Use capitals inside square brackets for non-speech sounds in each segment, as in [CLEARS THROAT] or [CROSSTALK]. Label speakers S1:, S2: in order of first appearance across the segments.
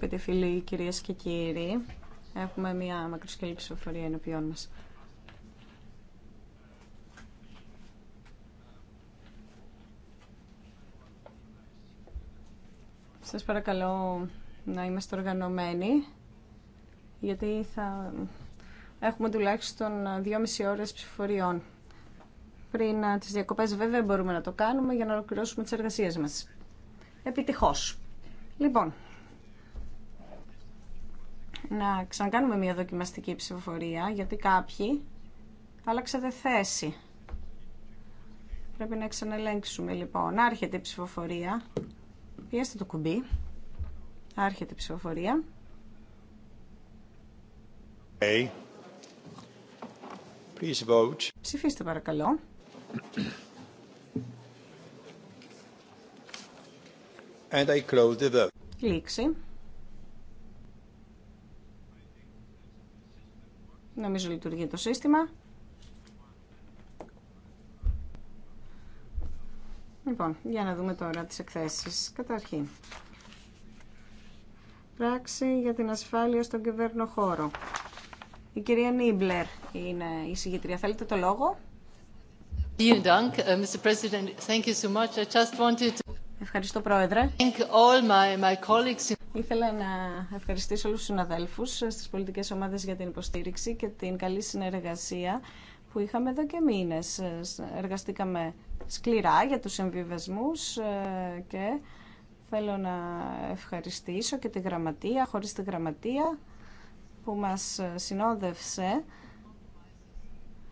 S1: Πέντε φίλοι, κυρίες και κύριοι, έχουμε μια μακροσκελή ψηφοφορία ενωπιών μας. Σας παρακαλώ να είμαστε οργανωμένοι, γιατί θα έχουμε τουλάχιστον 2,5 ώρες ψηφοφοριών. Πριν ε, τις διακοπές βέβαια μπορούμε να το κάνουμε για να ολοκληρώσουμε τις εργασίες μας. Επιτυχώς. Λοιπόν, να ξανακάνουμε μια δοκιμαστική ψηφοφορία, γιατί κάποιοι άλλαξατε θέση. Πρέπει να ξαναλέξουμε λοιπόν. Άρχεται η ψηφοφορία. Πιέστε το κουμπί. Άρχεται η ψηφοφορία.
S2: Hey. Please vote.
S1: Ψηφίστε παρακαλώ.
S2: And I close the vote.
S1: Λήξη. Νομίζω λειτουργεί το σύστημα. Λοιπόν, για να δούμε τώρα τις εκθέσεις. Καταρχήν, πράξη για την ασφάλεια στον κυβέρνο χώρο. Η κυρία Νίμπλερ είναι η συγγετρία. Θέλετε το λόγο. Ευχαριστώ, Πρόεδρε. Ήθελα να ευχαριστήσω όλους τους συναδέλφους ε, στις πολιτικές ομάδες για την υποστήριξη και την καλή συνεργασία που είχαμε εδώ και μήνες. Ε, εργαστήκαμε σκληρά για τους συμβιβασμούς ε, και θέλω να ευχαριστήσω και τη γραμματεία, χωρίς τη γραμματεία που μας συνόδευσε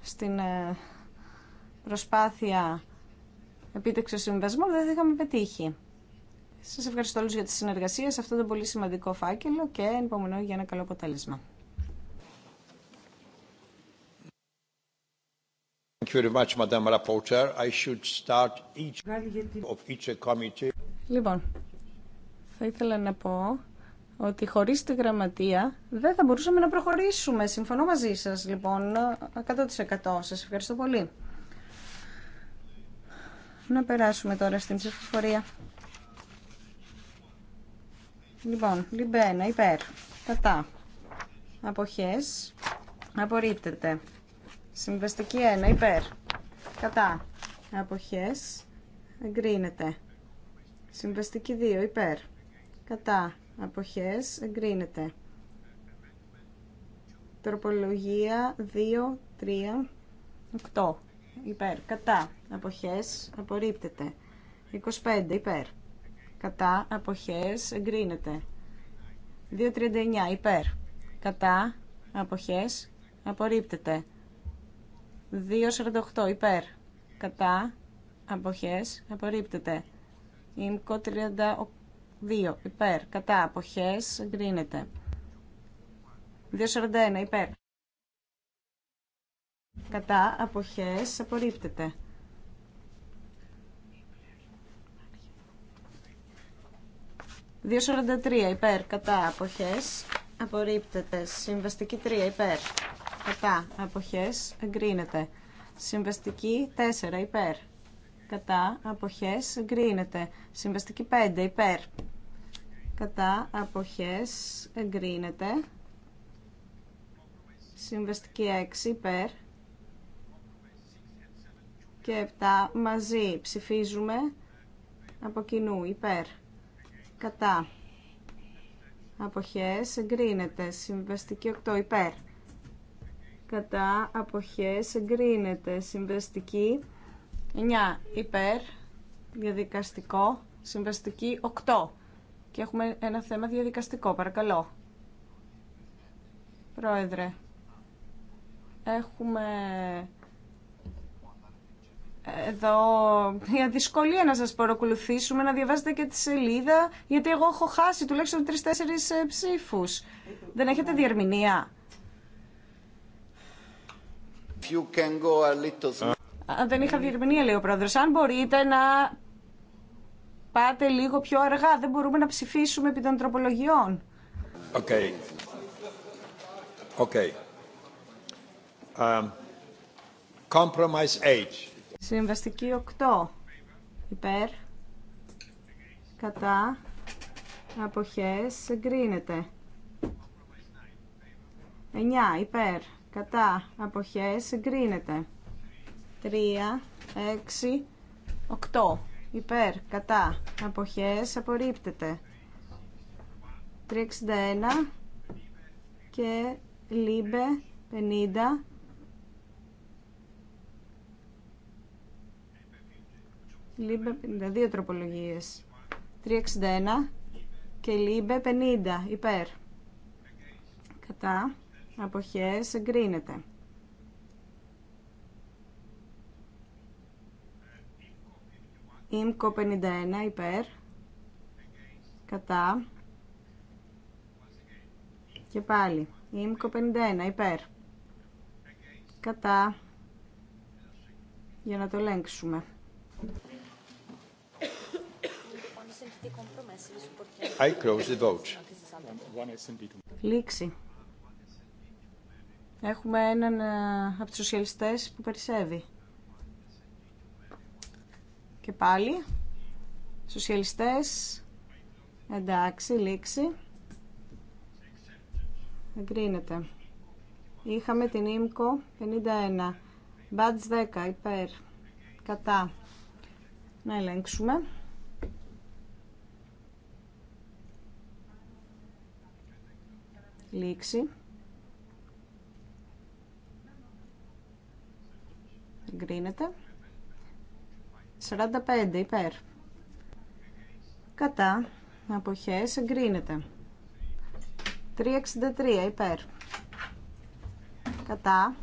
S1: στην προσπάθεια επίτευξη συμβιβασμού, δεν θα είχαμε πετύχει. Σας ευχαριστώ όλους για τη συνεργασία σε αυτό το πολύ σημαντικό φάκελο και ενυπομονώ για ένα καλό αποτέλεσμα. Λοιπόν, θα ήθελα να πω ότι χωρίς τη γραμματεία δεν θα μπορούσαμε να προχωρήσουμε. Συμφωνώ μαζί σας, λοιπόν, 100%. Σας ευχαριστώ πολύ. Να περάσουμε τώρα στην ψηφοφορία. Λοιπόν, λιμπένα, υπέρ. Κατά. Αποχές. Απορρίπτεται. Συμβαστική 1, υπέρ. Κατά. Αποχές. Εγκρίνεται. Συμβαστική 2, υπέρ. Κατά. Αποχές. Εγκρίνεται. Τροπολογία 2, 3, 8. Υπέρ. Κατά. Αποχές. Απορρίπτεται. 25. Υπέρ κατά αποχές εγκρίνεται. 2.39 υπέρ κατά αποχές απορρίπτεται. 2.48 υπέρ κατά αποχές απορρίπτεται. Ήμκο 32 υπέρ κατά αποχές εγκρίνεται. 2.41 υπέρ κατά αποχές απορρίπτεται. 2.43 υπέρ κατά αποχές απορρίπτεται. Συμβαστική 3 υπέρ κατά αποχές εγκρίνεται. Συμβαστική 4 υπέρ κατά αποχές εγκρίνεται. Συμβαστική 5 υπέρ κατά αποχές εγκρίνεται. Συμβαστική 6 υπέρ και 7 μαζί ψηφίζουμε από κοινού υπέρ κατά αποχές εγκρίνεται συμβαστική 8 υπέρ κατά αποχές εγκρίνεται συμβαστική 9 υπέρ διαδικαστικό συμβαστική 8 και έχουμε ένα θέμα διαδικαστικό παρακαλώ Πρόεδρε έχουμε εδώ μια δυσκολία να σας παρακολουθήσουμε, να διαβάζετε και τη σελίδα, γιατί εγώ έχω χάσει τουλάχιστον τρεις-τέσσερις ε, ψήφους. Δεν έχετε διερμηνία. δεν είχα διερμηνία, λέει ο πρόεδρος. Αν μπορείτε να πάτε λίγο πιο αργά, δεν μπορούμε να ψηφίσουμε επί των τροπολογιών.
S2: Okay. Okay. Um, compromise age.
S1: Συμβαστική 8. Υπέρ. Κατά. Αποχές. Εγκρίνεται. 9. Υπέρ. Κατά. Αποχές. Εγκρίνεται. 3. 6. 8. Υπέρ. Κατά. Αποχές. Απορρίπτεται. 361 και λίμπε 50 Λίμπε 52 τροπολογίες. 361 και Λίμπε 50 υπέρ. Κατά αποχές εγκρίνεται. Ήμκο 51 υπέρ. Κατά. Και πάλι. Ήμκο 51 υπέρ. Κατά. Για να το ελέγξουμε. i Λήξη. Έχουμε έναν ε, από τους σοσιαλιστές που περισσεύει. Και πάλι. Σοσιαλιστές. Εντάξει, λήξη. Εγκρίνεται. Είχαμε την ΙΜΚΟ 51. Μπάτς 10, υπέρ. Κατά. Να ελέγξουμε. Λήξη. Εγκρίνεται. 45 υπέρ. Κατά. Αποχές εγκρίνεται. 363 υπέρ. Κατά.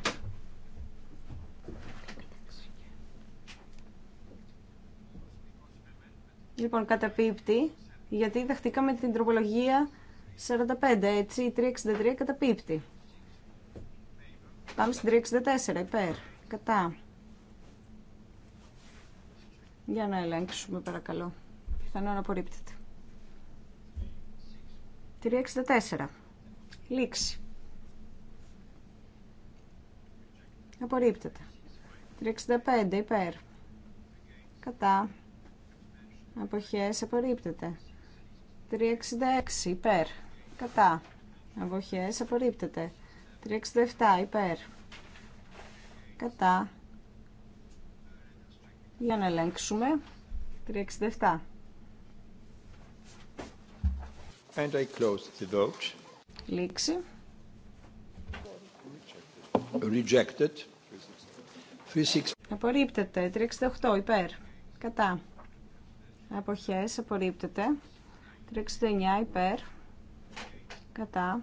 S1: Λοιπόν, καταπίπτει, γιατί δεχτήκαμε την τροπολογία 45, έτσι, η 363 καταπίπτει. Πάμε στην 364, υπέρ, κατά. Για να ελέγξουμε παρακαλώ. Πιθανό να απορρίπτεται. 364. Λήξη. Απορρίπτεται. 365 υπέρ. Κατά. Αποχές απορρίπτεται. 366 υπέρ κατά αποχές απορρίπτεται 367 υπέρ κατά για να ελέγξουμε 367
S2: And I close the vote. Λήξη. Rejected.
S1: Απορρίπτεται. 368 υπέρ. Κατά. Αποχές. Απορρίπτεται. 369 υπέρ κατά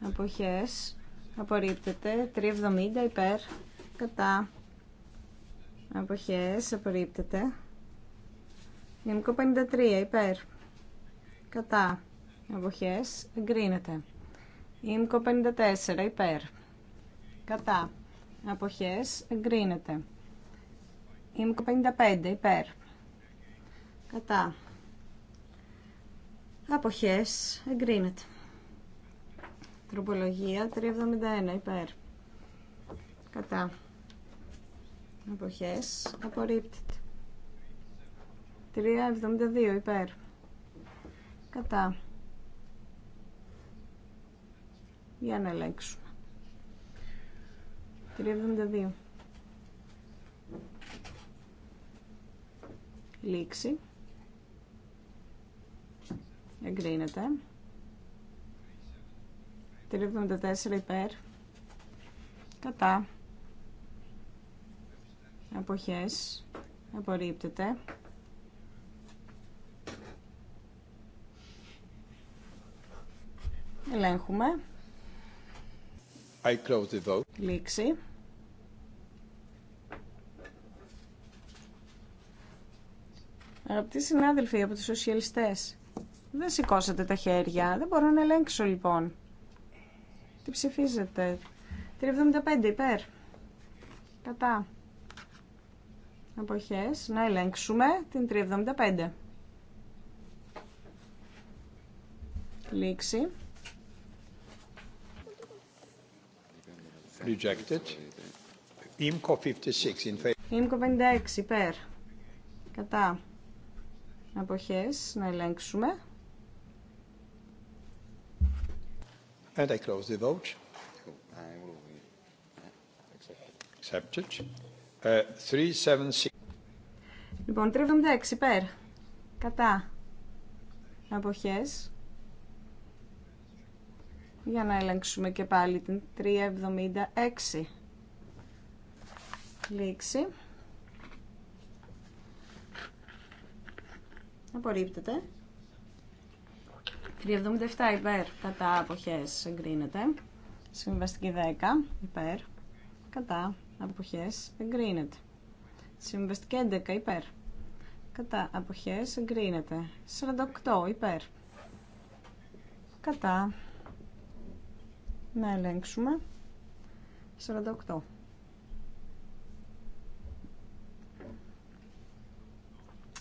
S1: αποχές απορρίπτεται 370 υπέρ κατά αποχές απορρίπτεται Γενικό 53 υπέρ κατά αποχές εγκρίνεται Γενικό 54 υπέρ κατά αποχές εγκρίνεται Γενικό 55 υπέρ κατά αποχές εγκρίνεται Τροπολογία 371 υπέρ. Κατά. Αποχές. Απορρίπτεται. 372 υπέρ. Κατά. Για να ελέγξουμε. 372. Λήξη. Εγκρίνεται τα 74 υπέρ. Κατά. Αποχές. Απορρίπτεται. Ελέγχουμε.
S2: I close the vote.
S1: Λήξη. Αγαπητοί συνάδελφοι από τους σοσιαλιστές, δεν σηκώσατε τα χέρια. Δεν μπορώ να ελέγξω λοιπόν. Τι ψηφίζετε. 375 υπέρ. Κατά. Αποχές. Να ελέγξουμε την 375. Λήξη.
S2: Rejected. IMCO 56 in favor.
S1: IMCO 56 υπέρ. Κατά. Αποχές. Να ελέγξουμε.
S2: And I close the vote. Accepted. Uh,
S1: λοιπόν, 376 υπέρ. Κατά. Αποχές. Για να ελέγξουμε και πάλι την 376. Λήξη. Απορρίπτεται. 377 υπέρ κατά αποχές εγκρίνεται. Συμβαστική 10 υπέρ κατά αποχές εγκρίνεται. Συμβαστική 11 υπέρ κατά αποχές εγκρίνεται. 48 υπέρ κατά να ελέγξουμε 48.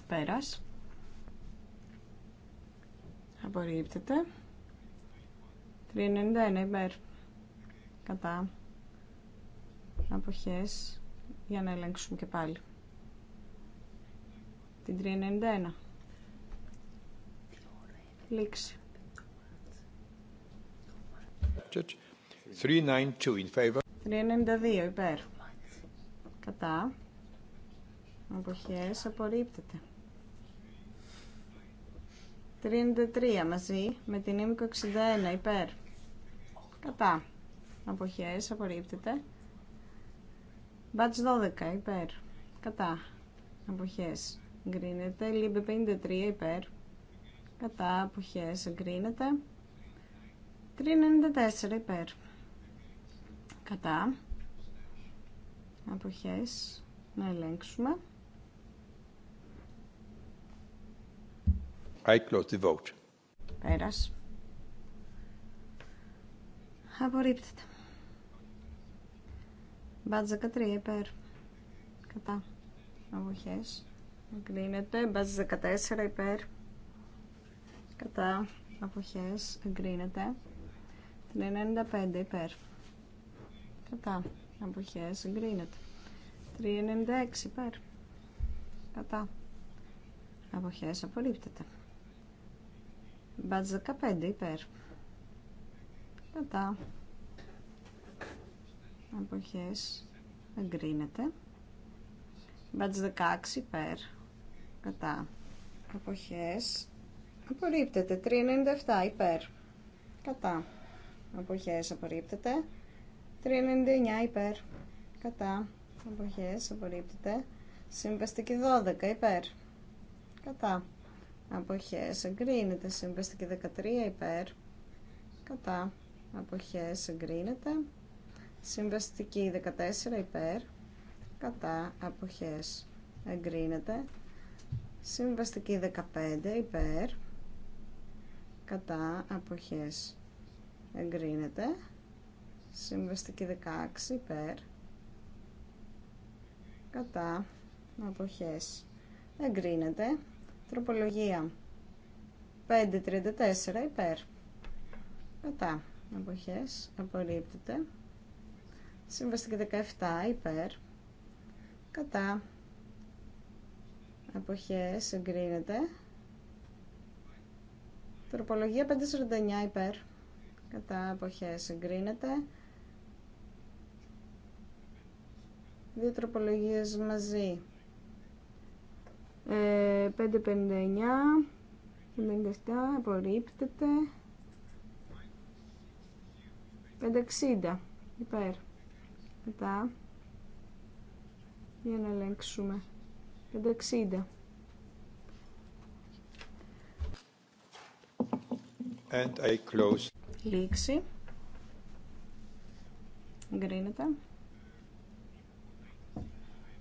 S1: Πέρας. Απορρίπτεται. 391 υπέρ. Κατά. Αποχές. Για να ελέγξουμε και πάλι. Την 391. Λήξη.
S2: 392 in favor.
S1: 392 υπέρ. Κατά. Αποχές απορρίπτεται. 33 μαζί με την ΕΜΚΟ 61 υπέρ. Κατά. Αποχές απορρίπτεται. Μπάτς 12 υπέρ. Κατά. Αποχές εγκρίνεται. Λίμπε 53 υπέρ. Κατά. Αποχές εγκρίνεται. 394 υπέρ. Κατά. Αποχές να ελέγξουμε.
S2: I close the vote.
S1: Πέρας. Απορρίπτεται. Μπατ 13 υπέρ. Κατά. Αποχές. Εγκρίνεται. Μπατ 14 υπέρ. Κατά. Αποχές. Εγκρίνεται. 395 υπέρ. Κατά. Αποχές. Εγκρίνεται. 396 υπέρ. Κατά. Αποχές. Απορρίπτεται. Μπάτζ 15 υπέρ. Κατά. Αποχές. Εγκρίνεται. Μπάτζ 16 υπέρ. Κατά. Αποχές. Απορρίπτεται. 397 υπέρ. Κατά. Αποχές απορρίπτεται. 399 υπέρ. Κατά. Αποχές απορρίπτεται. Συμβαστική 12 υπέρ. Κατά αποχές εγκρίνεται συμβαστική 13 υπέρ κατά αποχές εγκρίνεται συμβαστική 14 υπέρ κατά αποχές εγκρίνεται συμβαστική 15 υπέρ κατά αποχές εγκρίνεται συμβαστική 16 υπέρ κατά αποχές εγκρίνεται Τροπολογία 5.34 υπέρ. Κατά. εποχέ, Απορρίπτεται. σύμβαση 17 υπέρ. Κατά. Αποχές. Εγκρίνεται. Τροπολογία 549 υπέρ. Κατά. Αποχές. Εγκρίνεται. Δύο τροπολογίες μαζί. 559 ε, 57 απορρίπτεται 560 υπέρ μετά για να ελέγξουμε 560
S2: And I close.
S1: Λήξη. Εγκρίνεται.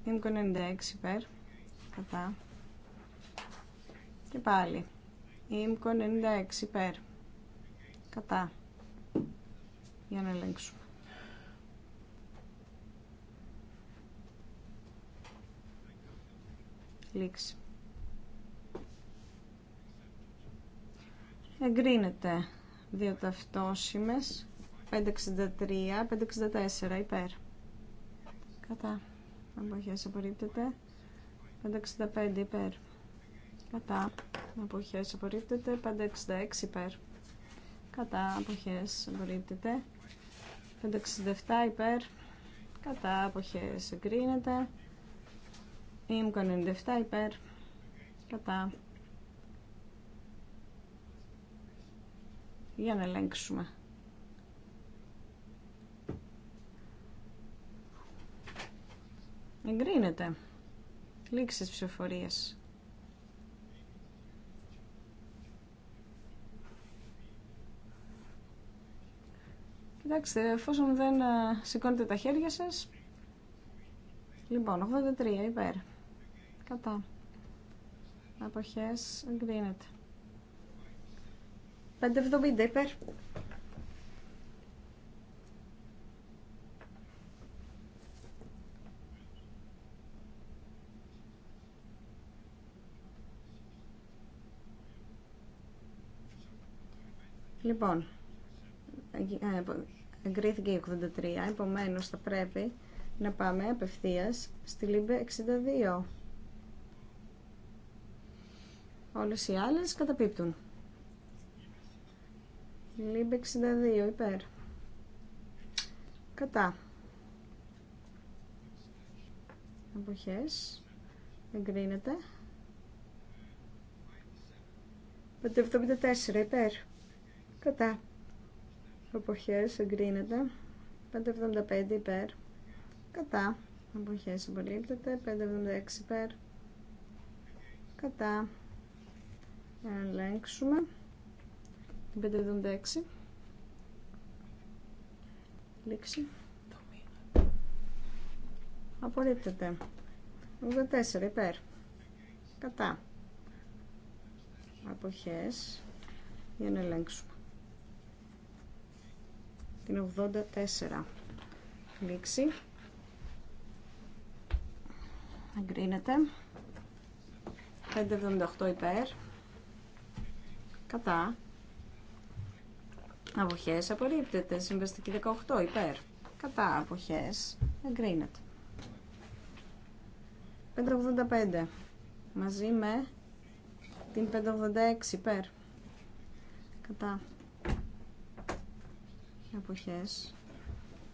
S1: Είμαι 96 υπέρ. Κατά. Και πάλι. Ήμκο 96 υπέρ. Κατά. Για να ελέγξουμε. Λήξη. Εγκρίνεται δύο ταυτόσημες. 563, 564 υπέρ. Κατά. Αποχές απορρίπτεται. 565 υπέρ κατά αποχές απορρίπτεται 566 υπέρ κατά αποχές απορρίπτεται 567 υπέρ κατά αποχές εγκρίνεται ήμκο 97 υπέρ κατά για να ελέγξουμε εγκρίνεται λήξεις ψηφοφορίας Κοιτάξτε, εφόσον δεν ε, σηκώνετε τα χέρια σας... Λοιπόν, 83 υπέρ. Κατά. Αποχές εγκρίνεται. 5,70 υπέρ. Λοιπόν, ε, εγκρίθηκε η 83, επομένως θα πρέπει να πάμε απευθείας στη Λίμπε 62. Όλες οι άλλες καταπίπτουν. Λίμπε 62, υπέρ. Κατά. Αποχές. Εγκρίνεται. 574, υπέρ. Κατά αποχές εγκρίνεται 575 υπέρ κατά αποχές απορρίπτεται 576 υπέρ κατά να ελέγξουμε 576 λήξη απορρίπτεται 84 υπέρ κατά αποχές για να ελέγξουμε την 84. Λήξη. Εγκρίνεται. 578 υπέρ. Κατά. Αποχές απορρίπτεται. Συμβαστική 18 υπέρ. Κατά αποχές. Εγκρίνεται. 585 μαζί με την 586 υπέρ. Κατά εποχές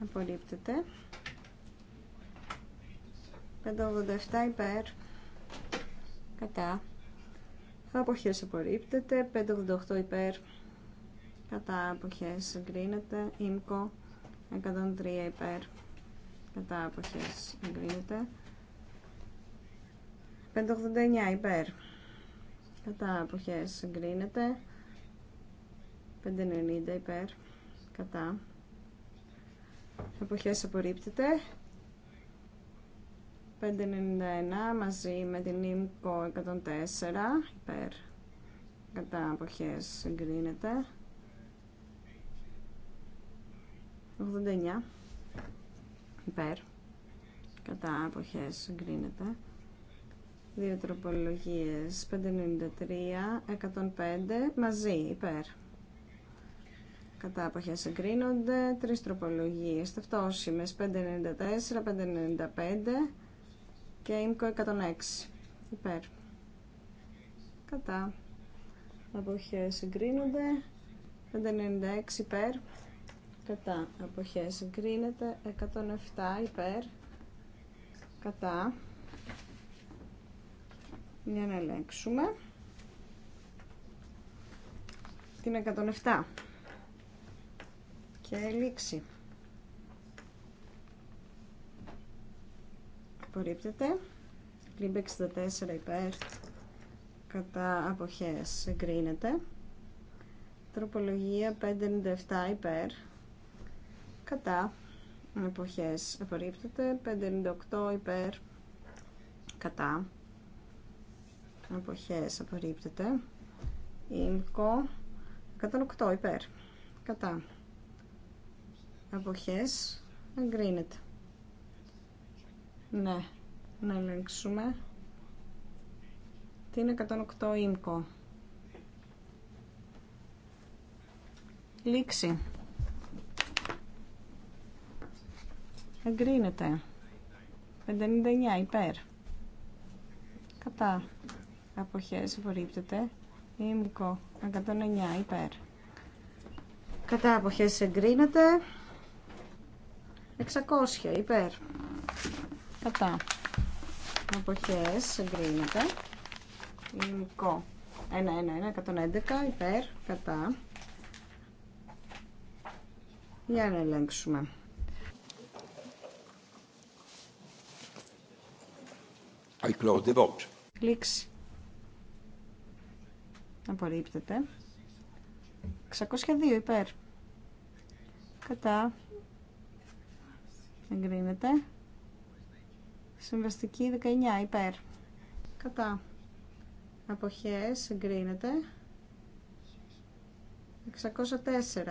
S1: απορρίπτεται 587 υπέρ κατά εποχές απορρίπτεται 588 υπέρ κατά εποχές εγκρίνεται ΙΜΚΟ 103 υπέρ κατά εποχές εγκρίνεται 589 υπέρ κατά εποχές εγκρίνεται 590 υπέρ κατά εποχές απορρίπτεται 591 μαζί με την ΙΜΚΟ 104 υπέρ κατά εποχές εγκρίνεται. 89 υπέρ κατά εποχές συγκρίνεται δύο τροπολογίες 593 105 μαζί υπέρ κατά αποχές εγκρίνονται, τρει τροπολογίες, ταυτόσημες 594, 595 και ΙΜΚΟ 106, υπέρ. Κατά αποχές εγκρίνονται, 596 υπέρ, κατά αποχές Συγκρίνεται, 107 υπέρ, κατά, για να ελέγξουμε, την 107 και λήξη. Απορρίπτεται. Λίμπε 64 υπέρ. Κατά αποχές εγκρίνεται. Τροπολογία 597 υπέρ. Κατά αποχές απορρίπτεται. 598 υπέρ. Κατά αποχές απορρίπτεται. Ήμκο 108 υπέρ. Κατά αποχές εγκρίνεται. Ναι, να ελέγξουμε. Τι είναι 108 ΙΜΚΟ. Λήξη. Εγκρίνεται. 59 υπέρ. Κατά. Αποχές βορύπτεται. ΙΜΚΟ 109 υπέρ. Κατά αποχές εγκρίνεται. 600 υπέρ. Κατά. εγκρινεται ελληνικό εγκρίνεται. Υλικό. 1-1-1-111 υπέρ. Κατά. Για να ελέγξουμε.
S2: I close the vote.
S1: Λήξη. Απορρίπτεται. 602 υπέρ. Κατά εγκρίνεται. Συμβαστική 19 υπέρ. Κατά. Αποχές εγκρίνεται.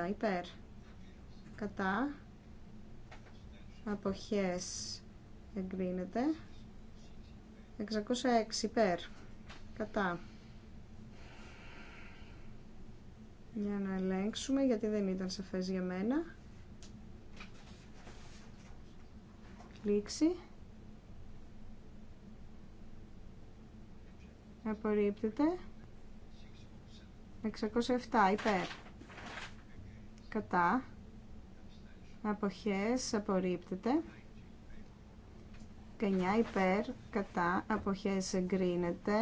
S1: 604 υπέρ. Κατά. Αποχές εγκρίνεται. 606 υπέρ. Κατά. Για να ελέγξουμε γιατί δεν ήταν σαφές για μένα. πλήξη Απορρίπτεται. 607 υπέρ. Κατά. Αποχές απορρίπτεται. 9 υπέρ. Κατά. Αποχές εγκρίνεται.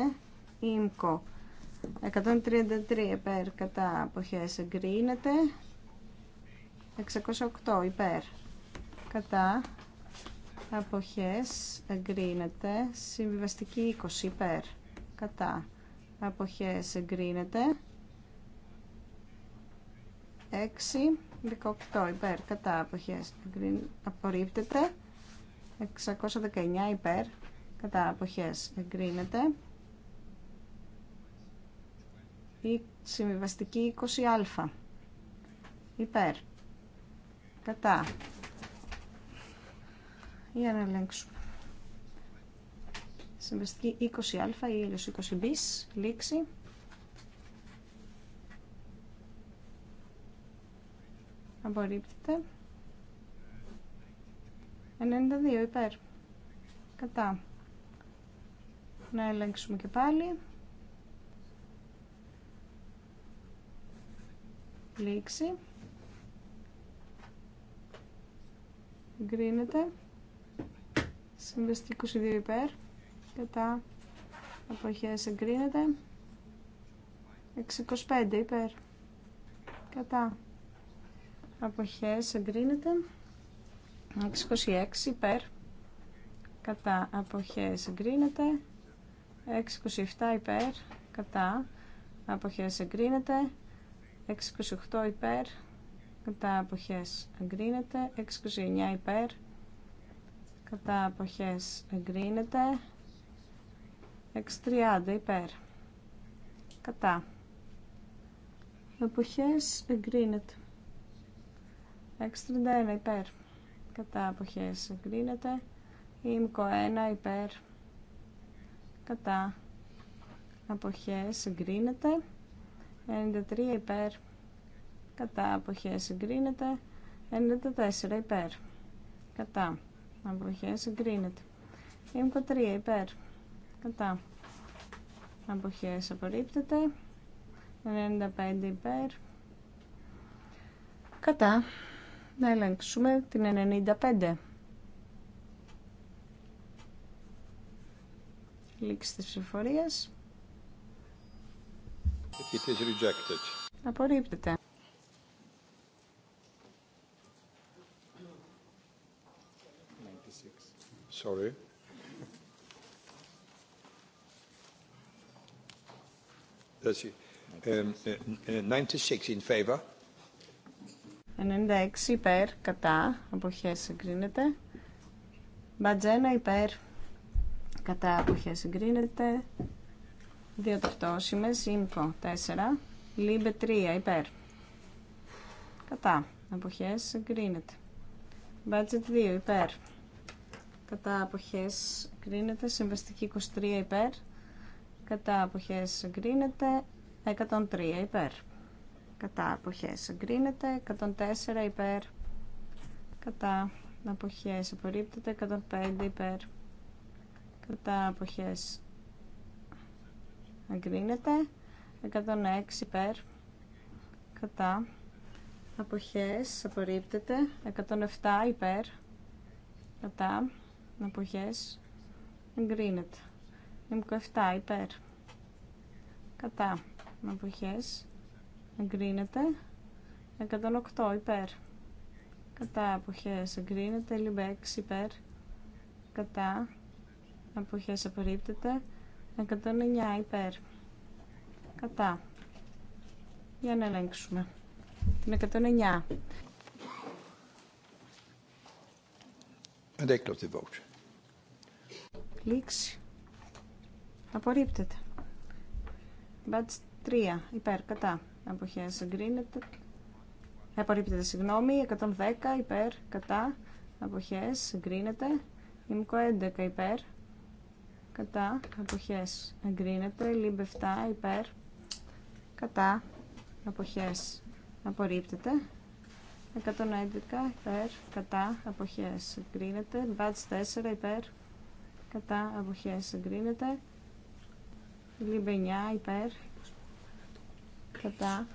S1: Ήμκο. 133 υπέρ. Κατά. Αποχές εγκρίνεται. 608 υπέρ. Κατά αποχές εγκρίνεται συμβιβαστική 20 υπέρ κατά αποχές εγκρίνεται 6 18 υπέρ κατά αποχές εγκρίν, απορρίπτεται 619 υπέρ κατά αποχές εγκρίνεται η συμβιβαστική 20α υπέρ κατά για να ελέγξουμε. Συμβαστική 20α ή έλειος 20 bis, λήξη. Απορρίπτεται. 92 υπέρ. Κατά. Να ελέγξουμε και πάλι. Λήξη. Γκρίνεται. Συμβαστική 22 υπέρ. Κατά αποχές εγκρίνεται. 625 υπέρ. Κατά αποχές εγκρίνεται. 626 υπέρ. Κατά αποχές εγκρίνεται. 627 υπέρ. Κατά αποχές εγκρίνεται. 628 υπέρ. Κατά αποχές εγκρίνεται. 629 υπέρ κατά αποχές εγκρίνεται 6.30 υπέρ κατά αποχές εγκρίνεται 6.31 υπέρ κατά αποχές εγκρίνεται ΙΜΚΟ 1 υπέρ κατά αποχές εγκρίνεται 93 υπέρ κατά αποχές εγκρίνεται 94 υπέρ κατά Αποχέση εγκρίνεται. είμαι 3 υπέρ. Κατά. Αποχέ, απορρίπτεται. 95 υπέρ. Κατά. Να ελέγξουμε την 95. Λήξη της ψηφορίας. Απορρίπτεται. 96 um, uh, uh, υπέρ, κατά, αποχές συγκρίνεται. Μπατζένα υπέρ, κατά, αποχές συγκρίνεται. Δύο ταυτόσημες, ΙΜΚΟ 4, Λίμπε, 3 υπέρ. Κατά, αποχές συγκρίνεται. Budget 2 υπέρ κατά αποχές κρίνεται συμβαστική 23 υπέρ, κατά αποχές κρίνεται 103 υπέρ, κατά αποχές κρίνεται 104 υπέρ, κατά αποχές απορρίπτεται, 105 υπέρ, κατά αποχές εγκρίνεται, 106 υπέρ, κατά αποχές απορρίπτεται, 107 υπέρ, κατά αποχές εγκρίνεται. Ήμκο 7 υπέρ κατά αποχές εγκρίνεται. 108 υπέρ κατά αποχές εγκρίνεται. Λιμπέ 6 υπέρ κατά αποχές απορρίπτεται. 109 υπέρ κατά για να ελέγξουμε την 109
S2: And I close the vote.
S1: Λήξη. Απορρίπτεται. Μπάτς 3. Υπέρ. Κατά. Αποχές. Εγκρίνεται. Ε, απορρίπτεται. Συγγνώμη. 110. Υπέρ. Κατά. Αποχές. Εγκρίνεται. Ήμικο 11. Υπέρ. Κατά. Αποχές. Εγκρίνεται. Λίμπε 7. Υπέρ. Κατά. Αποχές. Απορρίπτεται. 111 υπέρ, κατά, αποχές εγκρίνεται. Μπάτς 4 υπέρ, κατά, αποχές εγκρίνεται. Λίμπε 9 υπέρ, κατά,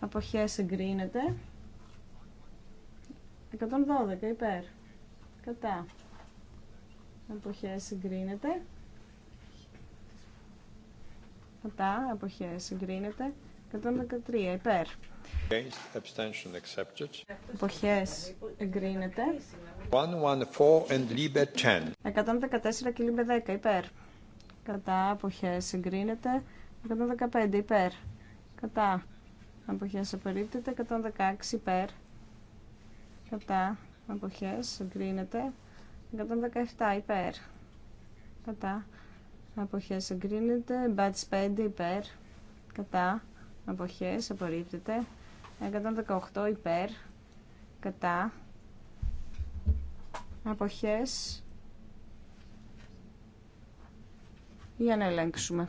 S1: αποχές εγκρίνεται. 112 υπέρ, κατά, αποχές εγκρίνεται. Κατά, αποχές εγκρίνεται. 113 υπέρ. Εποχές εγκρίνεται.
S2: 114 and Libe 10.
S1: 114 και Libe 10 υπέρ. Κατά αποχές εγκρίνεται. 115 υπέρ. Κατά αποχές απορρίπτεται. 116 υπέρ. Κατά αποχές εγκρίνεται. 117 υπέρ. Κατά αποχές εγκρίνεται. Μπάτς 5 υπέρ. Κατά αποχές απορρίπτεται 118 υπέρ κατά αποχές για να ελέγξουμε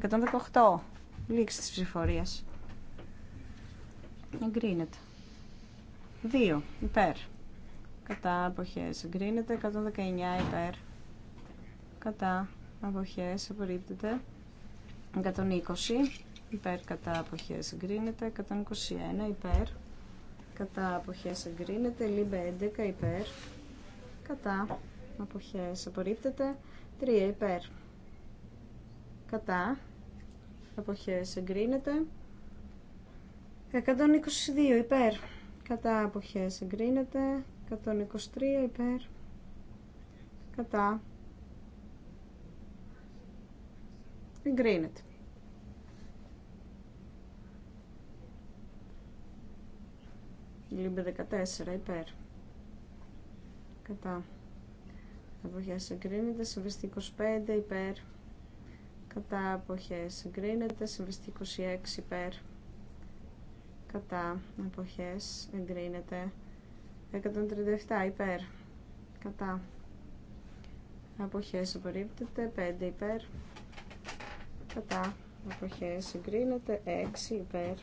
S1: 118 λήξη της ψηφορίας εγκρίνεται 2 υπέρ κατά αποχές εγκρίνεται 119 υπέρ κατά αποχές απορρίπτεται 120 υπέρ κατά αποχές εγκρίνεται 121 υπέρ κατά αποχές εγκρίνεται λίμπε 11 υπέρ κατά αποχές απορρίπτεται 3 υπέρ κατά αποχές εγκρίνεται 122 υπέρ κατά αποχές εγκρίνεται 123 υπέρ κατά Εγκρίνεται. Λίμπε 14 υπέρ. Κατά. Αποχές εγκρίνεται. Συμβεστή 25 υπέρ. Κατά. Αποχές εγκρίνεται. Συμβεστή 26 υπέρ. Κατά. Αποχές εγκρίνεται. 137 υπέρ. Κατά. Αποχές απορρίπτεται. 5 υπέρ κατά αποχές εγκρίνεται 6 υπέρ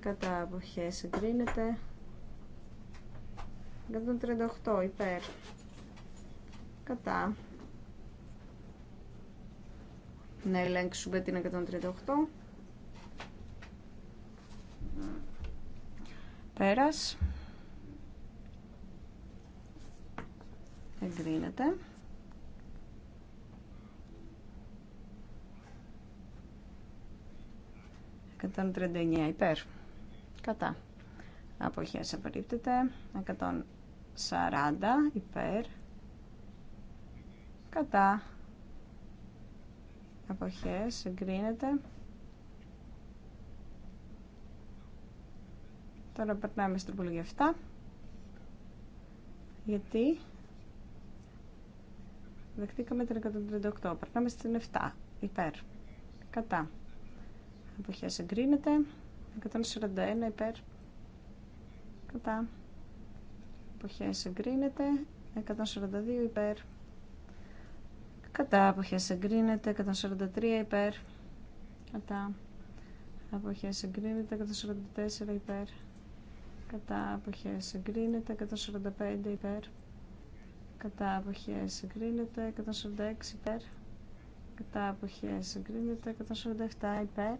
S1: κατά αποχές εγκρίνεται 138 υπέρ κατά να ελέγξουμε την 138 πέρας εγκρίνεται 139 υπέρ. Κατά. Αποχές απορρίπτεται. 140 υπέρ. Κατά. Αποχές εγκρίνεται. Τώρα περνάμε στην τροπολογία 7. Γιατί δεχτήκαμε την 138. Περνάμε στην 7. Υπέρ. Κατά εποχές εγκρίνεται 141 υπέρ κατά εποχές εγκρίνεται 142 υπέρ κατά εποχές εγκρίνεται 143 υπέρ κατά εποχές εγκρίνεται 144 υπέρ κατά εποχές εγκρίνεται 145 υπέρ κατά εποχές εγκρίνεται 146 υπέρ κατά εποχές εγκρίνεται 147 υπέρ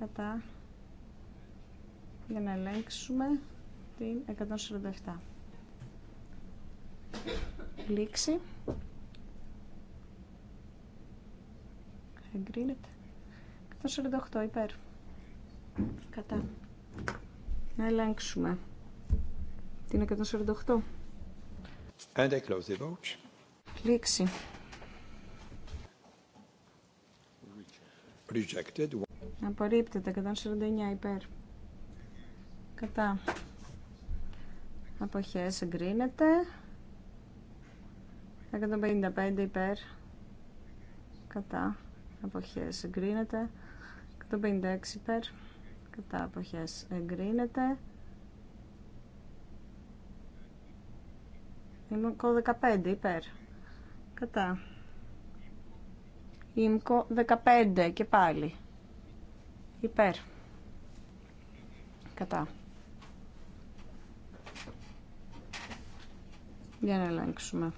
S1: κατά για να ελέγξουμε την 147. Λήξη. Εγκρίνεται. 148 υπέρ. Κατά. Να ελέγξουμε την 148.
S2: And I close the vote. Λήξη. Rejected.
S1: Απορρίπτεται. 149 υπέρ. Κατά. Αποχές εγκρίνεται. 155 υπέρ. Κατά. Αποχές εγκρίνεται. 156 υπέρ. Κατά. Αποχές εγκρίνεται. Ήμκο 15 υπέρ. Κατά. Ήμκο 15 και πάλι. Υπέρ. Κατά. Για να ελέγξουμε.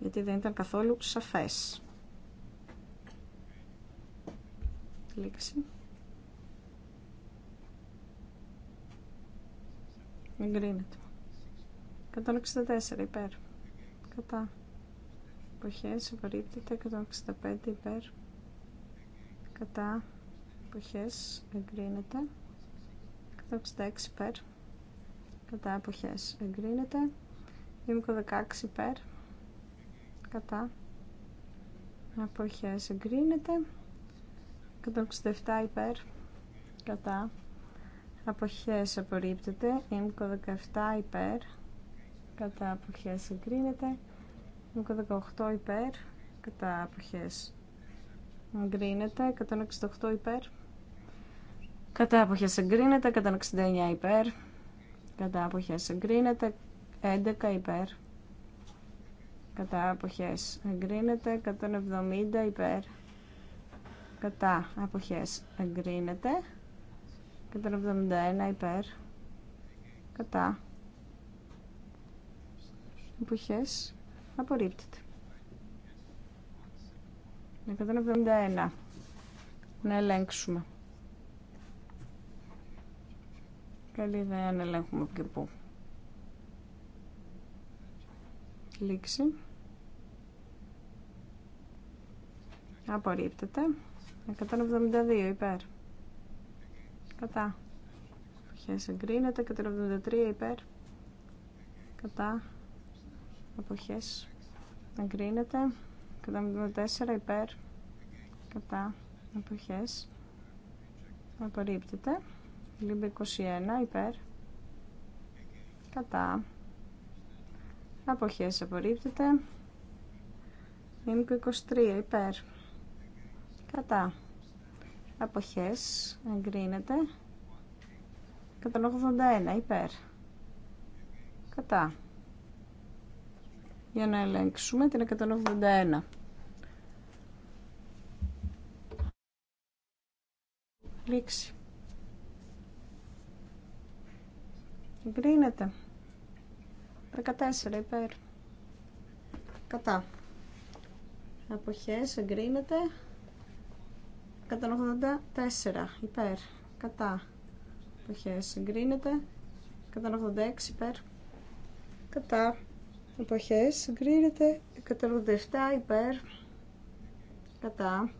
S1: Γιατί δεν ήταν καθόλου σαφές. Λήξη. Εγκρίνεται. 164 υπέρ. Κατά. Εποχές απορρίπτεται. 165 υπέρ. Κατά εποχές εγκρίνεται 166 υπέρ κατά εποχές εγκρίνεται δήμικο 16 υπέρ κατά εποχές εγκρίνεται 167 υπέρ κατά αποχές απορρίπτεται ήμικο 17 υπέρ κατά αποχές εγκρίνεται ήμικο 18 υπέρ κατά αποχές εγκρίνεται 168 υπέρ Κατά αποχές εγκρίνεται, 69 υπέρ. Κατά αποχές εγκρίνεται, 11 υπέρ. Κατά αποχές εγκρίνεται, 170 υπέρ. Κατά αποχές εγκρίνεται, 171 υπέρ. Κατά αποχές απορρίπτεται. 171. Να ελέγξουμε. Καλή ιδέα να ελέγχουμε και πού. Λήξη. Απορρίπτεται. 172 υπέρ. Κατά. Αποχές εγκρίνεται. 173 υπέρ. Κατά. Αποχές εγκρίνεται. 174 υπέρ. Κατά. Αποχές. Απορρίπτεται. Λίμπε 21 υπέρ. Κατά. Αποχές απορρίπτεται. Λίμπε 23 υπέρ. Κατά. Αποχές εγκρίνεται. 181 υπέρ. Κατά. Για να ελέγξουμε την 181. Λήξη. Εγκρίνεται. 14 υπέρ. Κατά. Αποχές εγκρίνεται. 184 υπέρ. Κατά. Αποχές εγκρίνεται. 186 υπέρ. Κατά. Αποχές εγκρίνεται. 187 υπέρ. Κατά.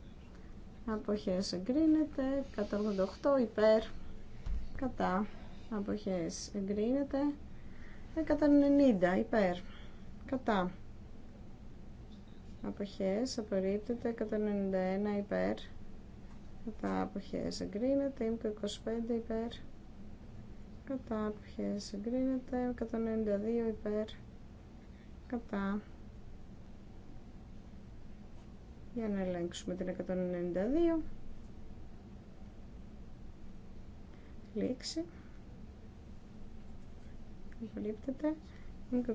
S1: Αποχές εγκρίνεται. 188 υπέρ. Κατά αποχές εγκρίνεται 190 υπέρ κατά αποχές απορρίπτεται 191 υπέρ κατά αποχές εγκρίνεται 25 υπέρ κατά αποχές εγκρίνεται 192 υπέρ κατά για να ελέγξουμε την 192 λήξη απορρίπτεται. 26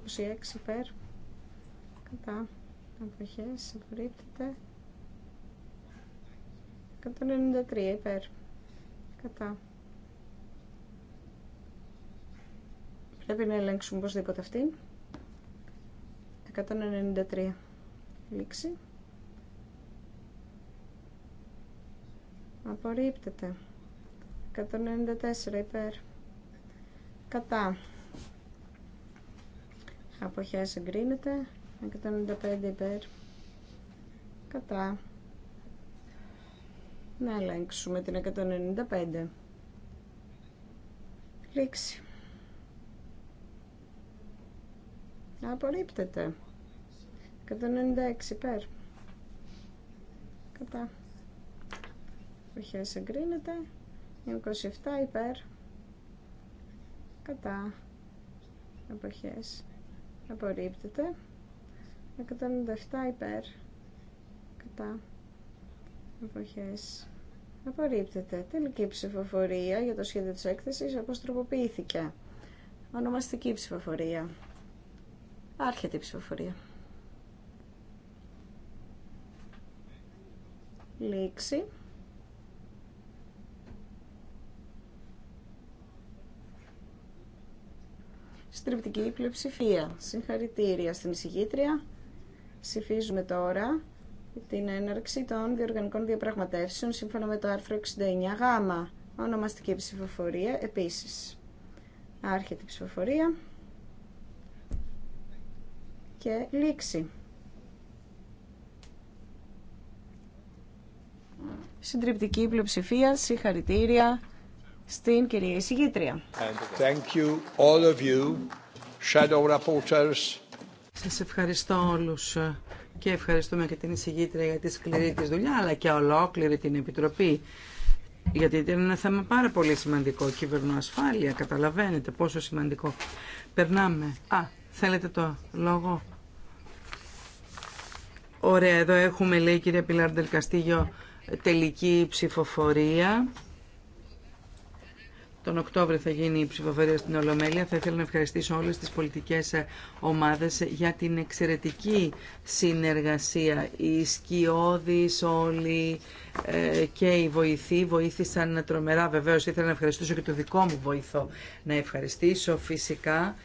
S1: υπέρ. Κατά αποχές απορρίπτεται. 193 υπέρ. Κατά. Πρέπει να ελέγξουμε οπωσδήποτε αυτή. 193 λήξη. Απορρίπτεται. 194 υπέρ. Κατά. Αποχέ εγκρίνεται 195 υπέρ κατά να ελέγξουμε την 195 λήξη απορρίπτεται 196 υπέρ κατά Αποχέ εγκρίνεται 27 υπέρ κατά Αποχέ απορρίπτεται 197 υπέρ κατά εποχές απορρίπτεται τελική ψηφοφορία για το σχέδιο της έκθεσης όπως τροποποιήθηκε ονομαστική ψηφοφορία άρχεται η ψηφοφορία λήξη συντριπτική πλειοψηφία. Συγχαρητήρια στην εισηγήτρια. Ψηφίζουμε τώρα την έναρξη των διοργανικών διαπραγματεύσεων σύμφωνα με το άρθρο 69 γ. Ονομαστική ψηφοφορία επίσης. Άρχεται η ψηφοφορία και λήξη. Συντριπτική πλειοψηφία, συγχαρητήρια στην κυρία εισηγήτρια.
S2: Thank
S3: ευχαριστώ όλους και ευχαριστούμε και την εισηγήτρια για τη σκληρή της δουλειά αλλά και ολόκληρη την Επιτροπή γιατί είναι ένα θέμα πάρα πολύ σημαντικό κυβερνοασφάλεια, καταλαβαίνετε πόσο σημαντικό. Περνάμε. Α, θέλετε το λόγο. Ωραία, εδώ έχουμε λέει κυρία Πιλάρντελ Καστίγιο τελική ψηφοφορία. Τον Οκτώβριο θα γίνει η ψηφοφορία στην Ολομέλεια. Θα ήθελα να ευχαριστήσω όλες τις πολιτικές ομάδες για την εξαιρετική συνεργασία. Οι σκιώδεις όλοι ε, και οι βοηθοί βοήθησαν τρομερά. Βεβαίως ήθελα να ευχαριστήσω και το δικό μου βοηθό. Να ευχαριστήσω φυσικά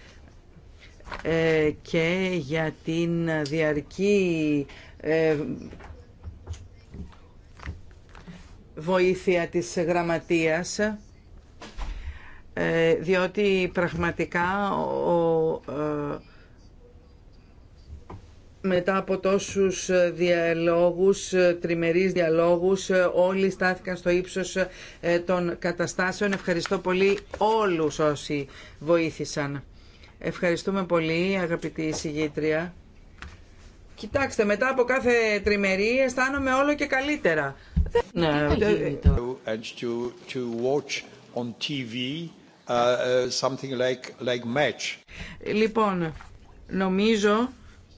S3: ε, και για την διαρκή ε, βοήθεια της γραμματείας ε, διότι πραγματικά ο, ε, μετά από τόσους διαλόγους, τριμερείς διαλόγους, όλοι στάθηκαν στο ύψος ε, των καταστάσεων. Ευχαριστώ πολύ όλους όσοι βοήθησαν. Ευχαριστούμε πολύ, αγαπητή συγγήτρια. Κοιτάξτε, μετά από κάθε τριμερή αισθάνομαι όλο και καλύτερα.
S2: Ναι, Λοιπόν,
S3: νομίζω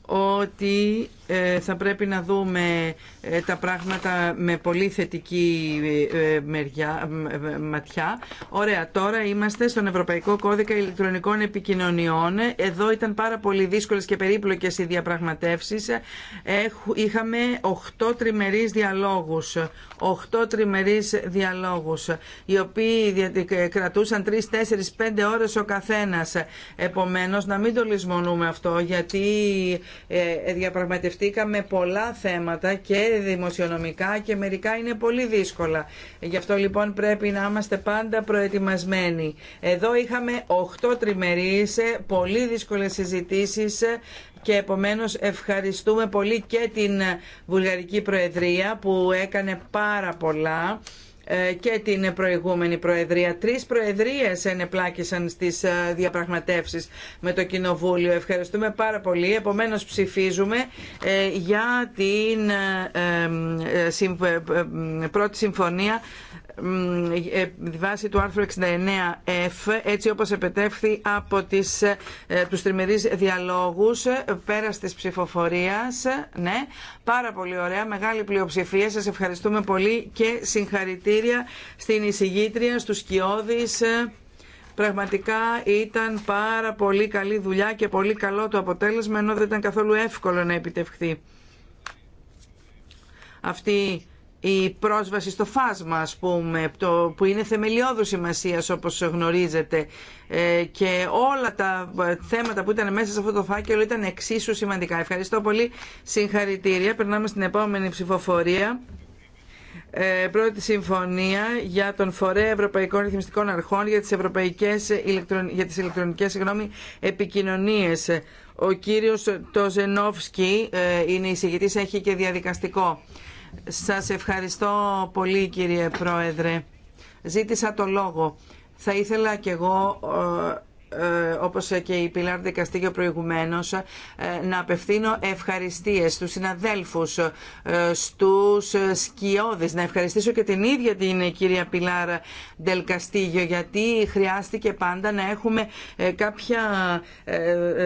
S3: ότι ε, θα πρέπει να δούμε ε, τα πράγματα με πολύ θετική ε, μεριά, ε, ματιά. Ωραία, τώρα είμαστε στον Ευρωπαϊκό Κώδικα Ηλεκτρονικών Επικοινωνιών. Εδώ ήταν πάρα πολύ δύσκολες και περίπλοκες οι διαπραγματεύσεις. Είχαμε 8 τριμερείς διαλόγους. 8 τριμερείς διαλόγους, οι οποίοι κρατούσαν 3, 4, 5 ώρες ο καθένας. Επομένως, να μην το λησμονούμε αυτό, γιατί διαπραγματευτήκαμε πολλά θέματα και δημοσιονομικά και μερικά είναι πολύ δύσκολα. Γι' αυτό λοιπόν πρέπει να είμαστε πάντα προετοιμασμένοι. Εδώ είχαμε 8 τριμερίες, πολύ δύσκολες συζητήσεις και επομένως ευχαριστούμε πολύ και την Βουλγαρική Προεδρία που έκανε πάρα πολλά ε, και την προηγούμενη Προεδρία. Τρεις Προεδρίες ενεπλάκησαν στις ε, διαπραγματεύσεις με το Κοινοβούλιο. Ευχαριστούμε πάρα πολύ. Επομένω ψηφίζουμε ε, για την πρώτη συμφωνία ε, βάσει του άρθρου 69F έτσι όπως επιτεύχθη από τις, ε, τους τριμερείς διαλόγους ε, πέρα της ψηφοφορίας ναι, πάρα πολύ ωραία μεγάλη πλειοψηφία, σας ευχαριστούμε πολύ και συγχαρητήρια στην εισηγήτρια, στους κοιόδης Πραγματικά ήταν πάρα πολύ καλή δουλειά και πολύ καλό το αποτέλεσμα, ενώ δεν ήταν καθόλου εύκολο να επιτευχθεί αυτή η πρόσβαση στο φάσμα ας πούμε το, που είναι θεμελιώδου σημασία όπως γνωρίζετε ε, και όλα τα ε, θέματα που ήταν μέσα σε αυτό το φάκελο ήταν εξίσου σημαντικά. Ευχαριστώ πολύ. Συγχαρητήρια. Περνάμε στην επόμενη ψηφοφορία. Ε, πρώτη συμφωνία για τον Φορέα Ευρωπαϊκών Ρυθμιστικών Αρχών για τις, ευρωπαϊκές, για τις ηλεκτρονικές συγγνώμη, επικοινωνίες. Ο κύριος Τοζενόφσκι ε, είναι εισηγητής, έχει και διαδικαστικό. Σας ευχαριστώ πολύ κύριε Πρόεδρε. Ζήτησα το λόγο. Θα ήθελα κι εγώ ε, ε, όπως και η Πιλάρ Δικαστήγιο προηγουμένως ε, να απευθύνω ευχαριστίες στους συναδέλφους, ε, στους σκιώδεις, να ευχαριστήσω και την ίδια την κυρία Πιλάρ Δελκαστήγιο γιατί χρειάστηκε πάντα να έχουμε κάποια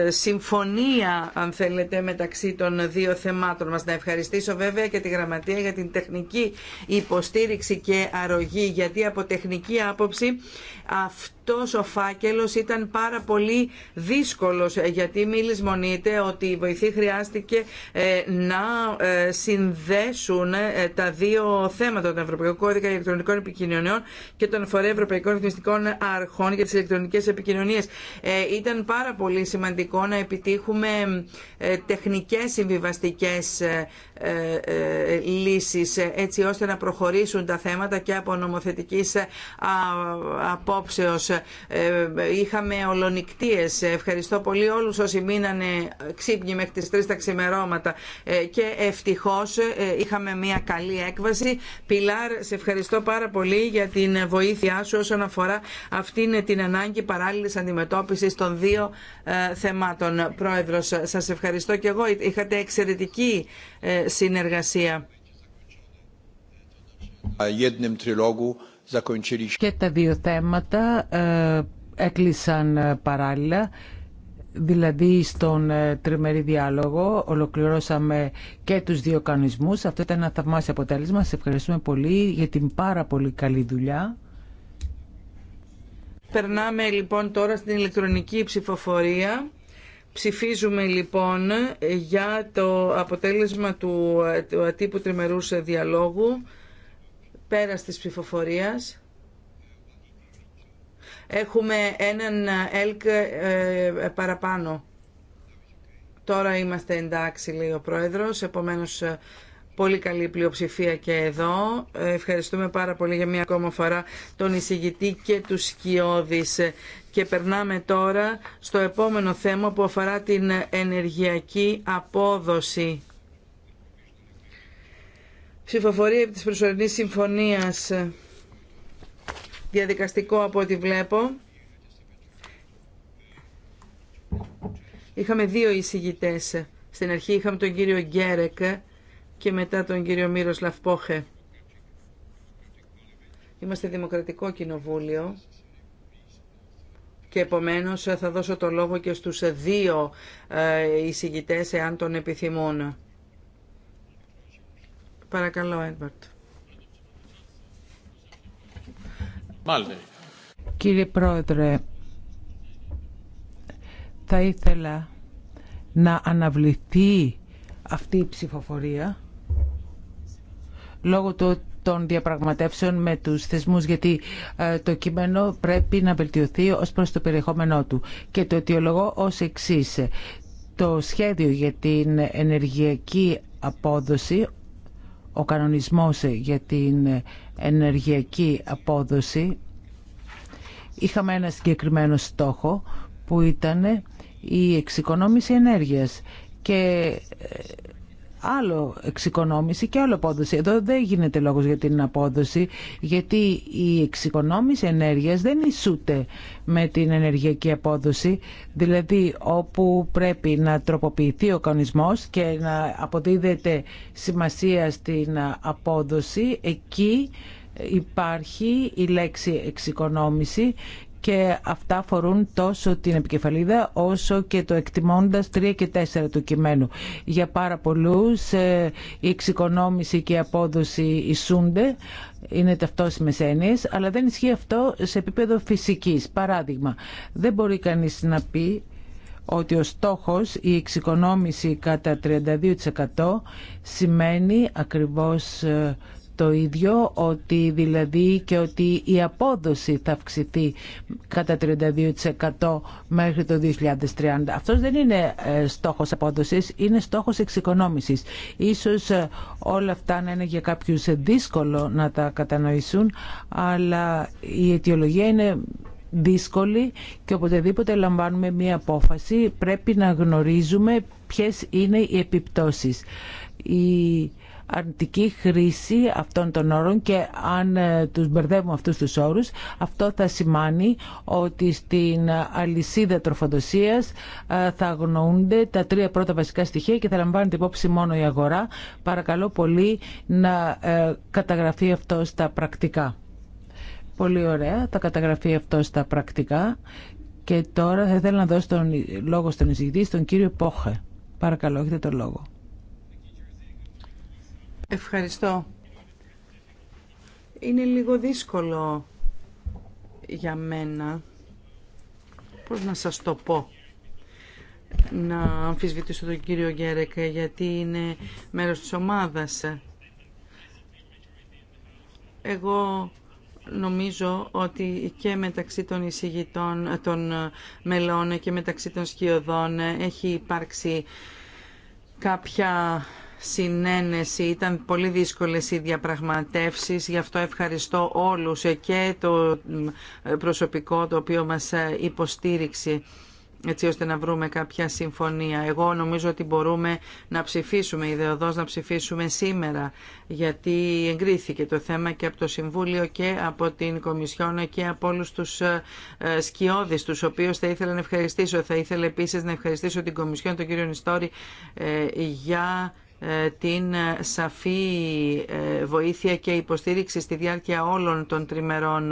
S3: συμφωνία αν θέλετε μεταξύ των δύο θεμάτων μας. Να ευχαριστήσω βέβαια και τη Γραμματεία για την τεχνική υποστήριξη και αρρωγή γιατί από τεχνική άποψη αυτό τόσο ο φάκελος ήταν πάρα πολύ δύσκολος γιατί μη ότι η βοηθή χρειάστηκε ε, να ε, συνδέσουν ε, τα δύο θέματα, τον Ευρωπαϊκό Κώδικα Ελεκτρονικών Επικοινωνιών και τον Φορέα Ευρωπαϊκών Εθνιστικών Αρχών για τις Ελεκτρονικές επικοινωνίες. Ήταν πάρα πολύ σημαντικό να επιτύχουμε τεχνικές συμβιβαστικές λύσεις έτσι ώστε να προχωρήσουν τα θέματα και από νομοθετικής απόψεως ε, είχαμε ολονικτίες. Ευχαριστώ πολύ όλους όσοι μείνανε ξύπνοι μέχρι τις 3 τα ξημερώματα ε, και ευτυχώς ε, είχαμε μια καλή έκβαση. Πιλάρ, σε ευχαριστώ πάρα πολύ για την βοήθειά σου όσον αφορά αυτήν την ανάγκη παράλληλης αντιμετώπισης των δύο θεμάτων. Πρόεδρος, σας ευχαριστώ και εγώ. Είχατε εξαιρετική συνεργασία.
S2: Και τα
S4: δύο θέματα ε, έκλεισαν ε, παράλληλα. Δηλαδή στον ε, τριμερή διάλογο ολοκληρώσαμε και τους δύο κανονισμούς. Αυτό ήταν ένα θαυμάσιο αποτέλεσμα. Σε ευχαριστούμε πολύ για την πάρα πολύ καλή δουλειά.
S3: Περνάμε λοιπόν τώρα στην ηλεκτρονική ψηφοφορία. Ψηφίζουμε λοιπόν για το αποτέλεσμα του ατύπου τριμερούς διαλόγου. Πέρας της ψηφοφορίας. Έχουμε έναν ΕΛΚ ε, παραπάνω. Τώρα είμαστε εντάξει, λέει ο Πρόεδρος. Επομένως, ε, πολύ καλή πλειοψηφία και εδώ. Ε, ευχαριστούμε πάρα πολύ για μία ακόμα φορά τον εισηγητή και του Σκιώδης. Και περνάμε τώρα στο επόμενο θέμα που αφορά την ενεργειακή απόδοση. Ψηφοφορία επί της προσωρινής συμφωνίας ε, διαδικαστικό από ό,τι βλέπω. Είχαμε δύο εισηγητές. Ε. Στην αρχή είχαμε τον κύριο Γκέρεκ και μετά τον κύριο Μύρος Λαυπόχε. Είμαστε Δημοκρατικό Κοινοβούλιο και επομένως ε, θα δώσω το λόγο και στους δύο εισηγητές εάν τον επιθυμούν.
S4: Παρακαλώ, Έντβαρτ. Κύριε Πρόεδρε, θα ήθελα να αναβληθεί αυτή η ψηφοφορία λόγω του των διαπραγματεύσεων με τους θεσμούς γιατί ε, το κείμενο πρέπει να βελτιωθεί ως προς το περιεχόμενό του και το αιτιολογώ ως εξής το σχέδιο για την ενεργειακή απόδοση ο κανονισμός για την ενεργειακή απόδοση είχαμε ένα συγκεκριμένο στόχο που ήταν η εξοικονόμηση ενέργειας και ε, άλλο εξοικονόμηση και άλλο απόδοση. Εδώ δεν γίνεται λόγος για την απόδοση, γιατί η εξοικονόμηση ενέργειας δεν ισούται με την ενεργειακή απόδοση, δηλαδή όπου πρέπει να τροποποιηθεί ο κανονισμό και να αποδίδεται σημασία στην απόδοση, εκεί υπάρχει η λέξη εξοικονόμηση και αυτά αφορούν τόσο την επικεφαλίδα όσο και το εκτιμώντας 3 και 4 του κειμένου. Για πάρα πολλούς ε, η εξοικονόμηση και η απόδοση ισούνται, είναι ταυτόσιμες έννοιες, αλλά δεν ισχύει αυτό σε επίπεδο φυσικής. Παράδειγμα, δεν μπορεί κανείς να πει ότι ο στόχος η εξοικονόμηση κατά 32% σημαίνει ακριβώς ε, το ίδιο, ότι δηλαδή και ότι η απόδοση θα αυξηθεί κατά 32% μέχρι το 2030. Αυτός δεν είναι ε, στόχος απόδοσης, είναι στόχος εξοικονόμησης. Ίσως ε, όλα αυτά να είναι για κάποιους δύσκολο να τα κατανοήσουν, αλλά η αιτιολογία είναι δύσκολη και οποτεδήποτε λαμβάνουμε μία απόφαση πρέπει να γνωρίζουμε ποιες είναι οι επιπτώσεις. Η αρνητική χρήση αυτών των όρων και αν ε, τους μπερδεύουμε αυτούς τους όρους αυτό θα σημάνει ότι στην αλυσίδα τροφοδοσίας ε, θα αγνοούνται τα τρία πρώτα βασικά στοιχεία και θα λαμβάνεται υπόψη μόνο η αγορά. Παρακαλώ πολύ να ε, καταγραφεί αυτό στα πρακτικά. Πολύ ωραία, θα καταγραφεί αυτό στα πρακτικά. Και τώρα θα ήθελα να δώσω τον λόγο στον εισηγητή, στον κύριο Πόχε. Παρακαλώ, έχετε τον λόγο.
S3: Ευχαριστώ. Είναι λίγο δύσκολο για μένα, πώς να σας το πω, να αμφισβητήσω τον κύριο Γκέρεκ γιατί είναι μέρος της ομάδας. Εγώ νομίζω ότι και μεταξύ των εισηγητών, των μελών και μεταξύ των σκιωδών έχει υπάρξει κάποια συνένεση. Ήταν πολύ δύσκολες οι διαπραγματεύσεις, γι' αυτό ευχαριστώ όλους και το προσωπικό το οποίο μας ε, υποστήριξε έτσι ώστε να βρούμε κάποια συμφωνία. Εγώ νομίζω ότι μπορούμε να ψηφίσουμε, ιδεοδός να ψηφίσουμε σήμερα, γιατί εγκρίθηκε το θέμα και από το Συμβούλιο και από την Κομισιόν και από όλους τους ε, ε, σκιώδεις, τους οποίους θα ήθελα να ευχαριστήσω. Θα ήθελα επίσης να ευχαριστήσω την Κομισιόν, τον κύριο Νιστόρη, για την σαφή ε, βοήθεια και υποστήριξη στη διάρκεια όλων των τριμερών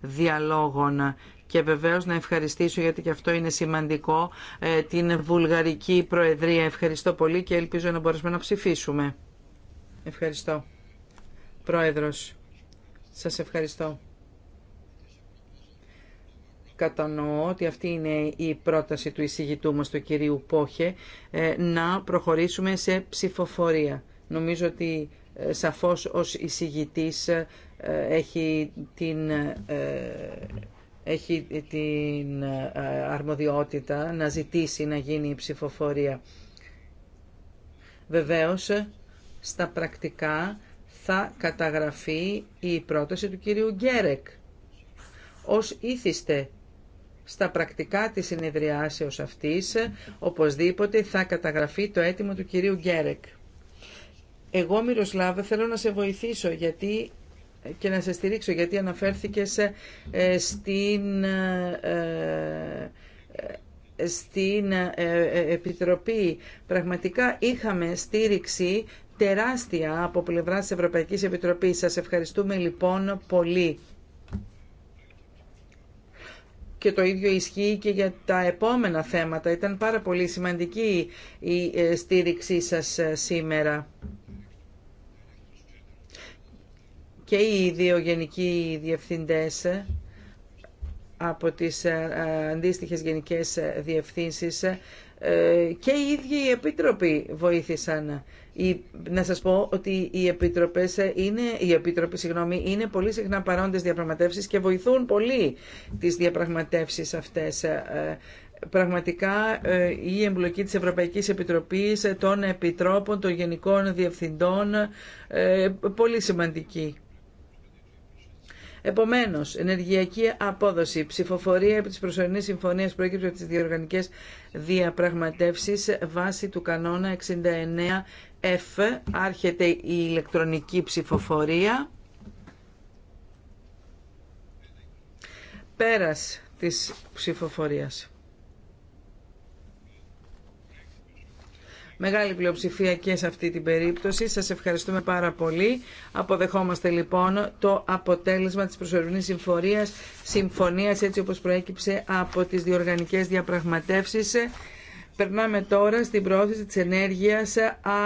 S3: διαλόγων. Και βεβαίως να ευχαριστήσω, γιατί και αυτό είναι σημαντικό, ε, την Βουλγαρική Προεδρία. Ευχαριστώ πολύ και ελπίζω να μπορέσουμε να ψηφίσουμε. Ευχαριστώ. Πρόεδρος, σας ευχαριστώ κατανοώ ότι αυτή είναι η πρόταση του εισηγητού μας, του κυρίου Πόχε, ε, να προχωρήσουμε σε ψηφοφορία. Νομίζω ότι ε, σαφώς ως εισηγητής ε, έχει την έχει την αρμοδιότητα να ζητήσει να γίνει η ψηφοφορία. Βεβαίως, στα πρακτικά θα καταγραφεί η πρόταση του κυρίου Γκέρεκ ως ήθιστε στα πρακτικά της συνεδριάσεως αυτής, οπωσδήποτε θα καταγραφεί το αίτημα του κυρίου Γκέρεκ. Εγώ, Μυροσλάβε, θέλω να σε βοηθήσω γιατί και να σε στηρίξω γιατί αναφέρθηκες ε, στην ε, ε, Επιτροπή. Πραγματικά είχαμε στήριξη τεράστια από πλευρά της Ευρωπαϊκής Επιτροπής. Σας ευχαριστούμε λοιπόν πολύ και το ίδιο ισχύει και για τα επόμενα θέματα. Ήταν πάρα πολύ σημαντική η ε, στήριξή σας ε, σήμερα. Και οι δύο γενικοί διευθυντές ε, από τις αντίστοιχες γενικές διευθύνσεις και οι ίδιοι οι επίτροποι βοήθησαν να σας πω ότι οι επιτροπές είναι, οι επιτροπές, συγγνώμη, είναι πολύ συχνά παρόντες διαπραγματεύσεις και βοηθούν πολύ τις διαπραγματεύσεις αυτές. Ε, πραγματικά ε, η εμπλοκή της Ευρωπαϊκής Επιτροπής, ε, των Επιτρόπων, των Γενικών Διευθυντών, πολύ σημαντική. Επομένω, ενεργειακή απόδοση, ψηφοφορία επί τη προσωρινή συμφωνία προέκυψε από τι διοργανικέ διαπραγματεύσει βάσει του κανόνα 69 F άρχεται η ηλεκτρονική ψηφοφορία. Πέρας της ψηφοφορίας. Μεγάλη πλειοψηφία και σε αυτή την περίπτωση. Σας ευχαριστούμε πάρα πολύ. Αποδεχόμαστε λοιπόν το αποτέλεσμα της προσωρινής συμφορίας, συμφωνίας έτσι όπως προέκυψε από τις διοργανικές διαπραγματεύσεις. Περνάμε τώρα στην προώθηση της ενέργειας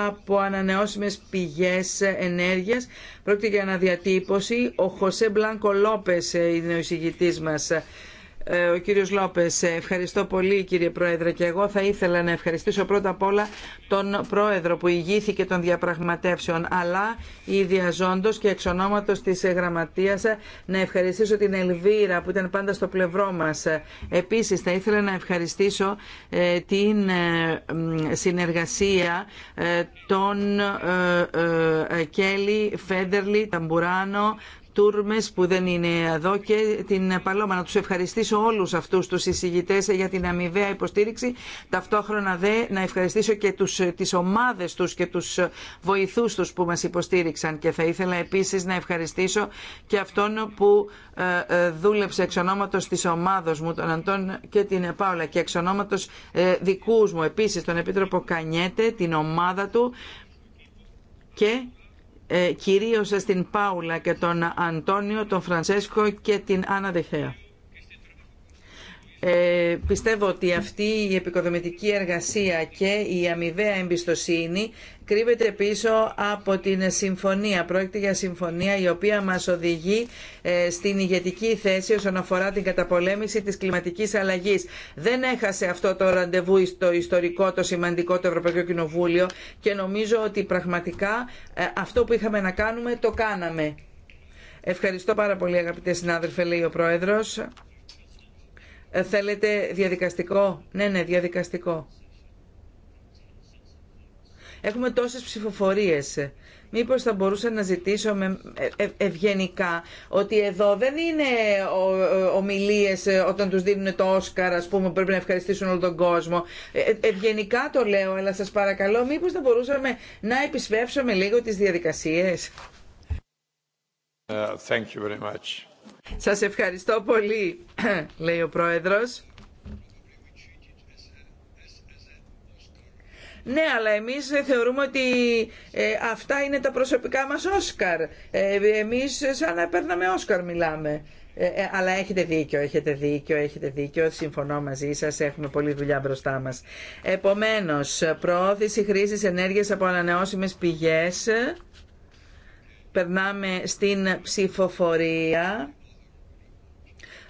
S3: από ανανεώσιμες πηγές ενέργειας. Πρόκειται για αναδιατύπωση. Ο Χωσέ Μπλάνκο Λόπες είναι ο εισηγητής μας. Ε, ο κύριος Λόπες. Ε, ευχαριστώ πολύ κύριε Πρόεδρε και εγώ θα ήθελα να ευχαριστήσω πρώτα απ' όλα τον Πρόεδρο που ηγήθηκε των διαπραγματεύσεων αλλά αζώντος και εξ ονόματος της ε, Γραμματείας να ευχαριστήσω την Ελβίρα που ήταν πάντα στο πλευρό μας. Επίσης θα ήθελα να ευχαριστήσω την συνεργασία των Κέλλη, Φέντερλη, Ταμπουράνο, Τούρμες που δεν είναι εδώ και την Παλώμα. Να τους ευχαριστήσω όλους αυτούς τους εισηγητές για την αμοιβαία υποστήριξη. Ταυτόχρονα δε να ευχαριστήσω και τους, τις ομάδες τους και τους βοηθούς τους που μας υποστήριξαν. Και θα ήθελα επίσης να ευχαριστήσω και αυτόν που ε, ε, δούλεψε εξ ονόματος της ομάδος μου, τον Αντών και την Πάολα και εξ ε, δικούς μου επίσης τον Επίτροπο Κανιέτε, την ομάδα του και ε, κυρίως στην Πάουλα και τον Αντώνιο, τον Φρανσέσκο και την Άννα Δεχέα. Ε, πιστεύω ότι αυτή η επικοδομητική εργασία και η αμοιβαία εμπιστοσύνη κρύβεται πίσω από την συμφωνία. Πρόκειται για συμφωνία η οποία μας οδηγεί ε, στην ηγετική θέση όσον αφορά την καταπολέμηση της κλιματικής αλλαγής. Δεν έχασε αυτό το ραντεβού στο ιστορικό, το σημαντικό το Ευρωπαϊκό Κοινοβούλιο και νομίζω ότι πραγματικά ε, αυτό που είχαμε να κάνουμε το κάναμε. Ευχαριστώ πάρα πολύ αγαπητέ συνάδελφε, λέει ο Πρόεδρος. Ε, θέλετε διαδικαστικό. Ναι, ναι, διαδικαστικό. Έχουμε τόσες ψηφοφορίες. Μήπως θα μπορούσα να ζητήσω με ε, ε, ευγενικά ότι εδώ δεν είναι ομιλίες ε, όταν τους δίνουν το Όσκαρ, ας πούμε, πρέπει να ευχαριστήσουν όλο τον κόσμο. Ευγενικά το λέω, αλλά σας παρακαλώ, μήπως θα μπορούσαμε να επισπεύσουμε λίγο τις διαδικασίες. Uh, Σας ευχαριστώ πολύ, [CLEARS THROAT] λέει ο Πρόεδρος. Ναι, αλλά εμείς θεωρούμε ότι ε, αυτά είναι τα προσωπικά μας Όσκαρ. Ε, εμείς σαν να παίρναμε Όσκαρ μιλάμε. Ε, ε, αλλά έχετε δίκιο, έχετε δίκιο, έχετε δίκιο. Συμφωνώ μαζί σα. Έχουμε πολλή δουλειά μπροστά μα. Επομένω, προώθηση χρήση ενέργεια από ανανεώσιμε πηγέ. Περνάμε στην ψηφοφορία.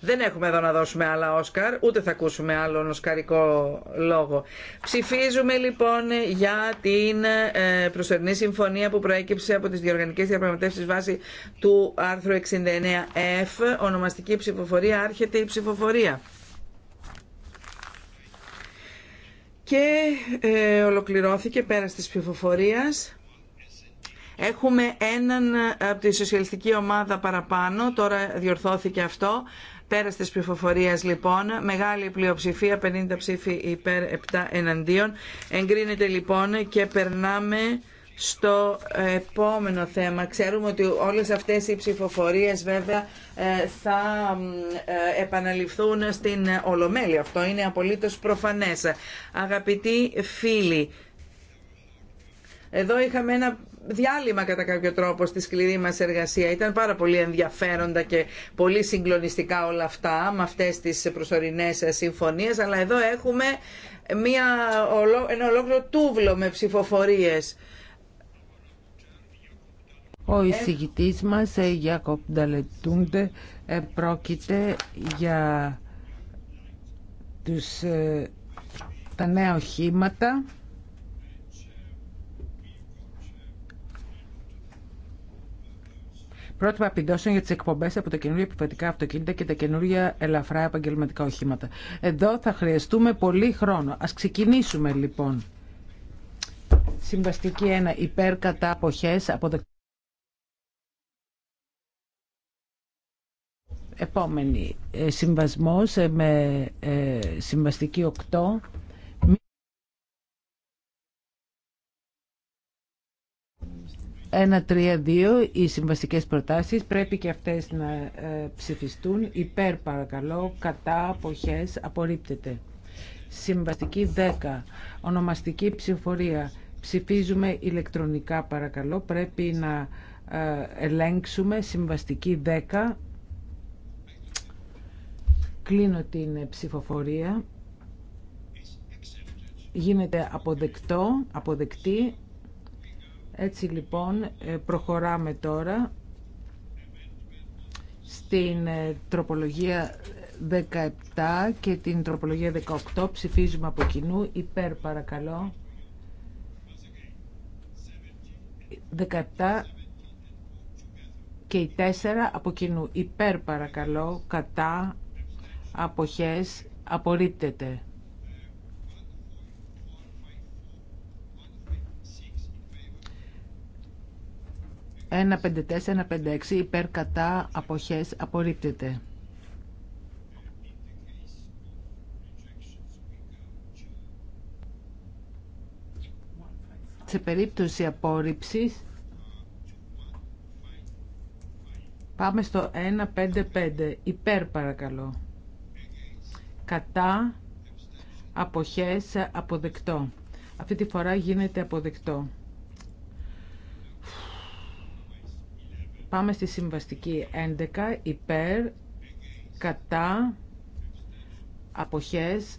S3: Δεν έχουμε εδώ να δώσουμε άλλα Όσκαρ, ούτε θα ακούσουμε άλλον οσκαρικό λόγο. Ψηφίζουμε λοιπόν για την ε, προσωρινή συμφωνία που προέκυψε από τις διοργανικέ διαπραγματεύσεις βάσει του άρθρου 69F, ονομαστική ψηφοφορία, άρχεται η ψηφοφορία. Και ε, ολοκληρώθηκε πέρα της ψηφοφορίας. Έχουμε έναν από τη σοσιαλιστική ομάδα παραπάνω, τώρα διορθώθηκε αυτό. Πέρας της ψηφοφορία λοιπόν, μεγάλη πλειοψηφία, 50 ψήφοι υπέρ 7 εναντίον. Εγκρίνεται λοιπόν και περνάμε στο επόμενο θέμα. Ξέρουμε ότι όλες αυτές οι ψηφοφορίες βέβαια ε, θα ε, επαναληφθούν στην Ολομέλη. Αυτό είναι απολύτως προφανές. Αγαπητοί φίλοι, εδώ είχαμε ένα διάλειμμα κατά κάποιο τρόπο στη σκληρή μας εργασία. Ήταν πάρα πολύ ενδιαφέροντα και πολύ συγκλονιστικά όλα αυτά με αυτές τις προσωρινές συμφωνίες, αλλά εδώ έχουμε μια, ένα ολόκληρο τούβλο με ψηφοφορίες.
S4: Ο εισηγητής μας, Γιάκοπ Νταλετούντε, ε, πρόκειται για τους, ε, τα νέα οχήματα πρότυπα επιδόσων για τι εκπομπέ από τα καινούργια επιβατικά αυτοκίνητα και τα καινούργια ελαφρά επαγγελματικά οχήματα. Εδώ θα χρειαστούμε πολύ χρόνο. Α ξεκινήσουμε λοιπόν. Συμβαστική 1. Υπέρ κατά αποχές αποδεκτή. Επόμενη. Ε, συμβασμός ε, με ε, συμβαστική 8. 1-3-2 οι συμβαστικές προτάσεις πρέπει και αυτές να ε, ψηφιστούν υπέρ παρακαλώ κατά αποχές απορρίπτεται συμβαστική 10 ονομαστική ψηφορία ψηφίζουμε ηλεκτρονικά παρακαλώ πρέπει να ε, ελέγξουμε συμβαστική 10 κλείνω την ψηφοφορία γίνεται αποδεκτό, αποδεκτή έτσι λοιπόν ε, προχωράμε τώρα στην ε, τροπολογία 17 και την τροπολογία 18 ψηφίζουμε από κοινού υπέρ παρακαλώ 17 και οι 4 από κοινού υπέρ παρακαλώ κατά αποχές απορρίπτεται 154, 156 υπέρ κατά αποχές απορρίπτεται. Σε περίπτωση απόρριψης πάμε στο 155 υπέρ παρακαλώ. Κατά αποχές αποδεκτό. Αυτή τη φορά γίνεται αποδεκτό. Πάμε στη συμβαστική 11 υπέρ, κατά, αποχές.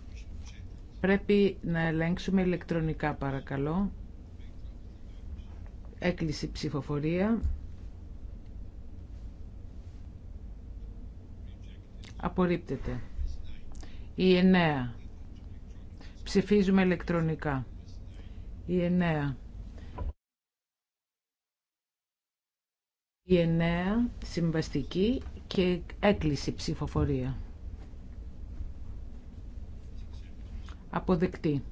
S4: Πρέπει να ελέγξουμε ηλεκτρονικά παρακαλώ. Έκλειση ψηφοφορία. Απορρίπτεται. Η 9. Ψηφίζουμε ηλεκτρονικά. Η 9. Η εννέα συμβαστική και έκλειση ψηφοφορία. Αποδεκτή.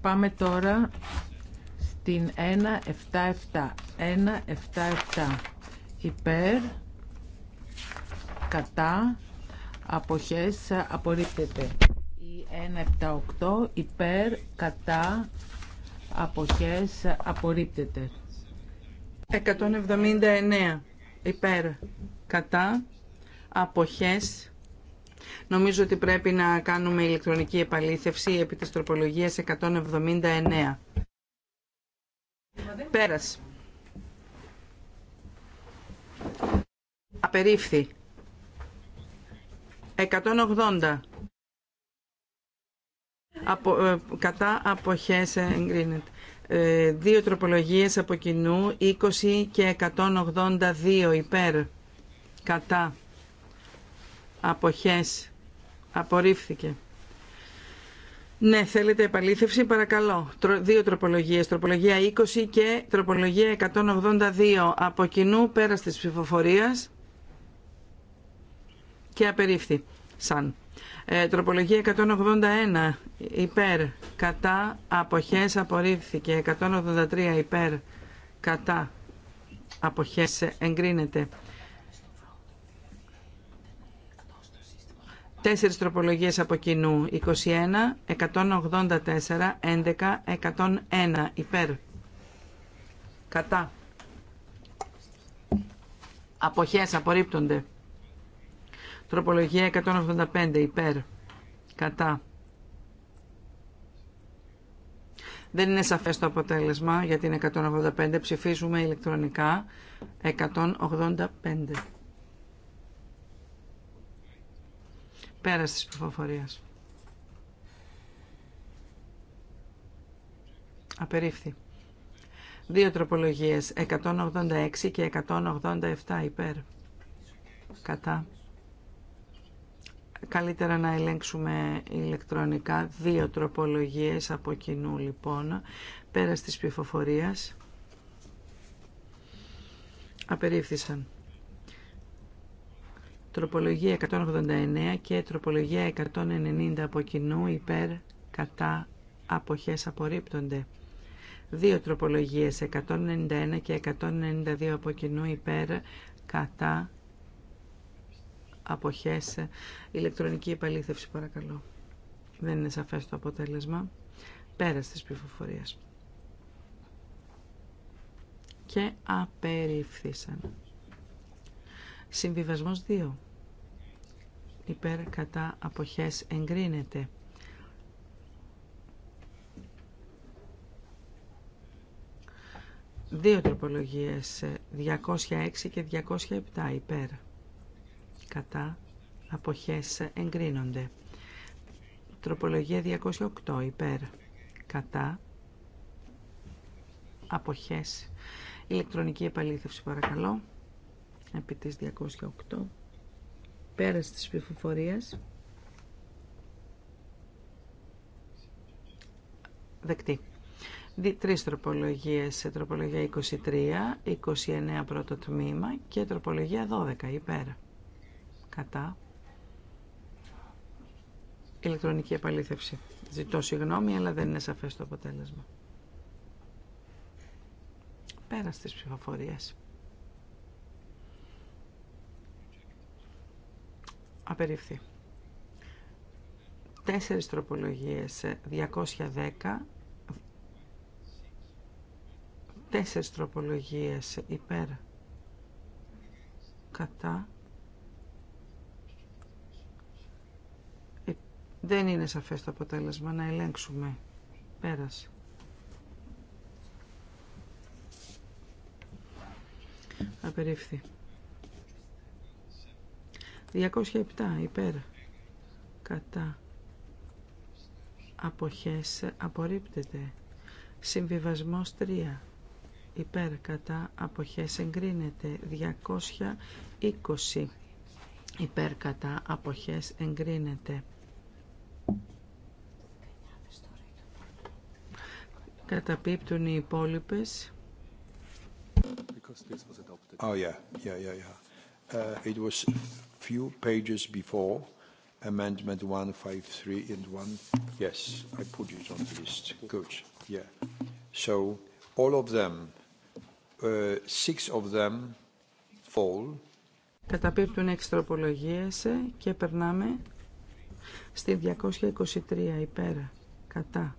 S4: Πάμε τώρα στην 177. 177. Υπέρ, κατά, αποχές, απορρίπτεται. Η 178 υπέρ, κατά, αποχές απορρίπτεται.
S3: 179 υπέρ κατά αποχές Νομίζω ότι πρέπει να κάνουμε ηλεκτρονική επαλήθευση επί της τροπολογίας 179. Πέρας. Απερίφθη. 180 Απο, ε, κατά αποχές εγκρίνεται. Ε, δύο τροπολογίες από κοινού, 20 και 182 υπέρ. Κατά αποχές απορρίφθηκε. Ναι, θέλετε επαλήθευση, παρακαλώ. Δύο τροπολογίες, τροπολογία 20 και τροπολογία 182 από κοινού πέρας της ψηφοφορίας και απερίφθη. Σαν. Ε, τροπολογία 181 υπέρ κατά αποχές απορρίφθηκε 183 υπέρ κατά αποχές εγκρίνεται Τέσσερις τροπολογίες από κοινού 21, 184, 11, 101 υπέρ κατά αποχές απορρίπτονται Τροπολογία 185 υπέρ. Κατά. Δεν είναι σαφές το αποτέλεσμα για την 185. Ψηφίζουμε ηλεκτρονικά 185. Πέρας της ψηφοφορίας. Απερίφθη. Δύο τροπολογίες, 186 και 187 υπέρ. Κατά καλύτερα να ελέγξουμε ηλεκτρονικά. Δύο τροπολογίες από κοινού λοιπόν, πέρα της πληροφορία. Απερίφθησαν. Τροπολογία 189 και τροπολογία 190 από κοινού υπέρ κατά αποχές απορρίπτονται. Δύο τροπολογίες 191 και 192 από κοινού υπέρ κατά αποχές ηλεκτρονική επαλήθευση παρακαλώ δεν είναι σαφέ το αποτέλεσμα πέρα τη πληροφορία. και απεριφθήσαν συμβιβασμός 2 υπέρ κατά αποχές εγκρίνεται δύο τροπολογίες 206 ε, και 207 υπέρ κατά αποχές εγκρίνονται. Τροπολογία 208 υπέρ κατά αποχές. Ηλεκτρονική επαλήθευση παρακαλώ. Επί της 208. Πέρας της ψηφοφορίας. Δεκτή. Τρεις τροπολογίες. Τροπολογία 23, 29 πρώτο τμήμα και τροπολογία 12 υπέρ. Κατά. Ηλεκτρονική επαλήθευση. Ζητώ συγγνώμη, αλλά δεν είναι σαφές το αποτέλεσμα. Πέρα στις ψηφοφορίες. Απεριφθεί. Τέσσερις τροπολογίες. 210, ε, τέσσερις τροπολογίες ε, υπέρ κατά Δεν είναι σαφές το αποτέλεσμα. Να ελέγξουμε. Πέρασε. Απερίφθη. 207 υπέρ. Κατά. Αποχές απορρίπτεται. Συμβιβασμός 3. Υπέρ κατά αποχές εγκρίνεται. 220. Υπέρ κατά αποχές εγκρίνεται. Καταπίπτουν οι υπόλοιπε.
S2: Oh, yeah. Yeah, yeah, yeah. Uh, it was few pages before amendment 153 and 1. Yes, I put it on the list. Good. Yeah. So all of them, uh, six of them fall.
S3: Καταπίπτουν έξι τροπολογίες και περνάμε στη 223 υπέρα. Κατά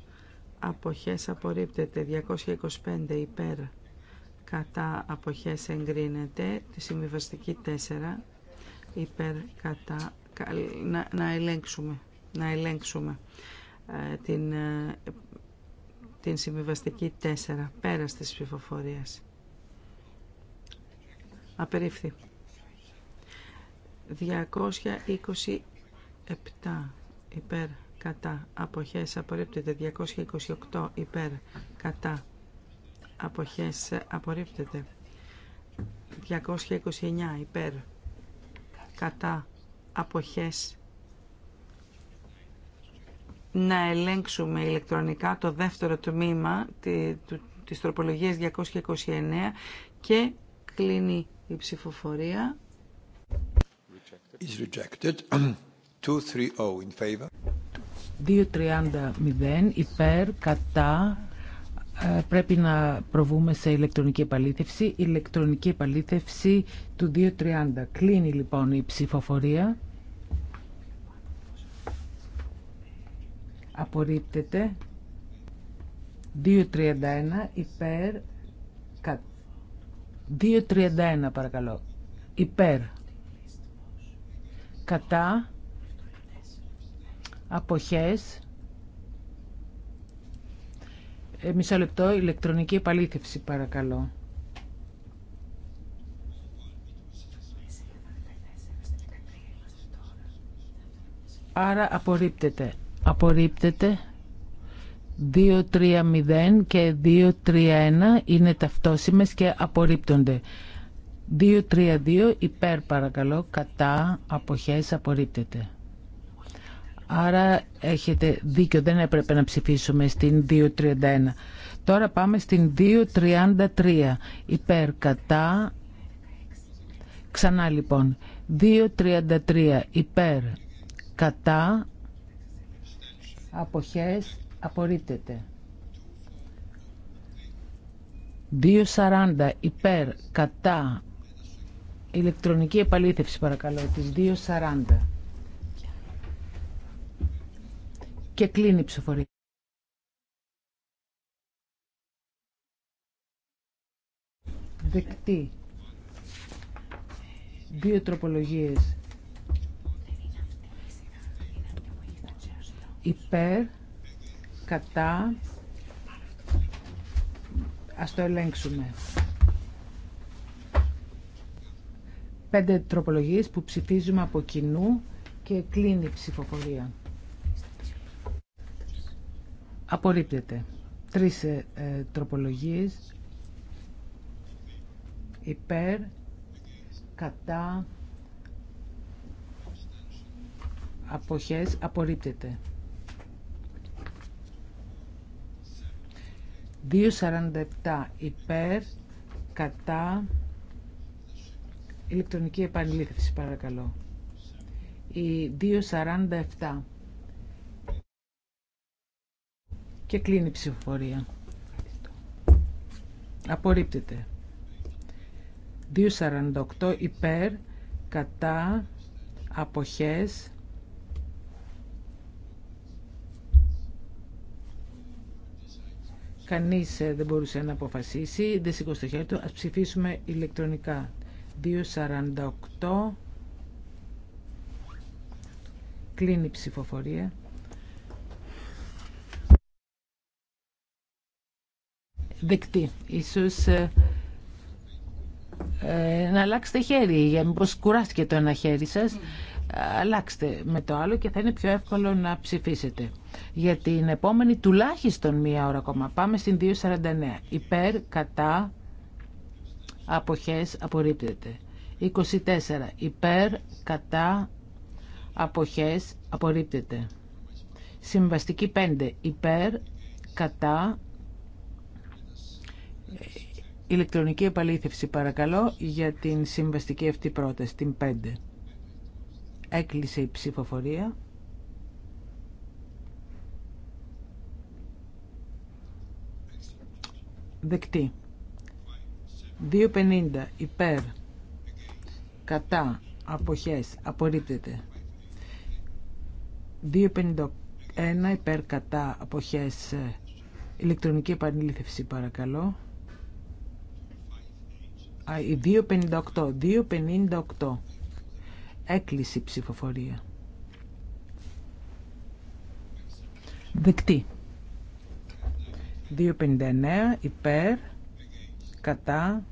S3: αποχές απορρίπτεται 225 υπέρ κατά αποχές εγκρίνεται τη συμβιβαστική 4 υπέρ κατά να, ελέγξουμε να ελέγξουμε ε, την, ε, την συμβιβαστική 4 πέρα της ψηφοφορίας απερίφθη 227 υπέρ κατά αποχές απορρίπτεται 228 υπέρ κατά αποχές απορρίπτεται 229 υπέρ κατά αποχές να ελέγξουμε ηλεκτρονικά το δεύτερο τμήμα της τροπολογίας 229 και κλείνει
S4: η ψηφοφορία.
S2: Is rejected. [CLEARS THROAT] Oh, in favor.
S4: 2.30 υπέρ, κατά, ε, πρέπει να προβούμε σε ηλεκτρονική επαλήθευση. Ηλεκτρονική επαλήθευση του 2.30. Κλείνει λοιπόν η ψηφοφορία. Απορρίπτεται. 2.31 υπέρ. 2.31 παρακαλώ. Υπέρ. Κατά αποχές ε, μισό λεπτό ηλεκτρονική επαλήθευση παρακαλώ άρα απορρίπτεται απορρίπτεται 2-3-0 και 2-3-1 είναι ταυτόσιμες και απορρίπτονται 2-3-2 υπέρ παρακαλώ κατά αποχές απορρίπτεται Άρα έχετε δίκιο, δεν έπρεπε να ψηφίσουμε στην 231. Τώρα πάμε στην 233. Υπέρ, κατά. Ξανά λοιπόν. 233. Υπέρ, κατά. Αποχές, απορρίπτεται. 240. Υπέρ, κατά. Ηλεκτρονική επαλήθευση παρακαλώ, της 240. και κλείνει η ψηφοφορία. Δεκτή. Δύο τροπολογίες. Υπέρ, κατά, ας το ελέγξουμε. Πέντε τροπολογίες που ψηφίζουμε από κοινού και κλείνει η ψηφοφορία. Απορρίπτεται. Τρεις ε, ε, τροπολογίες. Υπέρ, κατά, αποχές. Απορρίπτεται. 2.47 υπέρ, κατά, ηλεκτρονική επανελήθευση παρακαλώ. Η 2.47 Και κλείνει η ψηφοφορία. Απορρίπτεται. 2.48 υπέρ, κατά, αποχές. Κανείς ε, δεν μπορούσε να αποφασίσει. Δεν σηκώσει το χέρι του. Ας ψηφίσουμε ηλεκτρονικά. 2.48. Κλείνει η ψηφοφορία. δεκτή. Ίσως ε, ε, να αλλάξετε χέρι, για μήπως κουράστηκε το ένα χέρι σας. Αλλάξτε με το άλλο και θα είναι πιο εύκολο να ψηφίσετε. Για την επόμενη τουλάχιστον μία ώρα ακόμα. Πάμε στην 2.49. Υπέρ, κατά, αποχές, απορρίπτεται. 24. Υπέρ, κατά, αποχές, απορρίπτεται. Συμβαστική 5. Υπέρ, κατά, ηλεκτρονική επαλήθευση παρακαλώ για την συμβαστική αυτή πρόταση, την 5. Έκλεισε η ψηφοφορία. Δεκτή. 2.50 υπέρ κατά αποχές απορρίπτεται. 2.51 υπέρ κατά αποχές ηλεκτρονική επαλήθευση, παρακαλώ. 258. 258. Έκλεισε η ψηφοφορία. Δεκτή. 259 υπέρ, κατά.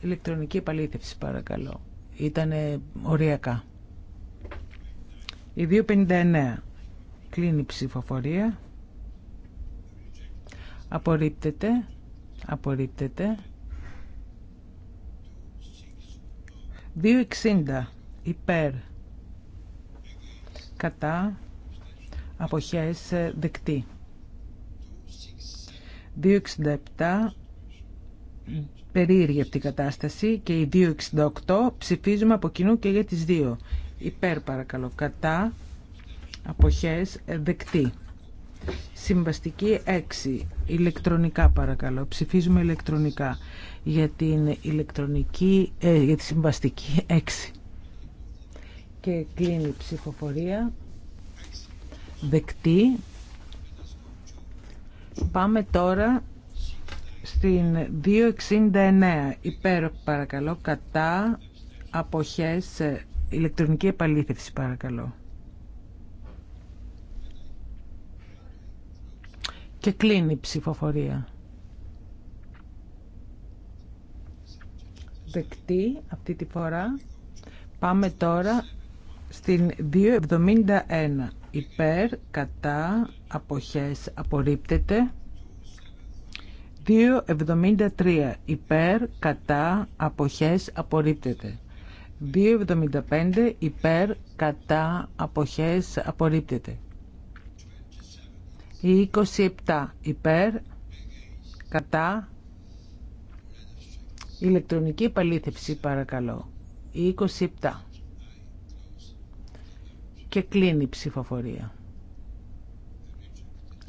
S4: Ηλεκτρονική επαλήθευση παρακαλώ. Ήτανε οριακά. Η 259 κλείνει ψηφοφορία. Απορρίπτεται απορρίπτεται 2.60 υπέρ κατά αποχές ε, δεκτή 2.67 περίεργη αυτή η κατάσταση και οι 2.68 ψηφίζουμε από κοινού και για τις δύο υπέρ παρακαλώ κατά αποχές ε, δεκτή Συμβαστική 6. Ηλεκτρονικά παρακαλώ. Ψηφίζουμε ηλεκτρονικά για την ηλεκτρονική, ε, για τη συμβαστική 6. Και κλείνει η ψηφοφορία. Δεκτή. Πάμε τώρα στην 269. Υπέρ παρακαλώ. Κατά αποχές ηλεκτρονική επαλήθευση παρακαλώ. Και κλείνει η ψηφοφορία. Δεκτή αυτή τη φορά. Πάμε τώρα στην 271. Υπέρ, κατά, αποχές, απορρίπτεται. 2.73 υπέρ, κατά, αποχές, απορρίπτεται. 2.75 υπέρ, κατά, αποχές, απορρίπτεται. Η 27 υπέρ, κατά, ηλεκτρονική επαλήθευση παρακαλώ. Η 27. Και κλείνει η ψηφοφορία.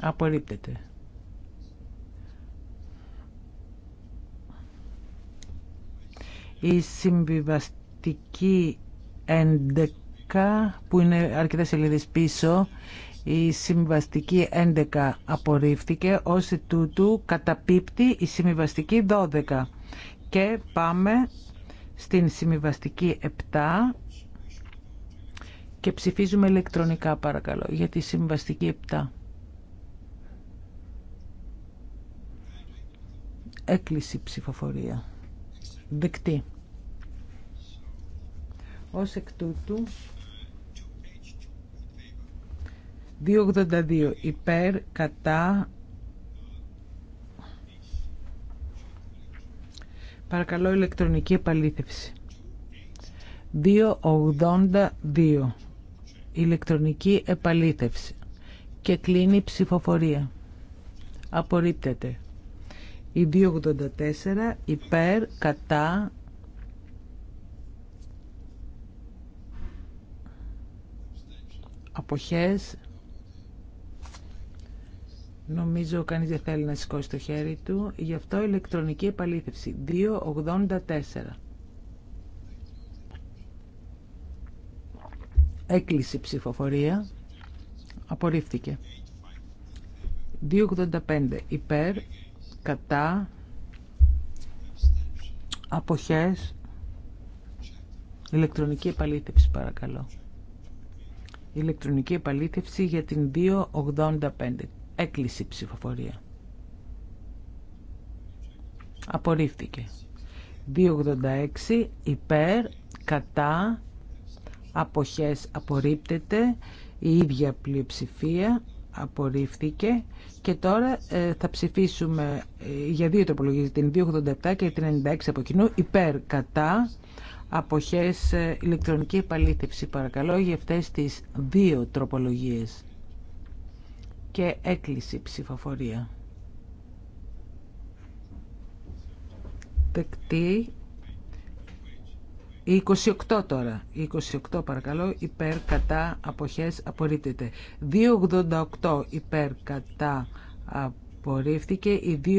S4: Απορρίπτεται. Η συμβιβαστική 11 που είναι αρκετά σελίδες πίσω η συμβαστική 11 απορρίφθηκε, ως τούτου καταπίπτει η συμβαστική 12. Και πάμε στην συμβαστική 7 και ψηφίζουμε ηλεκτρονικά παρακαλώ για τη συμβαστική 7. Έκλειση ψηφοφορία. Δεκτή. Ως εκ τούτου 282 υπέρ κατά Παρακαλώ ηλεκτρονική επαλήθευση. 282 ηλεκτρονική επαλήθευση και κλείνει η ψηφοφορία. Απορρίπτεται. Η 284 υπέρ κατά αποχές Νομίζω κανείς δεν θέλει να σηκώσει το χέρι του. Γι' αυτό ηλεκτρονική επαλήθευση. 2.84. Έκλεισε η ψηφοφορία. Απορρίφθηκε. 2.85. Υπέρ, κατά, αποχές, ηλεκτρονική επαλήθευση παρακαλώ. Ηλεκτρονική επαλήθευση για την 2.85. Έκλεισε η ψηφοφορία. Απορρίφθηκε. 286 υπέρ, κατά, αποχές απορρίπτεται, η ίδια πλειοψηφία απορρίφθηκε και τώρα ε, θα ψηφίσουμε ε, για δύο τροπολογίες, την 287 και την 96 από κοινού, υπέρ, κατά, αποχές, ε, ηλεκτρονική επαλήθευση παρακαλώ για αυτές τις δύο τροπολογίες και έκλεισε ψηφοφορία. Δεκτή. Η 28 τώρα. 28 παρακαλώ. Υπέρ κατά αποχές απορρίπτεται. 288 υπέρ κατά απορρίφθηκε. Η 289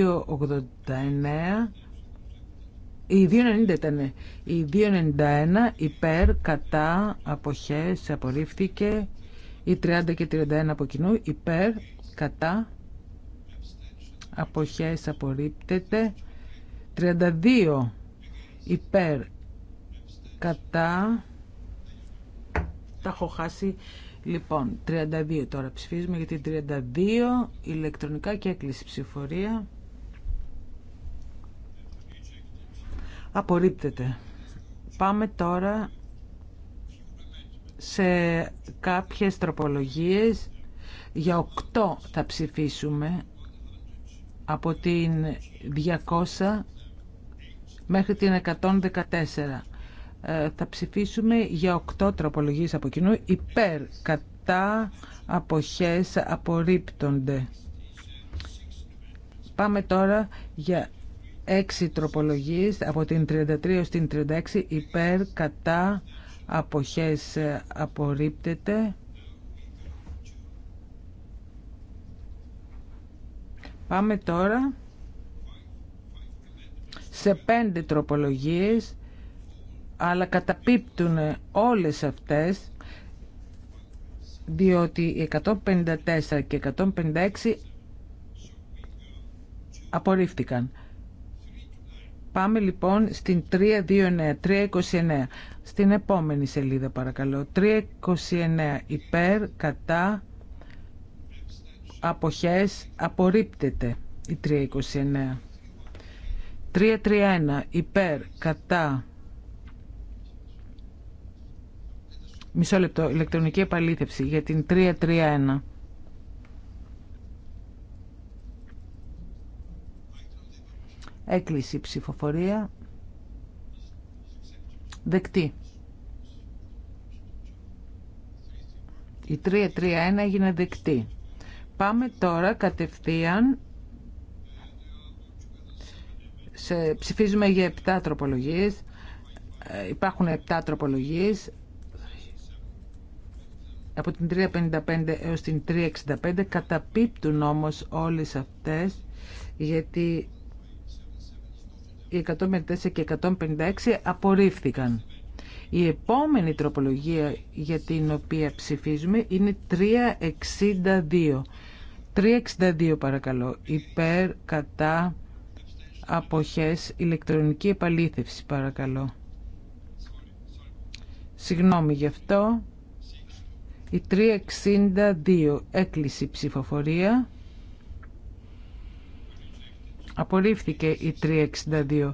S4: η 2,90 ήταν. Η 2,91 υπέρ, κατά, αποχές, απορρίφθηκε. Οι 30 και 31 από κοινού υπέρ, κατά, αποχές απορρίπτεται. 32 υπέρ, κατά, τα έχω χάσει. Λοιπόν, 32 τώρα ψηφίζουμε γιατί 32 ηλεκτρονικά και έκλειση ψηφορία. Απορρίπτεται. Πάμε τώρα σε κάποιες τροπολογίες. Για οκτώ θα ψηφίσουμε από την 200 μέχρι την 114. Ε, θα ψηφίσουμε για οκτώ τροπολογίες από κοινού υπέρ, κατά, αποχές, απορρίπτονται. Πάμε τώρα για έξι τροπολογίες από την 33 στην 36 υπέρ, κατά, αποχές ε, απορρίπτεται. Πάμε τώρα σε πέντε τροπολογίες, αλλά καταπίπτουν όλες αυτές, διότι 154 και 156 απορρίφθηκαν. Πάμε λοιπόν στην 329, 329. Στην επόμενη σελίδα παρακαλώ. 329 υπέρ, κατά, αποχές, απορρίπτεται η 329. 331 υπέρ, κατά, μισό λεπτό, ηλεκτρονική επαλήθευση για την 331. Έκλεισε η ψηφοφορία. Δεκτή. Η 331 έγινε δεκτή. Πάμε τώρα κατευθείαν σε, ψηφίζουμε για 7 τροπολογίες. Ε, υπάρχουν 7 τροπολογίες. Από την 355 έως την 365 καταπίπτουν όμως όλες αυτές γιατί οι 154 και 156 απορρίφθηκαν. Η επόμενη τροπολογία για την οποία ψηφίζουμε είναι 362. 362 παρακαλώ. Υπέρ, κατά, αποχές, ηλεκτρονική επαλήθευση παρακαλώ. Συγγνώμη γι' αυτό. Η 362 έκλεισε ψηφοφορία. Απορρίφθηκε η 362.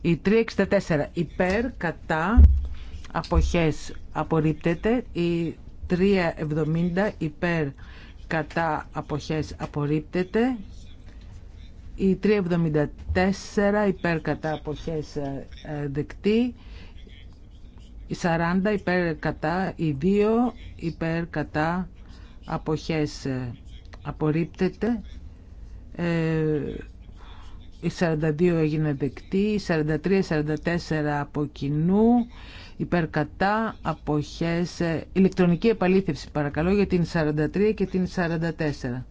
S4: Η 364 υπέρ, κατά, αποχές απορρίπτεται. Η 370 υπέρ, κατά, αποχές απορρίπτεται. Η 374 υπέρ, κατά, αποχές ε, ε, δεκτή. Η 40 υπέρ, κατά. Η 2 υπέρ, κατά, αποχές ε, απορρίπτεται. Ε, η 42 έγινε δεκτή, η 43-44 από κοινού, υπερκατά, αποχές, ε, ηλεκτρονική επαλήθευση παρακαλώ για την 43 και την 44.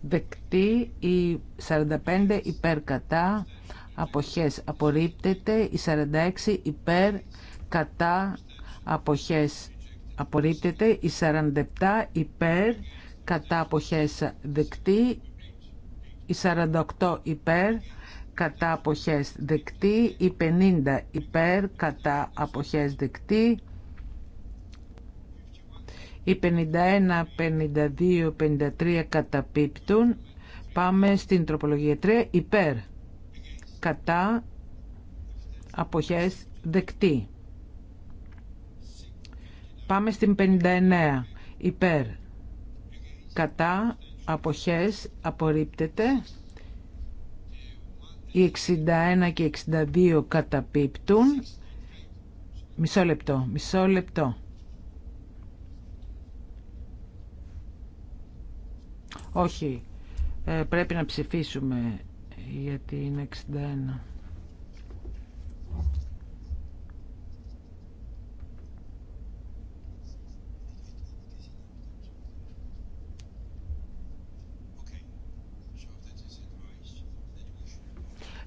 S4: Δεκτή η 45 υπερκατά αποχές απορρίπτεται, η 46 υπέρ κατά αποχές απορρίπτεται, η 47 υπέρ, κατά αποχές δεκτή, η 48 υπέρ, κατά αποχές δεκτή, η 50 υπέρ, κατά αποχές δεκτή, η 51, 52, 53 καταπίπτουν. Πάμε στην τροπολογία 3. Υπέρ. Κατά. Αποχές δεκτή. Πάμε στην 59. Υπέρ. Κατά. Αποχές. Απορρίπτεται. Οι 61 και 62 καταπίπτουν. Μισό λεπτό. Μισό λεπτό. Όχι. Ε, πρέπει να ψηφίσουμε γιατί είναι 61.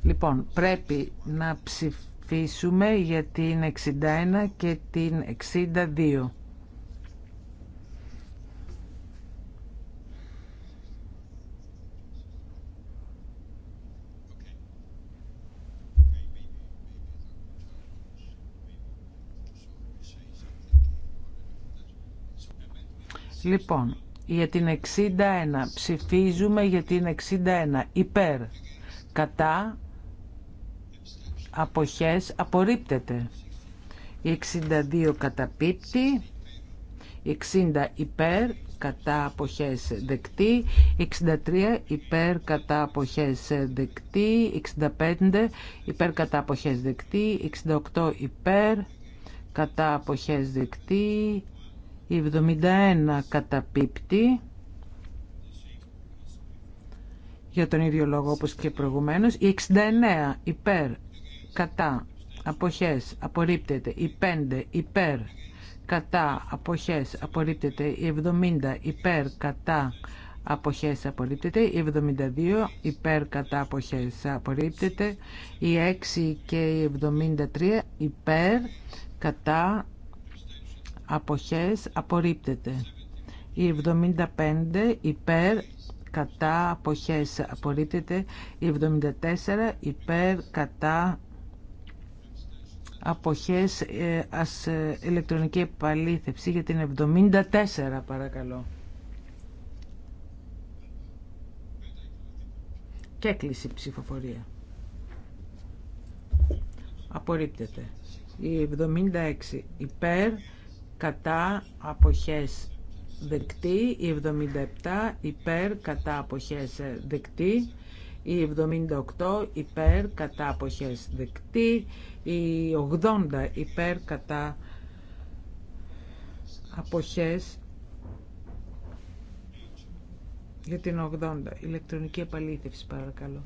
S4: Λοιπόν, πρέπει να ψηφίσουμε για την 61 και την 62. Λοιπόν, για την 61 ψηφίζουμε για την 61 υπέρ κατά αποχές απορρίπτεται. 62 καταπίπτει, 60 υπέρ κατά αποχές δεκτή, 63 υπέρ κατά αποχές δεκτή, 65 υπέρ κατά αποχές δεκτή, 68 υπέρ κατά αποχές δεκτή, 71 καταπίπτει, για τον ίδιο λόγο όπως και προηγουμένως, 69 υπέρ κατά, αποχές, απορρίπτεται. Η 5 υπέρ, κατά, αποχές, απορρίπτεται. Η 70 υπέρ, κατά, αποχές απορρίπτεται, η 72 υπέρ κατά αποχές απορρίπτεται, η 6 και η 73 υπέρ κατά αποχές απορρίπτεται. Η 75 υπέρ κατά αποχές απορρίπτεται, η 74 υπέρ κατά αποχές ε, ας ε, ηλεκτρονική επαλήθευση για την 74 παρακαλώ. Και κλείσει η ψηφοφορία. Απορρίπτεται. Η 76 υπέρ, κατά, αποχές δεκτή. Η 77 υπέρ, κατά, αποχές δεκτή η 78 υπέρ κατά αποχές δεκτή, η 80 υπέρ κατά αποχές για την 80. Ηλεκτρονική επαλήθευση παρακαλώ.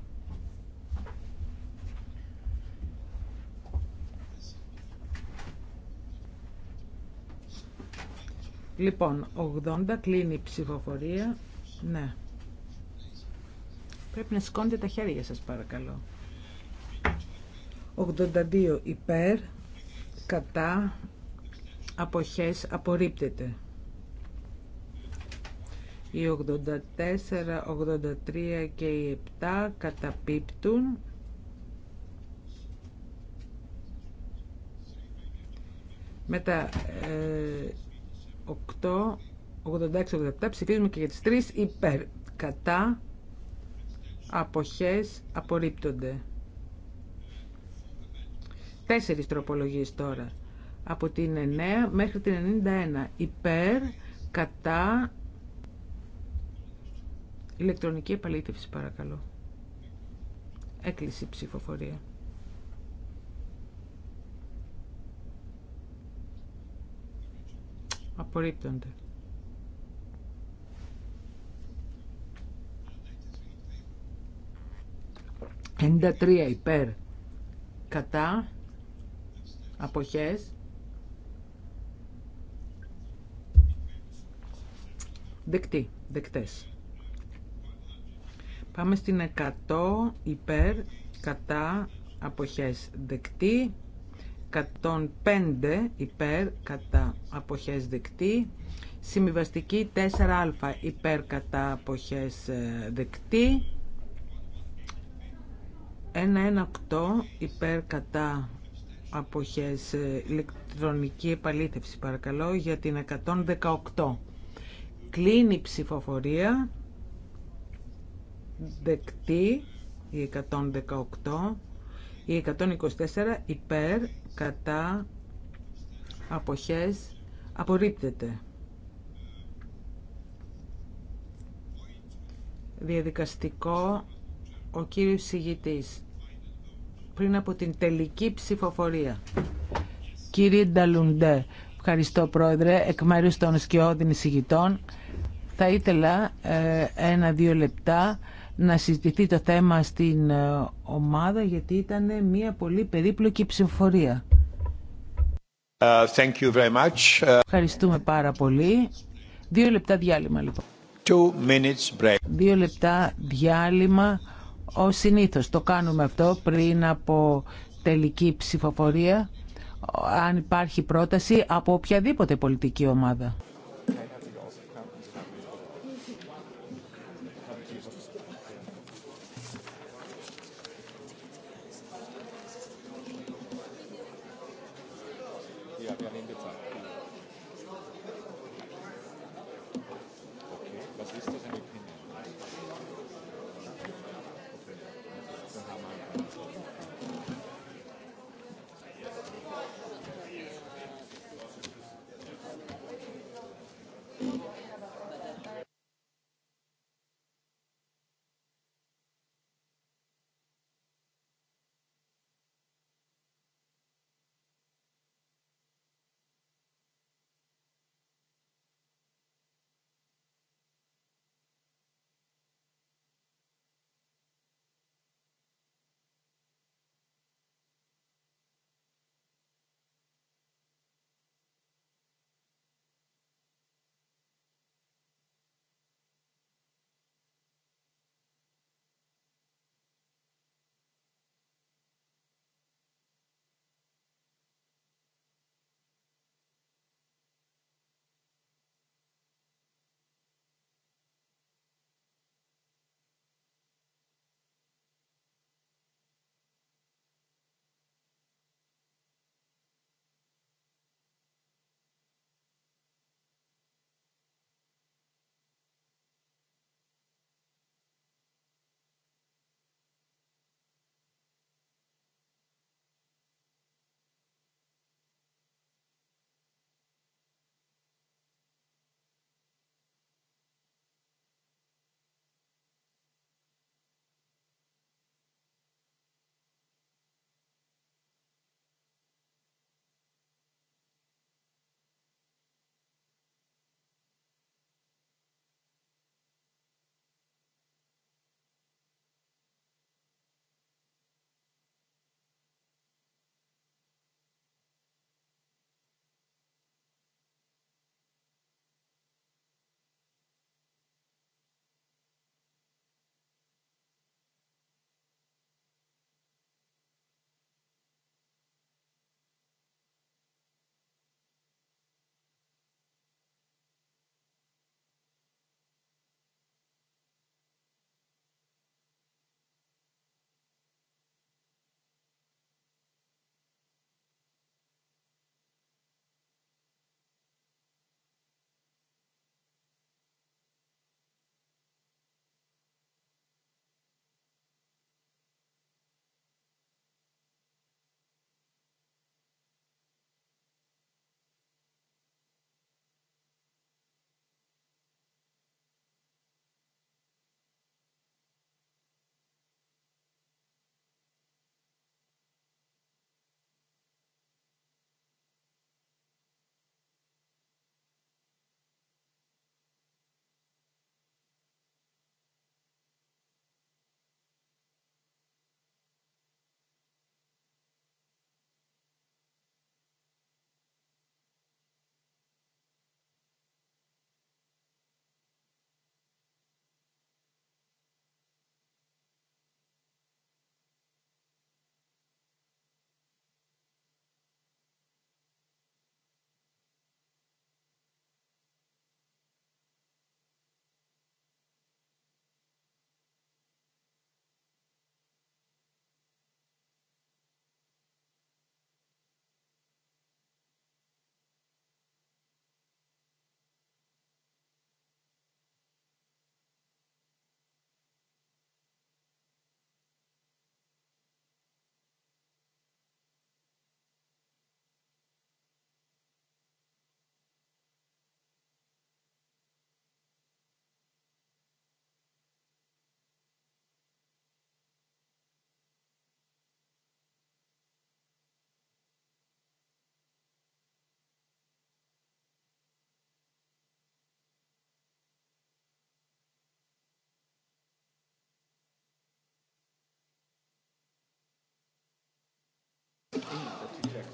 S4: Λοιπόν, 80 κλείνει η ψηφοφορία. Ναι. Πρέπει να σηκώνετε τα χέρια σας παρακαλώ. 82 υπέρ, κατά, αποχές, απορρίπτεται. Οι 84, 83 και οι 7 καταπίπτουν. Με τα 8, 86, 87 ψηφίζουμε και για τις 3 υπέρ, κατά, αποχές απορρίπτονται. Τέσσερις τροπολογίες τώρα. Από την 9 μέχρι την 91. Υπέρ, κατά, ηλεκτρονική επαλήθευση παρακαλώ. Έκλεισε ψηφοφορία. Απορρίπτονται. 93 υπέρ κατά αποχές δεκτή, δεκτές. Πάμε στην 100 υπέρ κατά αποχές δεκτή. 105 υπέρ κατά αποχές δεκτή. Συμβιβαστική 4α υπέρ κατά αποχές δεκτή. 118 υπέρ κατά αποχές ε, ηλεκτρονική επαλήθευση παρακαλώ για την 118. Κλείνει η ψηφοφορία. Δεκτή η 118. Η 124 υπέρ κατά αποχές απορρίπτεται. Διαδικαστικό ο κύριος συγητής πριν από την τελική ψηφοφορία. Κύριε Νταλουντέ, ευχαριστώ πρόεδρε, εκ μέρους των σκιώδων εισηγητών. Θα ήθελα ε, ένα-δύο λεπτά να συζητηθεί το θέμα στην ε, ομάδα γιατί ήταν μια πολύ περίπλοκη ψηφοφορία.
S2: Ε, thank you very much.
S4: Ευχαριστούμε πάρα πολύ. Δύο λεπτά διάλειμμα λοιπόν. Two
S2: minutes break.
S4: Δύο λεπτά διάλειμμα. Ο συνήθως το κάνουμε αυτό πριν από τελική ψηφοφορία, αν υπάρχει πρόταση από οποιαδήποτε πολιτική ομάδα.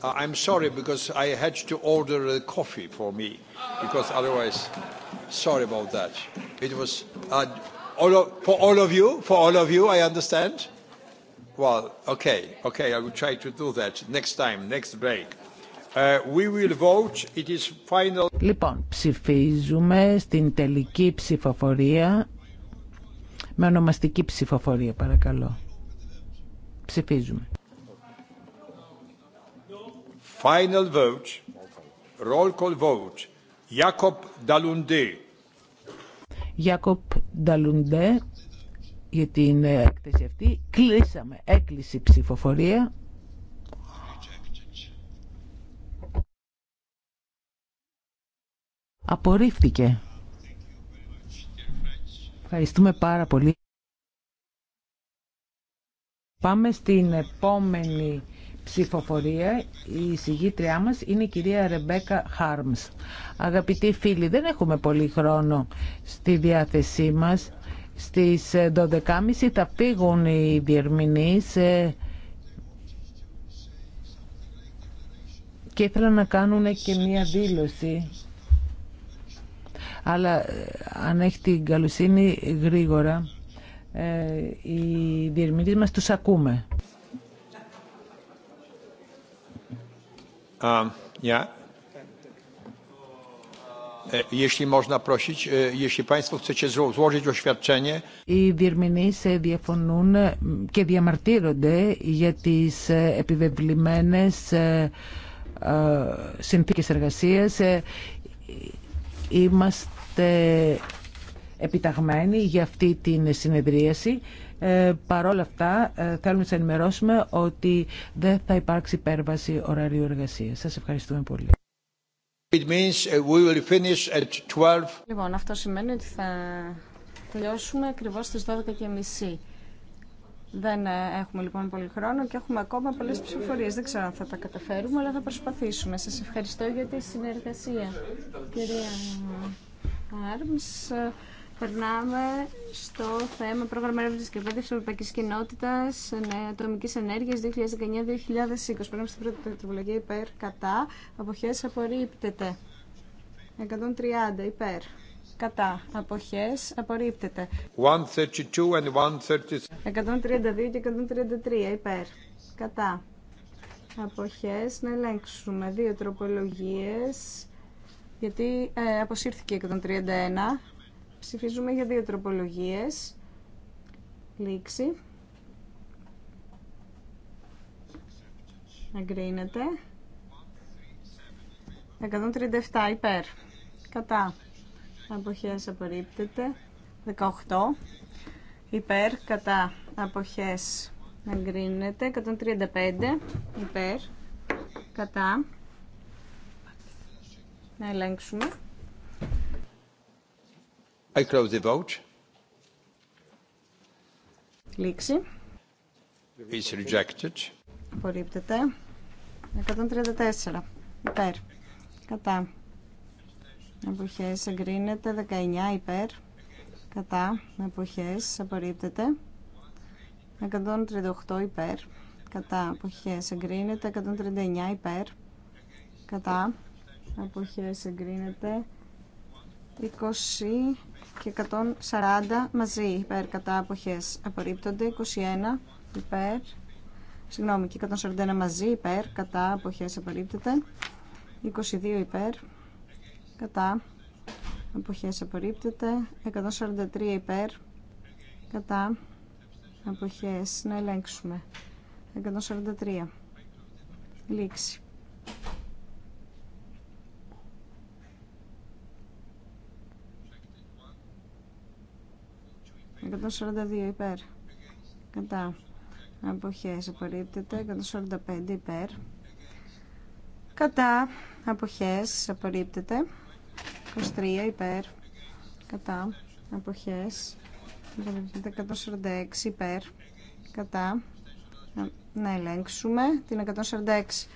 S2: I'm sorry because I had to order a coffee for me because otherwise, sorry about that. It was all of, for all of you, for all of you, I understand. Well, okay, okay, I will try to do that next time, next break. We will vote. It is final. Λοιπόν,
S4: ψηφίζουμε στην τελική ψηφοφορία με ονομαστική ψηφοφορία, παρακαλώ. Ψηφίζουμε.
S2: Final vote. Roll call vote. Jakob Dalunde.
S4: Jakob Dalunde για την έκθεση αυτή. Κλείσαμε. Έκλεισε η ψηφοφορία. Απορρίφθηκε. Ευχαριστούμε πάρα πολύ. Πάμε στην επόμενη ψηφοφορία η συγγήτριά μας είναι η κυρία Ρεμπέκα Χάρμς. Αγαπητοί φίλοι, δεν έχουμε πολύ χρόνο στη διάθεσή μας. Στις 12.30 ε, θα φύγουν οι διερμηνείς ε, και ήθελα να κάνουν και μία δήλωση. Αλλά ε, αν έχει την καλοσύνη γρήγορα, οι διερμηνείς μας τους ακούμε. Οι διερμηνείς ε, διαφωνούν ε, και διαμαρτύρονται για τι ε, επιβεβλημένες συνθήκες εργασίας. Είμαστε επιταγμένοι για αυτή την συνεδρίαση. Ε, Παρ' όλα αυτά, ε, θέλουμε να σα ενημερώσουμε ότι δεν θα υπάρξει υπέρβαση ωραρίου εργασία. Σα ευχαριστούμε πολύ.
S2: It means uh, we will finish at 12. Λοιπόν, αυτό σημαίνει ότι θα
S1: τελειώσουμε ακριβώ στι 12.30. Δεν ε, έχουμε λοιπόν πολύ χρόνο και έχουμε ακόμα πολλέ ψηφοφορίε. Δεν ξέρω αν θα τα καταφέρουμε, αλλά θα προσπαθήσουμε. Σα ευχαριστώ για τη συνεργασία, κυρία Άρμς. Περνάμε στο θέμα πρόγραμμα έρευνα και εκπαίδευση Ευρωπαϊκή Κοινότητα Ατομική Ενέργεια 2019-2020. Περνάμε στην πρώτη τροπολογία υπέρ κατά. Αποχέ απορρίπτεται. 130 υπέρ. Κατά. Αποχέ απορρίπτεται.
S2: 132
S1: και 133 υπέρ. Κατά. Αποχές να ελέγξουμε δύο τροπολογίε γιατί ε, αποσύρθηκε 131 Ψηφίζουμε για δύο τροπολογίες. Λήξη. Αγκρίνεται, 137 υπέρ. Κατά. Αποχές απορρίπτεται. 18 υπέρ. Κατά. Αποχές Αγκρίνεται, 135 υπέρ. Κατά. Να ελέγξουμε.
S2: I close the vote. Λήξη. Is rejected.
S1: Απορρίπτεται. 134. Υπέρ. Κατά. Αποχές εγκρίνεται. 19 υπέρ. Κατά. Αποχές απορρίπτεται. 138 υπέρ. Κατά. Αποχές εγκρίνεται. 139 υπέρ. Κατά. Αποχές εγκρίνεται. 20 και 140 μαζί υπέρ κατά αποχές απορρίπτονται 21 υπέρ συγγνώμη και 141 μαζί υπέρ κατά αποχές απορρίπτεται 22 υπέρ κατά αποχές απορρίπτεται 143 υπέρ κατά αποχές να ελέγξουμε 143 λήξη 142 υπέρ. Κατά. Αποχές απορρίπτεται. 145 υπέρ. Κατά. Αποχές απορρίπτεται. 23 υπέρ. Κατά. Αποχές. 146 υπέρ. Κατά. Να ελέγξουμε την 146.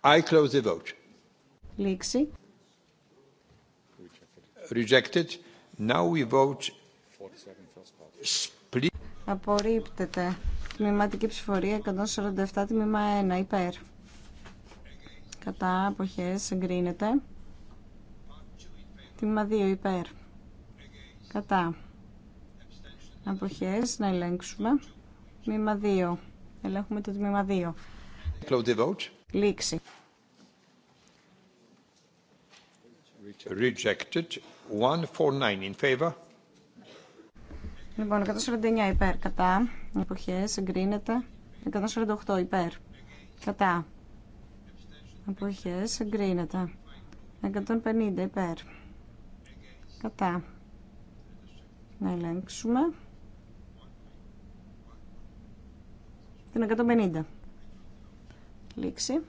S2: I close the vote. Λήξη. Rejected. Now we vote...
S1: Απορρίπτεται. Τμήματική ψηφορία 147 τμήμα 1 υπέρ. Κατά αποχές εγκρίνεται. Τμήμα 2 υπέρ. Κατά. Αποχές να ελέγξουμε. Τμήμα 2. Ελέγχουμε το τμήμα 2.
S2: Close vote. Λήξη. Rejected. 149 in
S1: Λοιπόν, 149 υπέρ, κατά. Εποχές, εγκρίνεται. 148 υπέρ, κατά. Εποχές, εγκρίνεται. 150 υπέρ, κατά. Να ελέγξουμε. Την 150. Λήξη.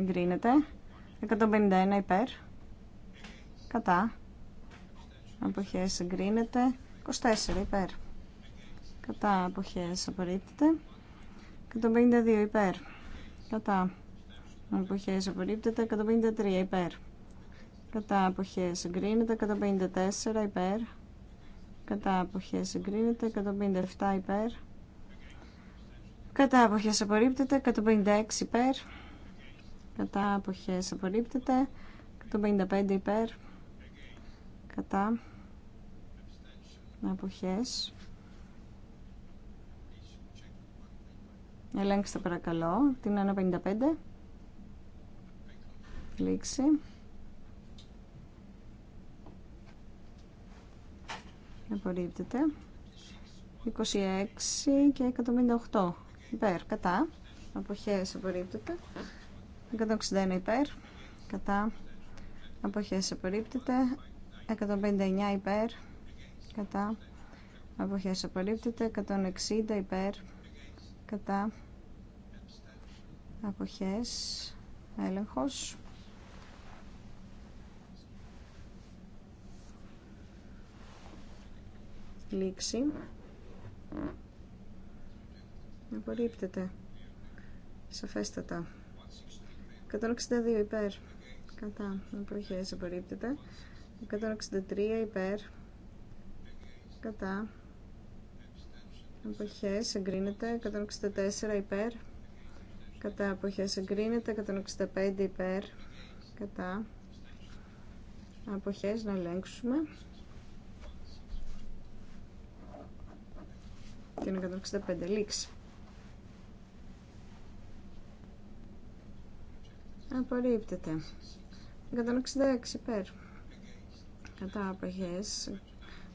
S1: Εγκρίνεται. 151 υπέρ. Κατά. Αποχές εγκρίνεται. 24 υπέρ. Κατά αποχές απορρίπτεται. 152 υπέρ. Κατά αποχές απορρίπτεται. 153 υπέρ. Κατά αποχές εγκρίνεται. 154 υπέρ. Κατά αποχές εγκρίνεται. 157 υπέρ. Κατά αποχές απορρίπτεται. 156 υπέρ κατά αποχές απορρίπτεται 155 υπέρ κατά αποχές ελέγξτε παρακαλώ την 155 λήξη απορρίπτεται 26 και 158 υπέρ κατά αποχές απορρίπτεται 161 υπέρ, κατά αποχές απορρίπτεται. 159 υπέρ, κατά αποχές απορρίπτεται. 160 υπέρ, κατά αποχές έλεγχος. Λήξη. Απορρίπτεται. Σαφέστατα. 162 υπέρ. Κατά. Αποχές απορρίπτεται. 163 υπέρ. Κατά. Αποχές εγκρίνεται. 164 υπέρ. Κατά. Αποχές εγκρίνεται. 165 υπέρ. Κατά. Αποχές να ελέγξουμε. Την 165 λήξη. απορρίπτεται. 166 υπέρ. Κατά αποχές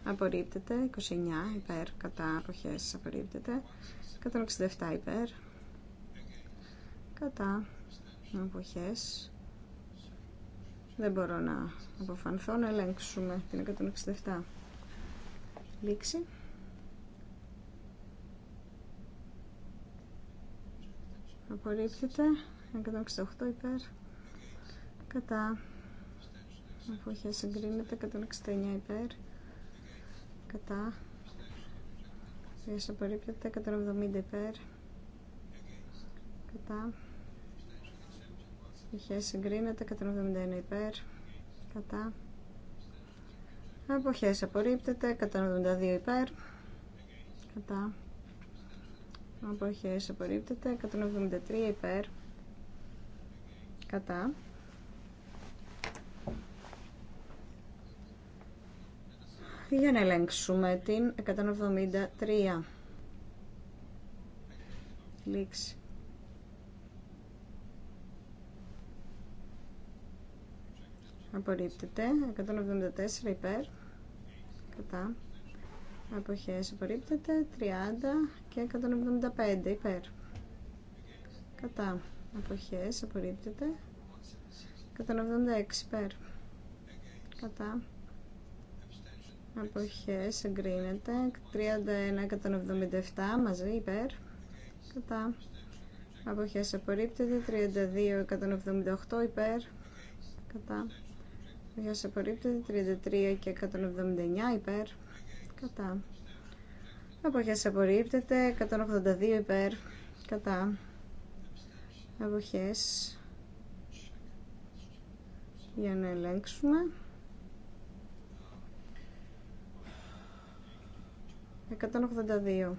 S1: απορρίπτεται. 29 υπέρ. Κατά αποχές απορρίπτεται. 167 υπέρ. Κατά αποχές. Δεν μπορώ να αποφανθώ να ελέγξουμε την 167. Λήξη. Απορρίπτεται. 168 υπέρ κατά είχε συγκρίνεται 169 υπέρ κατά αποχές απορρίπτεται 170 υπέρ κατά αποχές συγκρίνεται 171 υπέρ κατά αποχές απορρίπτεται 172 υπέρ κατά αποχές απορρίπτεται 173 υπέρ κατά για να ελέγξουμε την 173 λήξη απορρίπτεται 174 υπέρ κατά αποχές απορρίπτεται 30 και 175 υπέρ κατά αποχές απορρίπτεται 176 περ. κατά αποχές εγκρίνεται 31 177 μαζί υπέρ κατά αποχές απορρίπτεται 32 178 υπέρ κατά αποχές απορρίπτεται 33 και 179 υπέρ κατά αποχές απορρίπτεται 182 υπέρ κατά Αποχές. Για να ελέγξουμε. 182.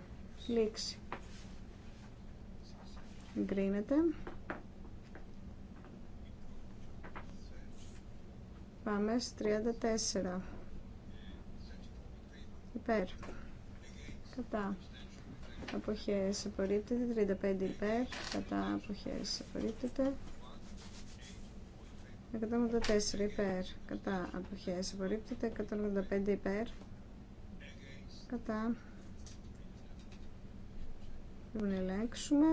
S1: Λήξη. Εγκρίνεται. Πάμε στις 34. Υπέρ. Κατά αποχές απορρίπτεται 35 υπέρ κατά αποχές απορρίπτεται 184 υπέρ κατά αποχές απορρίπτεται 185 υπέρ κατά πρέπει να ελέγξουμε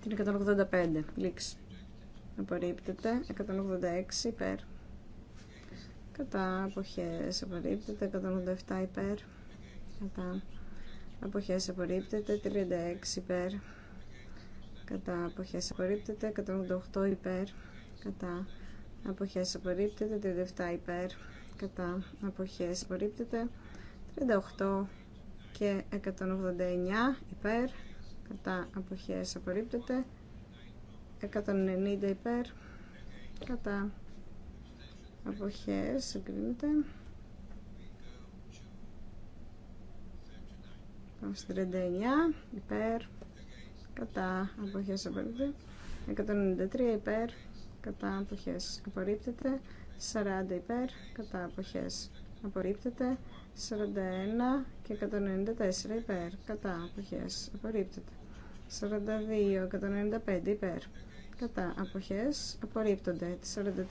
S1: την 185 λήξη απορρίπτεται 186 υπέρ κατά αποχές απορρίπτεται 187 υπέρ κατά αποχές απορρίπτεται 36 υπέρ κατά αποχές απορρίπτεται 188 υπέρ κατά αποχές απορρίπτεται 37 υπέρ κατά αποχές απορρίπτεται 38 και 189 υπέρ κατά αποχές απορρίπτεται 190 υπέρ κατά Αποχές εγκρίνεται. Πάμε στη 39. Υπέρ. Κατά. Αποχές απορρίπτεται. 193 υπέρ. Κατά. Αποχές απορρίπτεται. 40 υπέρ. Κατά. Αποχές απορρίπτεται. 41 και 194 υπέρ. Κατά. Αποχές απορρίπτεται. 42, 195 υπέρ κατά αποχές απορρίπτονται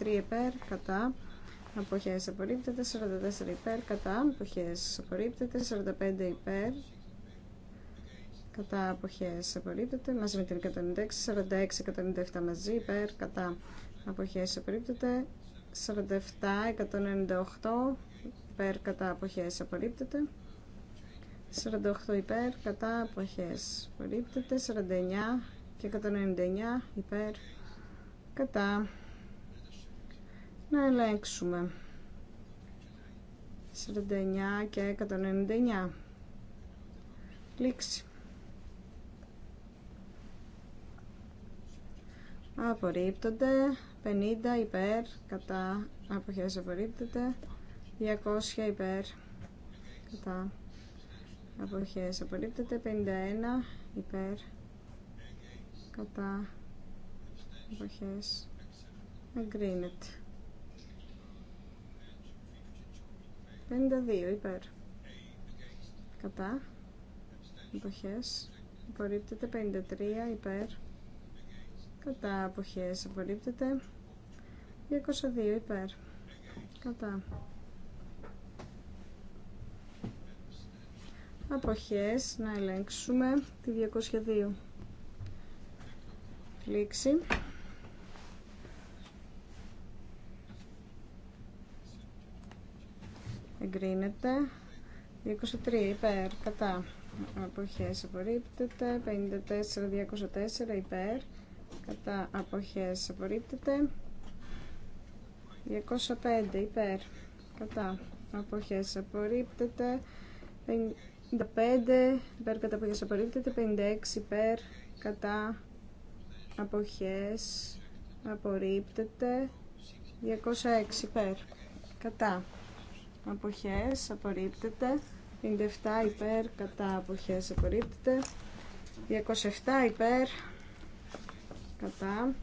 S1: 43 υπέρ κατά αποχές απορρίπτεται 44 υπέρ κατά αποχές απορρίπτεται 45 υπέρ κατά αποχές απορρίπτεται μαζί με την 196 46 197 μαζί υπέρ κατά αποχές απορρίπτεται 47 198 υπέρ κατά αποχές απορρίπτεται 48 υπέρ κατά αποχές απορρίπτεται 49 και 199 υπέρ κατά να ελέγξουμε 49 και 199 λήξη απορρίπτονται 50 υπέρ κατά αποχές απορρίπτονται 200 υπέρ κατά αποχές απορρίπτονται 51 υπέρ κατά εποχές εγκρίνεται 52 υπέρ κατά εποχές απορρίπτεται 53 υπέρ κατά εποχές απορρίπτεται 202 υπέρ κατά αποχές να ελέγξουμε τη 202 Λήξη. Εγκρίνεται. 23 υπέρ. Κατά. Αποχές απορρίπτεται. 54-204 υπέρ. Κατά. Αποχές απορρίπτεται. 205 υπέρ. Κατά. Αποχές απορρίπτεται. 55 υπέρ κατά αποχές απορρίπτεται. 56 υπέρ. Κατά αποχές απορρίπτεται 206 υπέρ κατά αποχές απορρίπτεται 57 υπέρ κατά αποχές απορρίπτεται 207 υπέρ κατά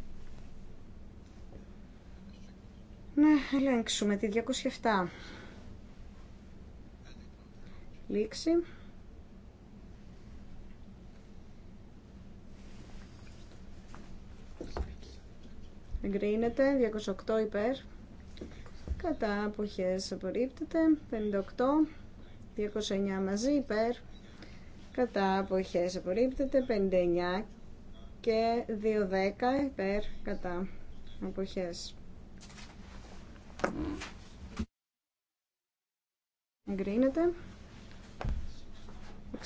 S1: Ναι, ελέγξουμε τη 207 λήξη εγκρίνεται 208 υπέρ κατά αποχές απορρίπτεται 58 209 μαζί υπέρ κατά αποχές απορρίπτεται 59 και 210 υπέρ κατά αποχές εγκρίνεται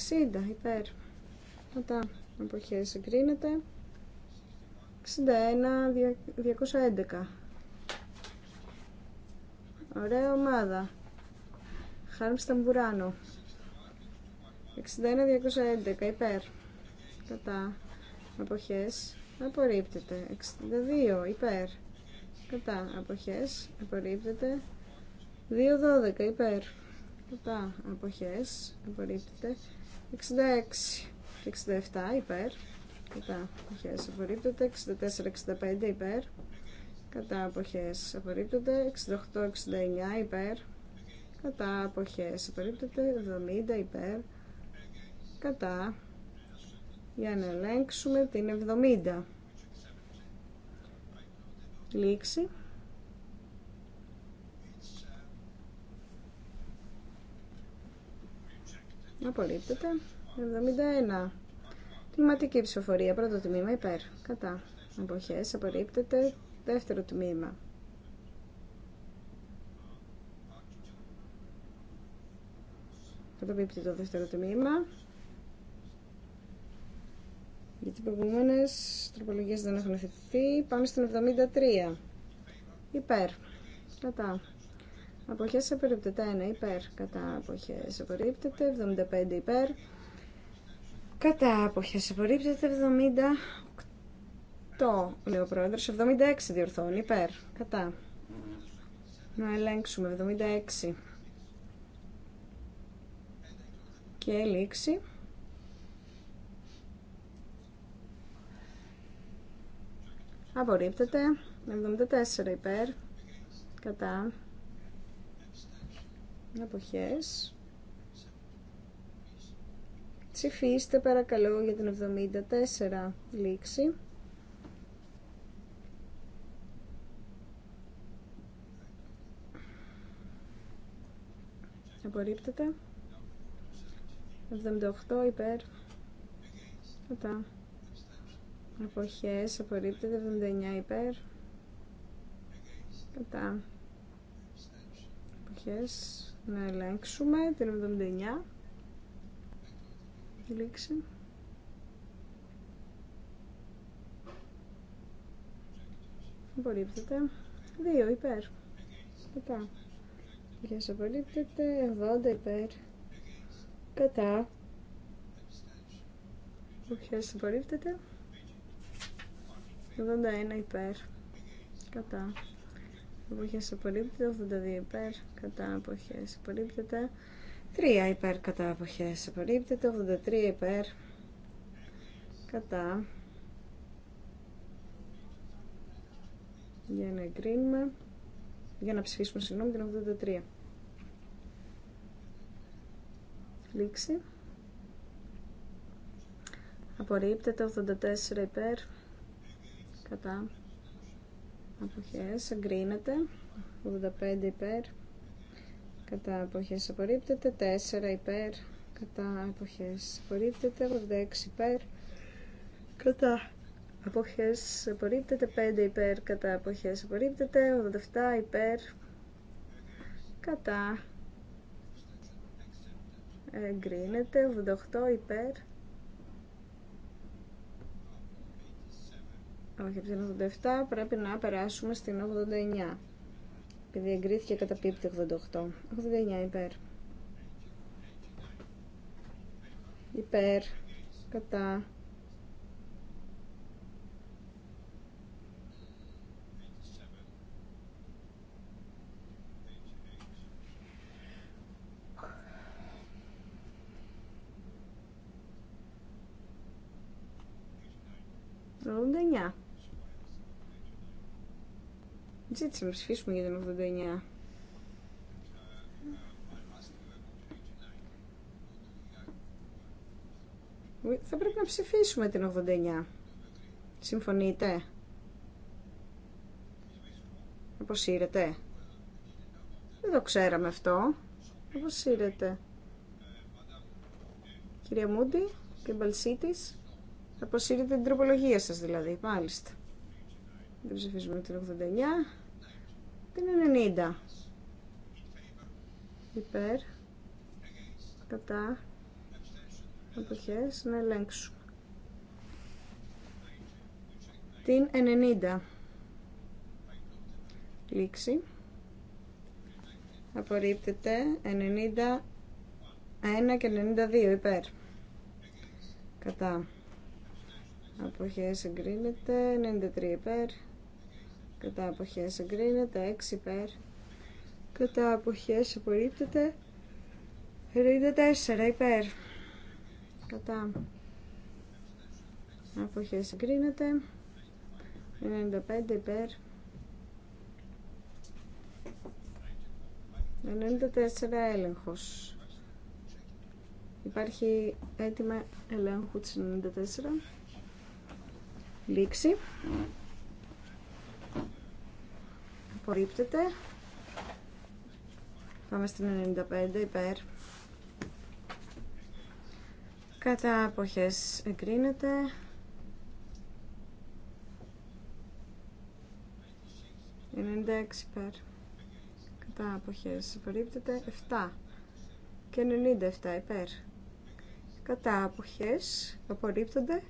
S1: 60 υπέρ κατά αποχές εγκρίνεται 61-211. Ωραία ομάδα. Χάρμ Σταμπουράνο. 61-211 υπέρ. Κατά. Αποχές. Απορρίπτεται. 62 υπέρ. Κατά. Αποχές. Απορρίπτεται. 2-12 υπέρ. Κατά. Αποχές. Απορρίπτεται. 66 67 υπέρ κατά αποχές απορρίπτονται 64-65 υπέρ κατά αποχές απορρίπτονται 68-69 υπέρ κατά αποχές απορρίπτονται 70 υπέρ κατά για να ελέγξουμε την 70 λήξη απορρίπτεται 71 Τμηματική ψηφοφορία. Πρώτο τμήμα υπέρ. Κατά. Αποχές. Απορρίπτεται. Δεύτερο τμήμα. Καταπίπτει το δεύτερο τμήμα. Γιατί οι προηγούμενε τροπολογίες δεν έχουν θετηθεί. Πάμε στην 73. Υπέρ. Κατά. Αποχές απορρίπτεται 1 υπέρ. Κατά αποχές απορρίπτεται 75 υπέρ. Κατά άποχε απορρίπτεται 78, λέει ο 76 διορθώνει, υπέρ, κατά. Να ελέγξουμε, 76. Και λήξη. Απορρίπτεται, 74 υπέρ, κατά. Αποχές. Ψηφίστε παρακαλώ για την 74 λήξη. Απορρίπτεται. 78 υπέρ. Κατά. Αποχές απορρίπτεται. 79 υπέρ. Κατά. Αποχές να ελέγξουμε την 79 λήξη. Απορρίπτεται. 2 υπέρ. Κατά. Yes, απορρίπτεται. 80 υπέρ. Κατά. Yes, απορρίπτεται. 81 υπέρ. Κατά. Αποχές απορρίπτεται. 82 υπέρ. Κατά. Αποχές απορρίπτεται. 3 υπέρ κατά αποχές απορρίπτεται, 83 υπέρ κατά για να εγκρίνουμε για να ψηφίσουμε συγγνώμη την 83 λήξη απορρίπτεται 84 υπέρ κατά αποχές εγκρίνεται 85 υπέρ κατά εποχές απορρίπτεται 4 υπέρ κατά εποχές απορρίπτεται 86 υπέρ κατά εποχές απορρίπτεται 5 υπέρ κατά εποχές απορρίπτεται 87 υπέρ κατά εγκρίνεται 88 υπέρ όχι από την 87 πρέπει να περάσουμε στην 89 επειδή εγκρίθηκε κατά πίπτη 88. 89 υπέρ. Υπέρ. Κατά. Round Ζήτησε να ψηφίσουμε για την 89. Θα πρέπει να ψηφίσουμε την 89. Συμφωνείτε. Αποσύρετε. Δεν το ξέραμε αυτό. Αποσύρετε. Κυρία Μούντι και Μπαλσίτης, αποσύρετε την τροπολογία σας δηλαδή, μάλιστα. Δεν ψηφίζουμε την 89. Την 90. Υπέρ. Κατά. Αποχές. Να ελέγξουμε. Την 90. Λήξη. Απορρίπτεται 91 και 92 υπέρ. Κατά. Αποχές εγκρίνεται 93 υπέρ κατά αποχές εγκρίνεται 6 υπέρ κατά αποχές απορρίπτεται 54 υπέρ κατά αποχές εγκρίνεται 95 υπέρ 94 έλεγχος Υπάρχει έτοιμα ελέγχου της 94 Λήξη απορρίπτεται. Πάμε στην 95 υπέρ. Κατά αποχές εγκρίνεται. 96 υπέρ. Κατά αποχές απορρίπτεται. 7 και 97 υπέρ. Κατά αποχές απορρίπτονται.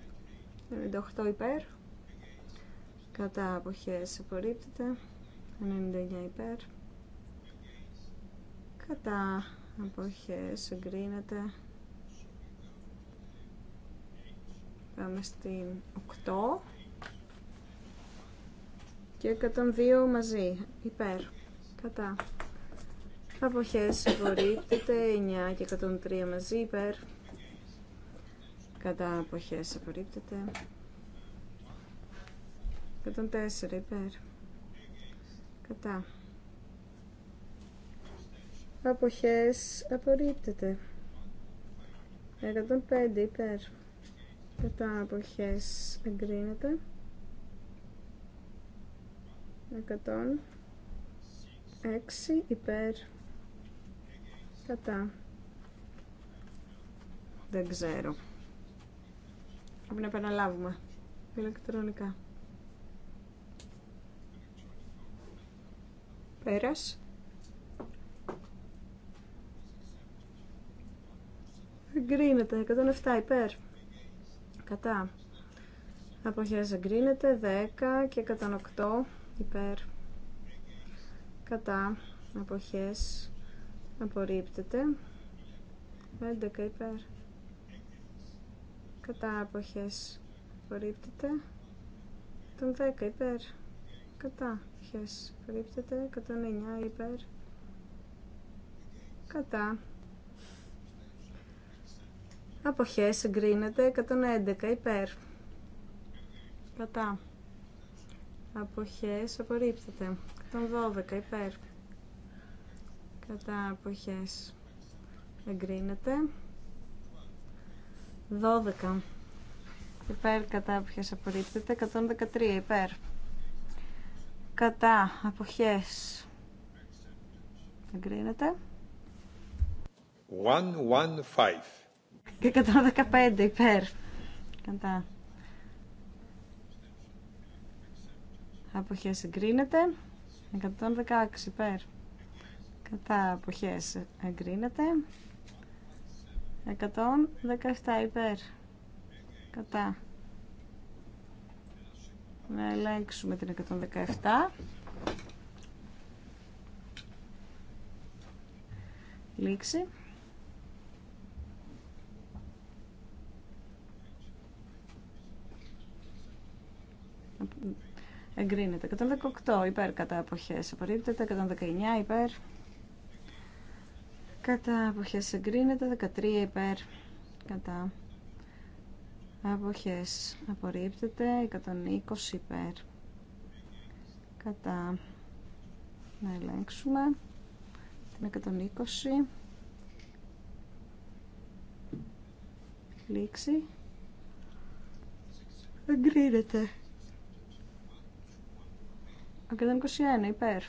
S1: 98 υπέρ. Κατά αποχές απορρίπτεται. 99 υπέρ. Κατά αποχές εγκρίνεται. Πάμε στην 8 και 102 μαζί υπέρ. Κατά αποχές απορρίπτεται 9 και 103 μαζί υπέρ. Κατά αποχές απορρίπτεται 104 υπέρ Κατά. Αποχές απορρίπτεται. 105 υπέρ. Κατά αποχές εγκρίνεται. 106 υπέρ. Κατά. Δεν ξέρω. Πρέπει να επαναλάβουμε ηλεκτρονικά. Πέρας. Εγκρίνεται. 107 υπέρ. Κατά. Αποχές εγκρίνεται. 10 και 108 υπέρ. Κατά. Αποχές απορρίπτεται. 11 υπέρ. Κατά. Αποχές απορρίπτεται. Τον 10 υπέρ κατά χες απορρίπτεται 109 υπέρ κατά αποχές εγκρίνεται 111 υπέρ κατά αποχές απορρίπτεται 112 υπέρ κατά αποχές εγκρίνεται 12 υπέρ κατά αποχές απορρίπτεται 113 υπέρ κατά αποχές εγκρίνεται
S2: 115
S1: και 115 υπέρ κατά αποχές εγκρίνεται 116 υπέρ κατά αποχές εγκρίνεται 117 υπέρ κατά να ελέγξουμε την 117. Λήξη. Εγκρίνεται. 118 υπέρ κατά αποχές. Απορρίπτεται. 119 υπέρ. Κατά αποχές εγκρίνεται. 13 υπέρ. Κατά Αποχές. Απορρίπτεται. 120 υπέρ. Κατά. Να ελέγξουμε. Την 120. Λήξη. Εγκρίνεται. 121 υπέρ.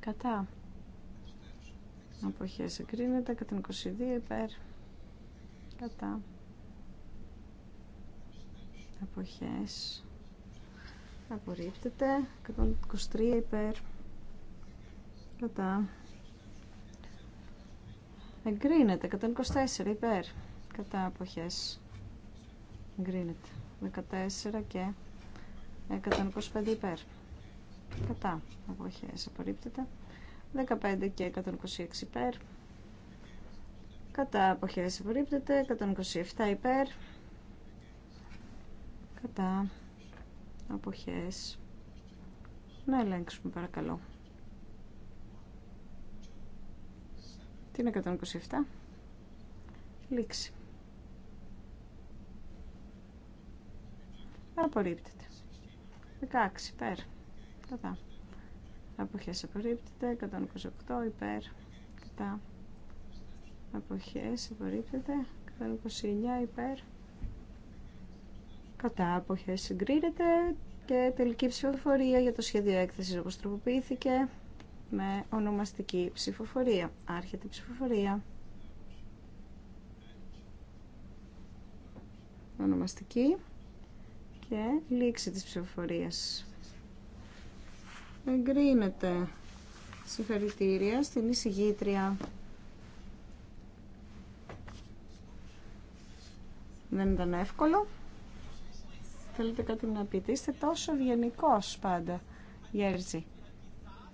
S1: Κατά. Αποχές εγκρίνεται. 122 υπέρ. Κατά αποχές απορρίπτεται 123 υπέρ κατά εγκρίνεται 124 υπέρ κατά αποχές εγκρίνεται 14 και 125 υπέρ κατά αποχές απορρίπτεται 15 και 126 υπέρ κατά αποχές απορρίπτεται 127 υπέρ κατά αποχές να ελέγξουμε παρακαλώ Τι είναι 127 λήξη απορρίπτεται 16 υπέρ κατά αποχές απορρίπτεται 128 υπέρ κατά αποχές απορρίπτεται 129 υπέρ κατά αποχές συγκρίνεται και τελική ψηφοφορία για το σχέδιο έκθεσης όπως τροποποιήθηκε με ονομαστική ψηφοφορία. Άρχεται η ψηφοφορία. Ονομαστική και λήξη της ψηφοφορίας. Εγκρίνεται συγχαρητήρια στην εισηγήτρια. Δεν ήταν εύκολο. Θέλετε κάτι να πείτε. Είστε τόσο ευγενικό πάντα, Γέρζη.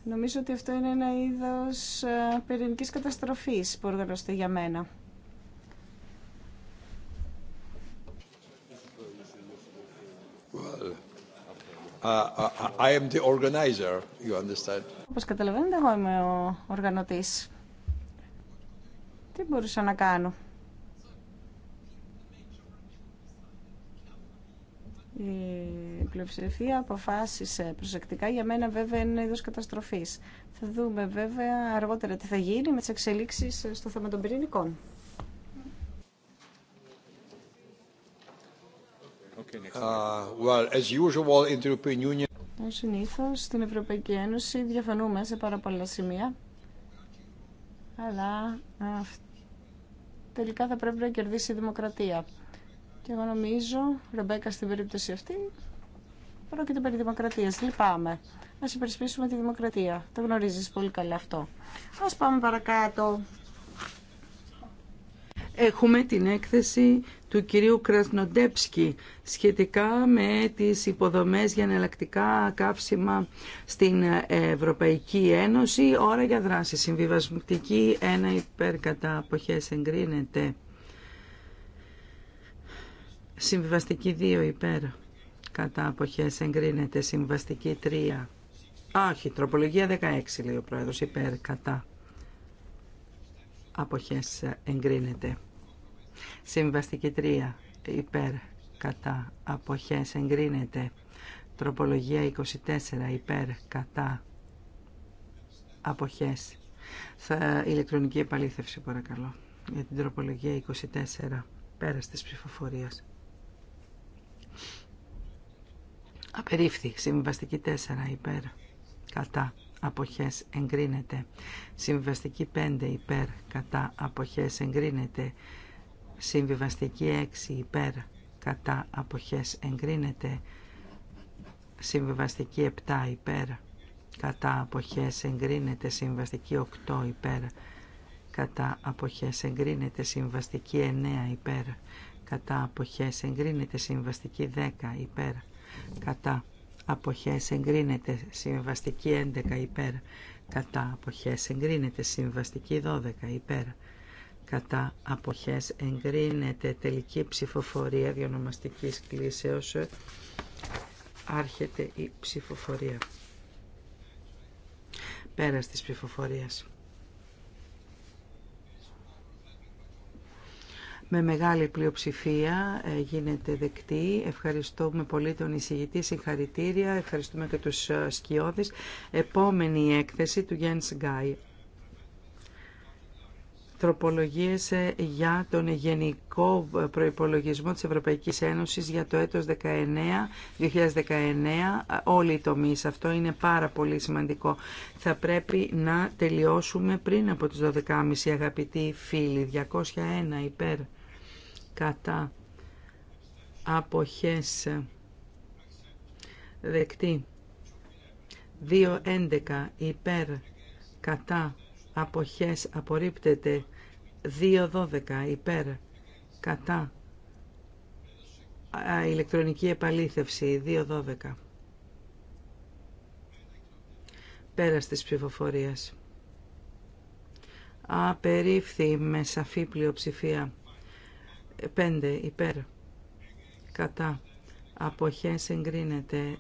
S1: Νομίζω ότι αυτό είναι ένα είδο ε, πυρηνική καταστροφή που οργανωστεί για μένα.
S2: Όπω I
S1: Όπως καταλαβαίνετε, εγώ είμαι ο οργανωτής. Τι μπορούσα να κάνω. η πλειοψηφία αποφάσισε προσεκτικά. Για μένα βέβαια είναι ένα είδο καταστροφής. Θα δούμε βέβαια αργότερα τι θα γίνει με τι εξελίξεις στο θέμα των πυρηνικών.
S2: Uh, well, as usual, in the European Union...
S1: Συνήθω στην Ευρωπαϊκή Ένωση διαφωνούμε σε πάρα πολλά σημεία. Αλλά ε, τελικά θα πρέπει να κερδίσει η δημοκρατία. Και εγώ νομίζω, Ρεμπέκα, στην περίπτωση αυτή, πρόκειται περί δημοκρατία. Λυπάμαι. Α υπερασπίσουμε τη δημοκρατία. Το γνωρίζεις πολύ καλά αυτό. Ας πάμε παρακάτω.
S3: Έχουμε την έκθεση του κυρίου Κρασνοντέψκη σχετικά με τις υποδομές για εναλλακτικά καύσιμα στην Ευρωπαϊκή Ένωση. Ώρα για δράση. Συμβιβασμικτική ένα υπέρ κατά εγκρίνεται. Συμβιβαστική 2 υπέρ. Κατά αποχές εγκρίνεται. Συμβιβαστική 3. Όχι, τροπολογία 16 λέει ο πρόεδρος. Υπέρ, κατά. Αποχές εγκρίνεται. Συμβιβαστική 3. Υπέρ, κατά. Αποχές εγκρίνεται. Τροπολογία 24. Υπέρ, κατά. Αποχές. Θα, ηλεκτρονική επαλήθευση παρακαλώ. Για την τροπολογία 24. Πέρας της ψηφοφορίας. Απερίφθη. συμβιβαστική 4 υπέρ. Κατά. Αποχές εγκρίνεται. Συμβιβαστική 5 υπέρ. Κατά. Αποχές εγκρίνεται. Συμβιβαστική 6 υπέρ. Κατά. Αποχές εγκρίνεται. Συμβιβαστική 7 υπέρ. Κατά. Αποχές εγκρίνεται. Συμβιβαστική 8 υπέρ. Κατά. Αποχές εγκρίνεται. Συμβαστική 9 υπέρ. Κατά. Αποχές εγκρίνεται. Συμβιβαστική 10 υπέρ κατά αποχές εγκρίνεται συμβαστική 11 υπέρ κατά αποχές εγκρίνεται συμβαστική 12 υπέρ κατά αποχές εγκρίνεται τελική ψηφοφορία διονομαστικής κλίσεω. άρχεται η ψηφοφορία πέρας της ψηφοφορίας με μεγάλη πλειοψηφία ε, γίνεται δεκτή. Ευχαριστούμε πολύ τον εισηγητή, συγχαρητήρια, ευχαριστούμε και τους ε, σκιώδεις. Επόμενη έκθεση του Γιάννη Γκάι. Τροπολογίες ε, για τον Γενικό Προϋπολογισμό της Ευρωπαϊκής Ένωσης για το έτος 19, 2019. Όλοι οι τομεί. Αυτό είναι πάρα πολύ σημαντικό. Θα πρέπει να τελειώσουμε πριν από τις 12.30 αγαπητοί φίλοι. 201 υπέρ κατά αποχές δεκτή 2.11 υπέρ κατά αποχές απορρίπτεται 2.12 υπέρ κατά α, ηλεκτρονική επαλήθευση 2.12 πέρας της ψηφοφορίας απερίφθη με σαφή πλειοψηφία 5 υπέρ κατά αποχές εγκρίνεται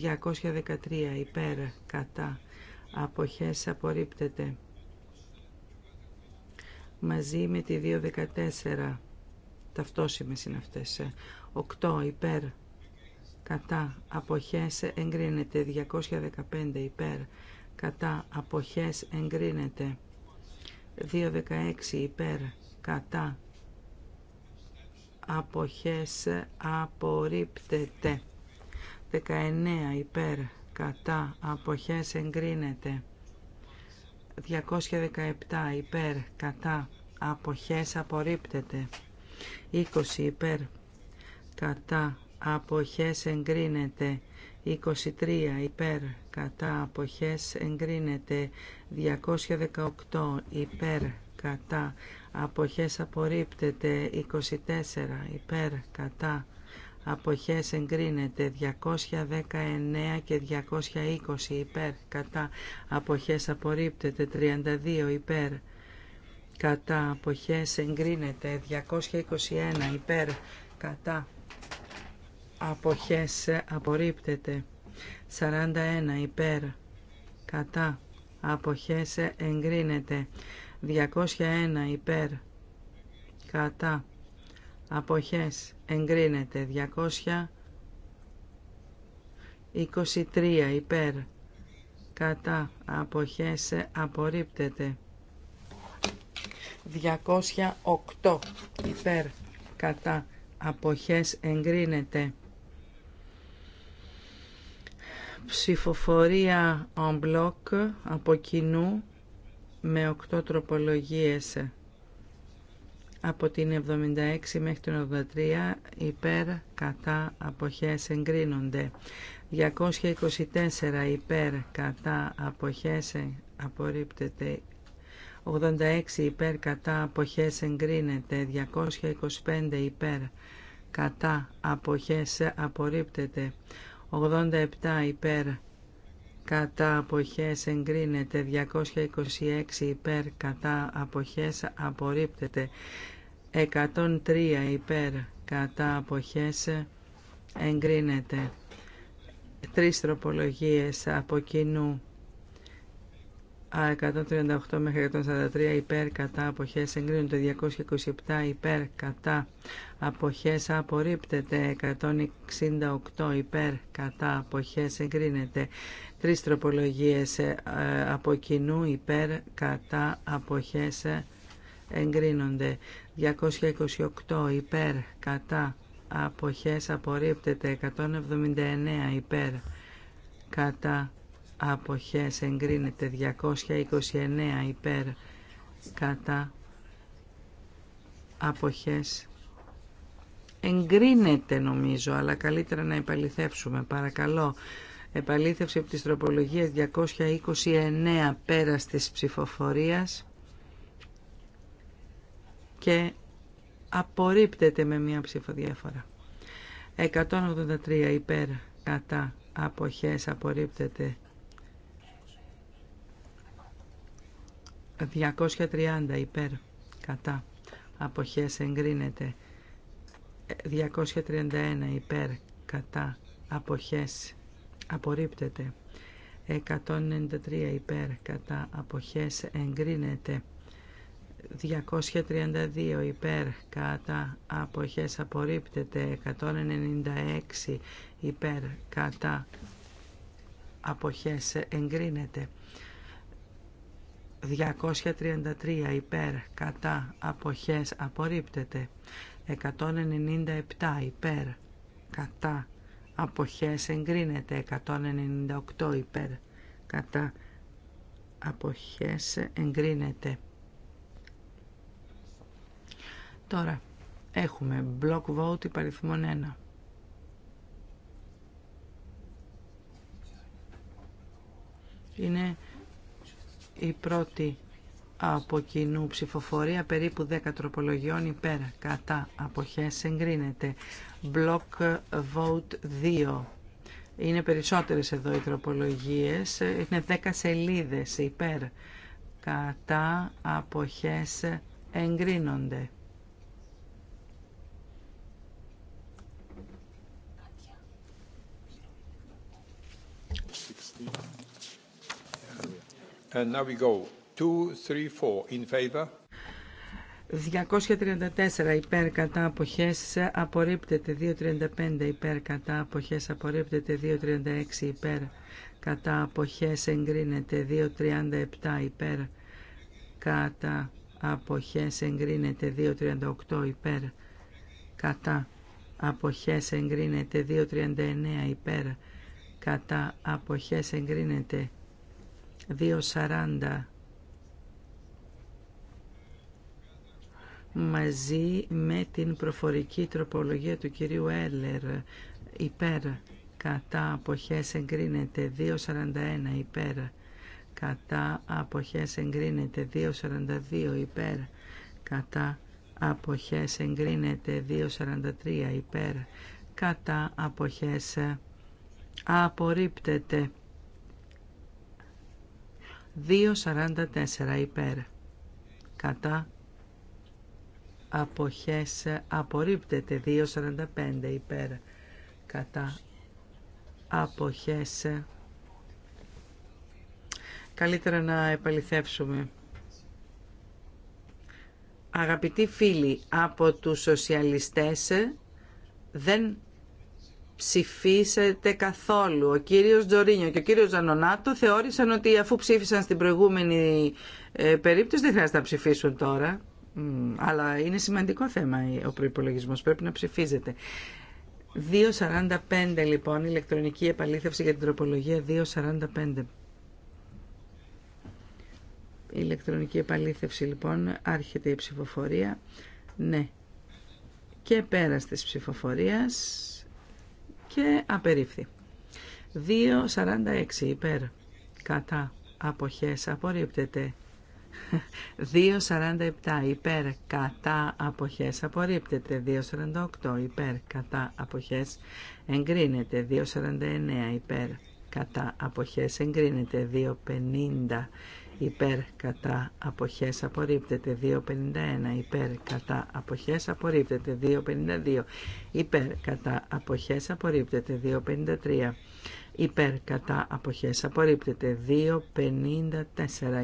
S3: 213 υπέρ κατά αποχές απορρίπτεται μαζί με τη 214 ταυτόσιμες είναι αυτές 8 υπέρ κατά αποχές εγκρίνεται 215 υπέρ κατά αποχές εγκρίνεται 216 υπέρ κατά αποχές απορρίπτεται 19 υπέρ κατά αποχές εγκρίνεται 217 υπέρ κατά αποχές απορρίπτεται 20 υπέρ κατά αποχές εγκρίνεται 23 υπέρ κατά αποχές εγκρίνεται 218 υπέρ κατά αποχές απορρίπτεται 24 υπέρ κατά αποχές εγκρίνεται 219 και 220 υπέρ κατά αποχές απορρίπτεται 32 υπέρ κατά αποχές εγκρίνεται 221 υπέρ κατά αποχές απορρίπτεται 41 υπέρ κατά αποχές εγκρίνεται 201 υπέρ κατά αποχές εγκρίνεται 223 υπέρ κατά αποχές απορρίπτεται 208 υπέρ κατά αποχές εγκρίνεται ψηφοφορία on block από κοινού με οκτώ τροπολογίες από την 76 μέχρι την 83 υπέρ κατά αποχές εγκρίνονται 224 ε, υπέρ κατά αποχές απορρίπτεται 86 υπέρ κατά αποχές εγκρίνεται 225 υπέρ κατά αποχές απορρίπτεται 87 υπέρ κατά αποχές εγκρίνεται 226 υπέρ κατά αποχές απορρίπτεται 103 υπέρ κατά αποχές εγκρίνεται τρεις τροπολογίες από κοινού 138 μέχρι 143 υπέρ κατά αποχές εγκρίνονται 227 υπέρ κατά αποχές απορρίπτεται 168 υπέρ κατά αποχές εγκρίνεται Τρεις τροπολογίες ε, από κοινού υπέρ κατά αποχές ε, εγκρίνονται. 228 υπέρ κατά αποχές απορρίπτεται. 179 υπέρ κατά αποχές εγκρίνεται. 229 υπέρ κατά αποχές εγκρίνεται νομίζω αλλά καλύτερα να υπαλληθεύσουμε παρακαλώ επαλήθευση από τις τροπολογίες 229 πέρας της ψηφοφορίας και απορρίπτεται με μία ψηφοδιάφορα. 183 υπέρ κατά αποχές απορρίπτεται 230 υπέρ κατά αποχές εγκρίνεται 231 υπέρ κατά αποχές απορρίπτεται 193 υπέρ κατά αποχές εγκρίνεται 232 υπέρ κατά αποχές απορρίπτεται 196 υπέρ κατά αποχές εγκρίνεται 233 υπέρ κατά αποχές απορρίπτεται 197 υπέρ κατά αποχές εγκρίνεται 198 υπέρ κατά αποχές εγκρίνεται τώρα έχουμε block vote υπαριθμών 1 είναι η πρώτη από κοινού ψηφοφορία περίπου 10 τροπολογιών υπέρ κατά αποχές εγκρίνεται. Block Vote 2. Είναι περισσότερες εδώ οι τροπολογίες. Είναι 10 σελίδες υπέρ κατά αποχές εγκρίνονται.
S2: And now we In favor.
S3: 234 υπέρ κατά αποχές απορρίπτεται 235 υπέρ κατά αποχές απορρίπτεται 236 υπέρ κατά αποχές εγκρίνεται 237 υπέρ κατά αποχές εγκρίνεται 238 υπέρ κατά αποχές εγκρίνεται 239 υπέρ κατά αποχές εγκρίνεται 240 μαζί με την προφορική τροπολογία του κυρίου Έλλερ υπέρ κατά αποχές εγκρίνεται 2.41 υπέρ κατά αποχές εγκρίνεται 2.42 υπέρ κατά αποχές εγκρίνεται 2.43 υπέρ κατά αποχές απορρίπτεται 2.44 υπέρ κατά Αποχέσε απορρίπτεται 2.45 υπέρ κατά Αποχέσε. καλύτερα να επαληθεύσουμε αγαπητοί φίλοι από τους σοσιαλιστές δεν ψηφίσετε καθόλου. Ο κύριος Τζορίνιο και ο κύριος Ζανονάτο θεώρησαν ότι αφού ψήφισαν στην προηγούμενη ε, περίπτωση δεν χρειάζεται να ψηφίσουν τώρα αλλά είναι σημαντικό θέμα ο προπολογισμό. πρέπει να ψηφίζεται. 2.45 λοιπόν, ηλεκτρονική επαλήθευση για την τροπολογία 2.45. Ηλεκτρονική επαλήθευση λοιπόν, άρχεται η ψηφοφορία. Ναι. Και πέρας της ψηφοφορίας και απερίφθη. 2.46 υπέρ. Κατά. Αποχές. Απορρίπτεται. 2.47 υπέρ κατά αποχές απορρίπτεται. 2.48 υπέρ κατά αποχές εγκρίνεται. 2.49 υπέρ κατά αποχές εγκρίνεται. 2.50 υπέρ κατά αποχές απορρίπτεται 2.51 υπέρ κατά αποχές απορρίπτεται 2.52 υπέρ κατά αποχές απορρίπτεται 2.53 υπέρ κατά αποχές απορρίπτεται 2.54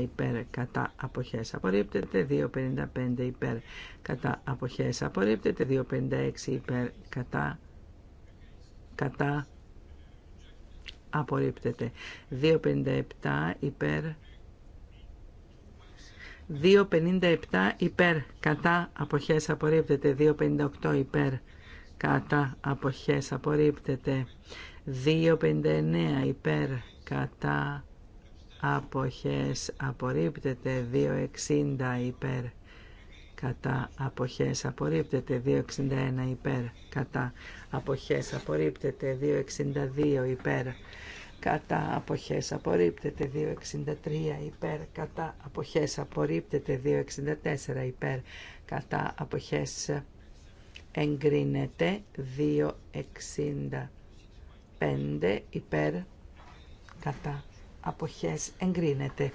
S3: υπέρ κατά αποχές απορρίπτεται 2.55 υπέρ κατά αποχές απορρίπτεται 2.56 υπέρ κατά κατά απορρίπτεται 2.57 υπέρ 2.57 υπέρ κατά αποχές απορρίπτεται 2.58 υπέρ κατά αποχές απορρίπτεται 2.59 υπέρ κατά αποχές απορρίπτεται 2.60 υπέρ κατά αποχές απορρίπτεται 2.61 υπέρ κατά αποχές απορρίπτεται 2.62 υπέρ κατά αποχές απορρίπτεται 2.63 υπέρ κατά αποχές απορρίπτεται 2.64 υπέρ κατά αποχές εγκρίνεται 2.60 πέντε υπέρ κατά αποχές εγκρίνεται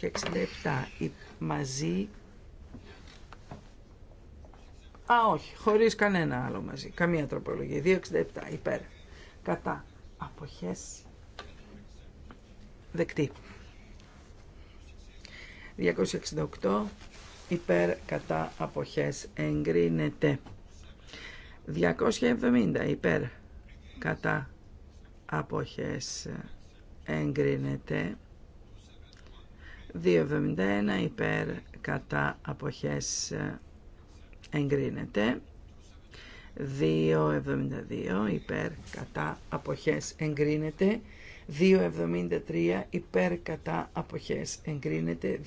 S3: 267 μαζί Α, όχι, χωρίς κανένα άλλο μαζί, καμία τροπολογία. 2,67 υπέρ. Κατά. Αποχές. Δεκτή. 268 υπέρ κατά αποχές εγκρίνεται. 270 υπέρ κατά αποχές εγκρίνεται 2,71 υπέρ κατά αποχές εγκρίνεται 2,72 υπέρ κατά αποχές εγκρίνεται 2,73 υπέρ κατά αποχές εγκρίνεται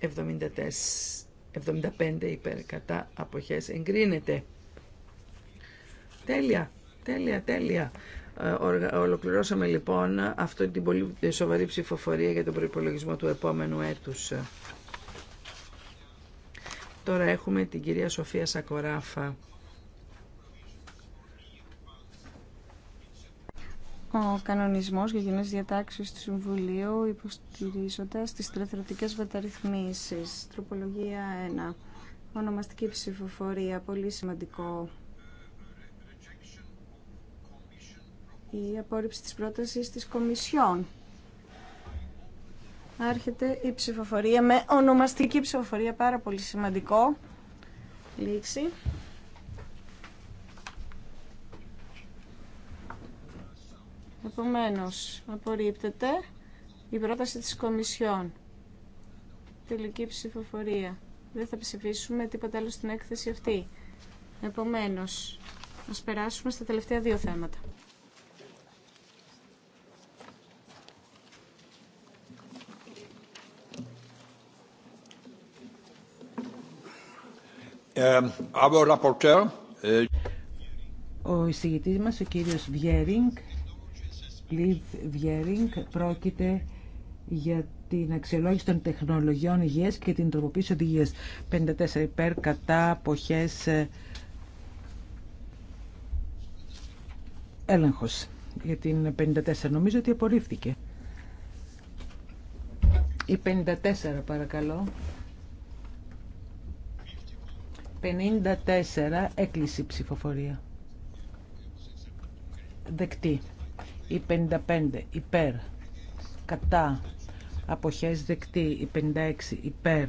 S3: 2,75 υπέρ κατά αποχές εγκρίνεται Τέλεια! Τέλεια, τέλεια. Ε, ολοκληρώσαμε λοιπόν αυτή την πολύ σοβαρή ψηφοφορία για τον προϋπολογισμό του επόμενου έτους. Τώρα έχουμε την κυρία Σοφία Σακοράφα.
S1: Ο κανονισμός για γενές διατάξεις του Συμβουλίου υποστηρίζοντας τις τρεθρωτικές μεταρρυθμίσεις. Τροπολογία 1. Ονομαστική ψηφοφορία. Πολύ σημαντικό η απόρριψη της πρότασης της Κομισιόν. Άρχεται η ψηφοφορία με ονομαστική ψηφοφορία, πάρα πολύ σημαντικό. Λήξη. Επομένως, απορρίπτεται η πρόταση της Κομισιόν. Τελική ψηφοφορία. Δεν θα ψηφίσουμε τίποτα άλλο στην έκθεση αυτή. Επομένως, ας περάσουμε στα τελευταία δύο θέματα.
S2: Um, uh, ο εισηγητή
S4: μα, ο κύριο Βιέρινγκ, πρόκειται για την αξιολόγηση των τεχνολογιών υγεία και την τροποποίηση οδηγία. 54 υπέρ, κατά, αποχέ. Ε, Έλεγχο Για την 54 νομίζω ότι απορρίφθηκε. Η 54 παρακαλώ. 54 έκλεισε ψηφοφορία. Δεκτή. Η 55 υπέρ. Κατά. Αποχές δεκτή. Η 56 υπέρ.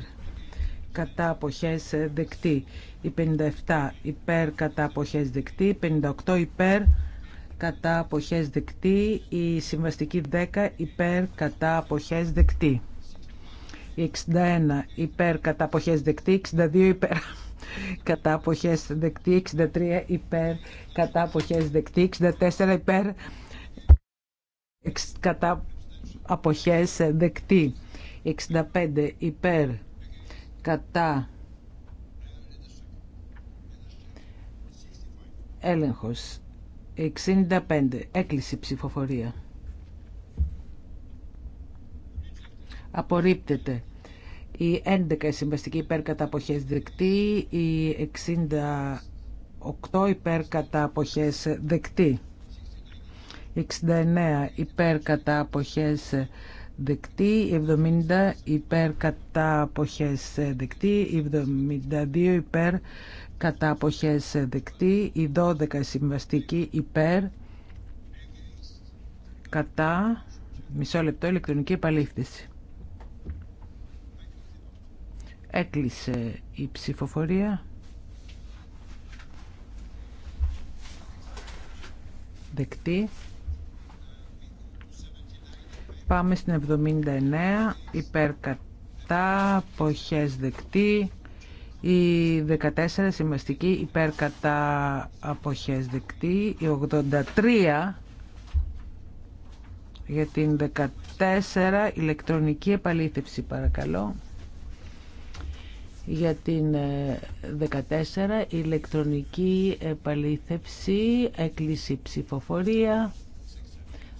S4: Κατά αποχές δεκτή. Η 57 υπέρ. Κατά αποχές δεκτή. Η 58 υπέρ. Κατά αποχές δεκτή. Η συμβαστική 10 υπέρ. Κατά αποχές δεκτή. Η 61 υπέρ. Κατά αποχές δεκτή. 62 υπέρ κατά αποχές δεκτή 63 υπέρ κατά αποχές δεκτή 64 υπέρ κατά αποχές δεκτή 65 υπέρ κατά έλεγχος 65 έκλειση ψηφοφορία απορρίπτεται η 11 συμβαστική υπέρ κατά αποχές δεκτή, η 68 υπέρ κατά αποχές δεκτή, η 69 υπέρ κατά αποχές δεκτή, η 70 υπέρ κατά αποχές δεκτή, η 72 υπέρ κατά αποχές δεκτή, η 12 συμβαστική υπέρ κατά μισό λεπτό ηλεκτρονική επαλήφθηση. Έκλεισε η ψηφοφορία. Δεκτή. Πάμε στην 79. Υπέρ κατά. Αποχές δεκτή. Η 14 σημαστική, υπέρ κατά αποχές δεκτή. Η 83 για την 14 ηλεκτρονική επαλήθευση παρακαλώ για την 14 ε, ηλεκτρονική επαλήθευση, έκλειση ψηφοφορία,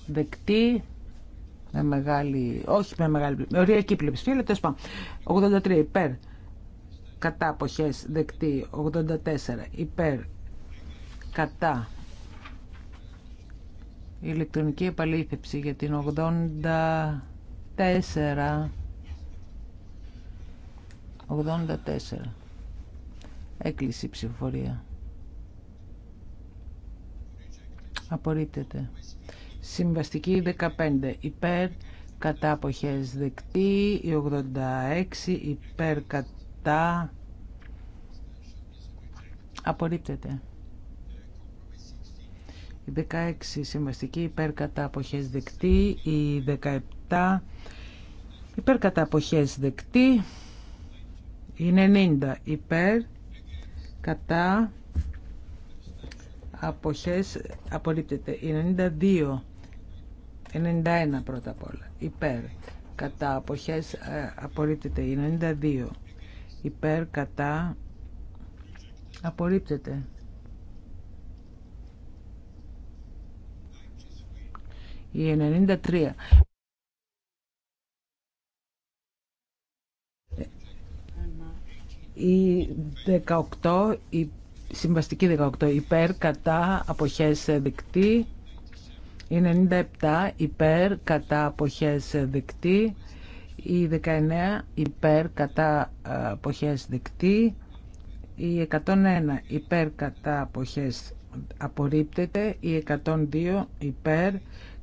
S4: δεκτή, με μεγάλη, όχι με μεγάλη, με οριακή πλειοψηφία, αλλά 83 υπέρ, κατά αποχές δεκτή, 84 υπέρ, κατά ηλεκτρονική επαλήθευση για την 84 84. Έκλεισε η ψηφοφορία. Απορρίπτεται. Συμβαστική 15. Υπέρ κατά αποχές δεκτή. Η 86. Υπέρ κατά. Απορρίπτεται. Η 16. Συμβαστική υπέρ κατά αποχές δεκτή. Η 17. Υπέρ κατά αποχές δεκτή. Η 90 υπέρ, κατά, αποχές, απολύπτεται. Η 92, 91 πρώτα απ' όλα, υπέρ, κατά, αποχές, απολύπτεται. Η 92 υπέρ, κατά, απολύπτεται. Η 93 Η 18, η συμβαστική 18 υπέρ, κατά, αποχές δεκτή. Η 97 υπέρ, κατά, αποχές δεκτή. Η 19 υπέρ, κατά, αποχές δεκτή. Η 101 υπέρ, κατά, αποχές απορρίπτεται. Η 102 υπέρ,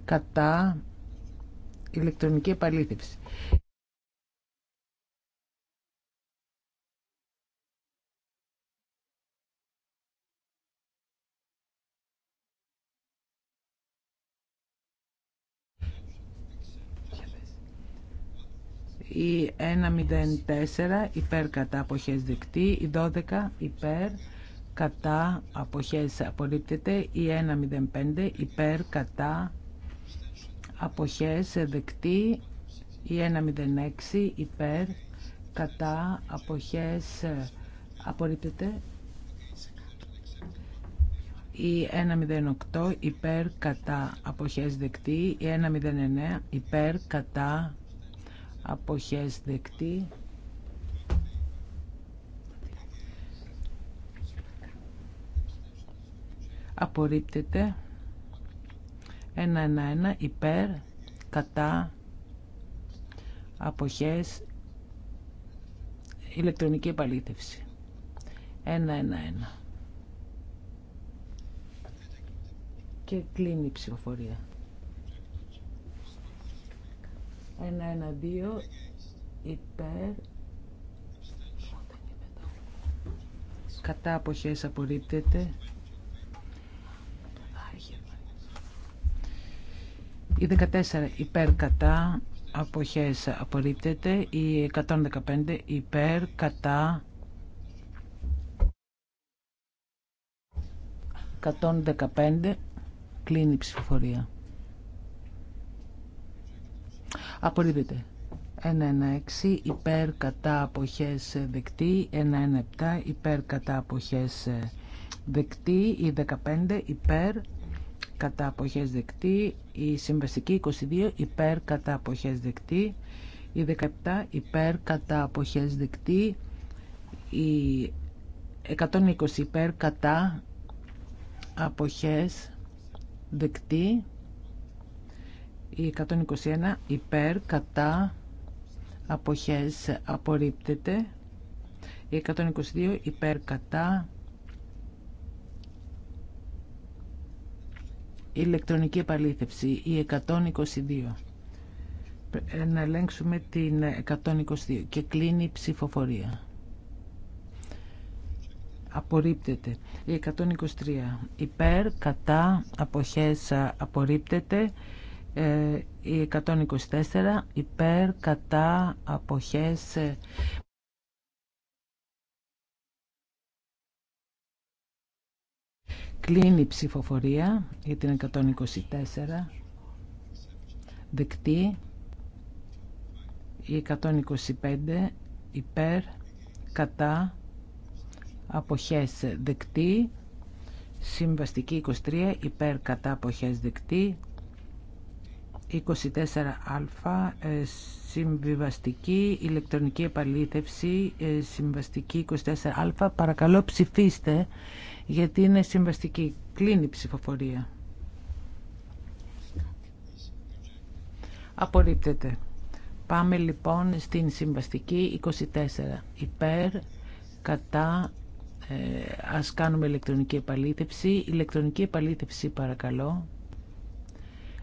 S4: κατά, ηλεκτρονική επαλήθευση. η 1.04 υπέρ κατά αποχές δεκτή, η 12 υπέρ κατά αποχές απορρίπτεται, η 1.05 υπέρ κατά αποχές δεκτή, η 1.06 υπέρ κατά αποχές απορρίπτεται, η 1.08 υπέρ κατά αποχές δεκτή, η 1.09 υπέρ κατά αποχές δεκτή. ένα ένα ένα υπέρ, κατά, αποχές, επαληθευση ένα επαλήθευση. ένα Και κλείνει η ψηφοφορία. ενα υπέρ κατά αποχές απορρίπτεται η 14 υπέρ κατά αποχές απορρίπτεται η 115 υπέρ κατά 115 κλείνει η ψηφοφορία Απορρίπτεται. 1-1-6 υπέρ κατά αποχές ε, δεκτη 117 κατά αποχές ε, δεκτή, η 15 υπέρ κατά αποχές δεκτή, η συμβαστική 22 υπέρ κατά αποχές δεκτή, η 17 υπέρ κατά αποχές δεκτή, η 120 υπέρ κατά αποχές δεκτή, η 121 υπέρ, κατά, αποχές απορρίπτεται. Η 122 υπέρ, κατά. ηλεκτρονική επαλήθευση, η 122. Να ελέγξουμε την 122 και κλείνει η ψηφοφορία. Απορρίπτεται. Η 123 υπέρ, κατά, αποχές απορρίπτεται. Ε, η 124 υπέρ κατά αποχές ε, κλείνει η ψηφοφορία για την 124 δεκτή η 125 υπέρ κατά αποχές δεκτή συμβαστική 23 υπέρ κατά αποχές δεκτή 24α ε, συμβιβαστική ηλεκτρονική επαλήθευση ε, συμβαστική 24α παρακαλώ ψηφίστε γιατί είναι συμβαστική κλείνει η ψηφοφορία απορρίπτεται πάμε λοιπόν στην συμβαστική 24 υπέρ κατά ε, ας κάνουμε ηλεκτρονική επαλήθευση ηλεκτρονική επαλήθευση παρακαλώ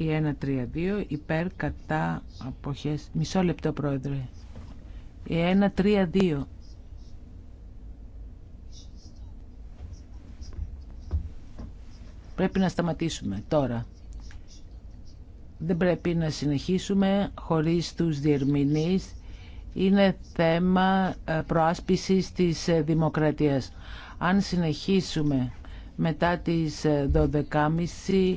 S4: Η 1-3-2 υπέρ υπέρ κατά αποχές. Μισό λεπτό πρόεδρε. Η 1-3-2. 2 Πρέπει να σταματήσουμε τώρα. Δεν πρέπει να συνεχίσουμε χωρίς τους διερμηνείς. Είναι θέμα ε, προάσπισης της ε, δημοκρατίας. Αν συνεχίσουμε μετά τις 12.30 ε,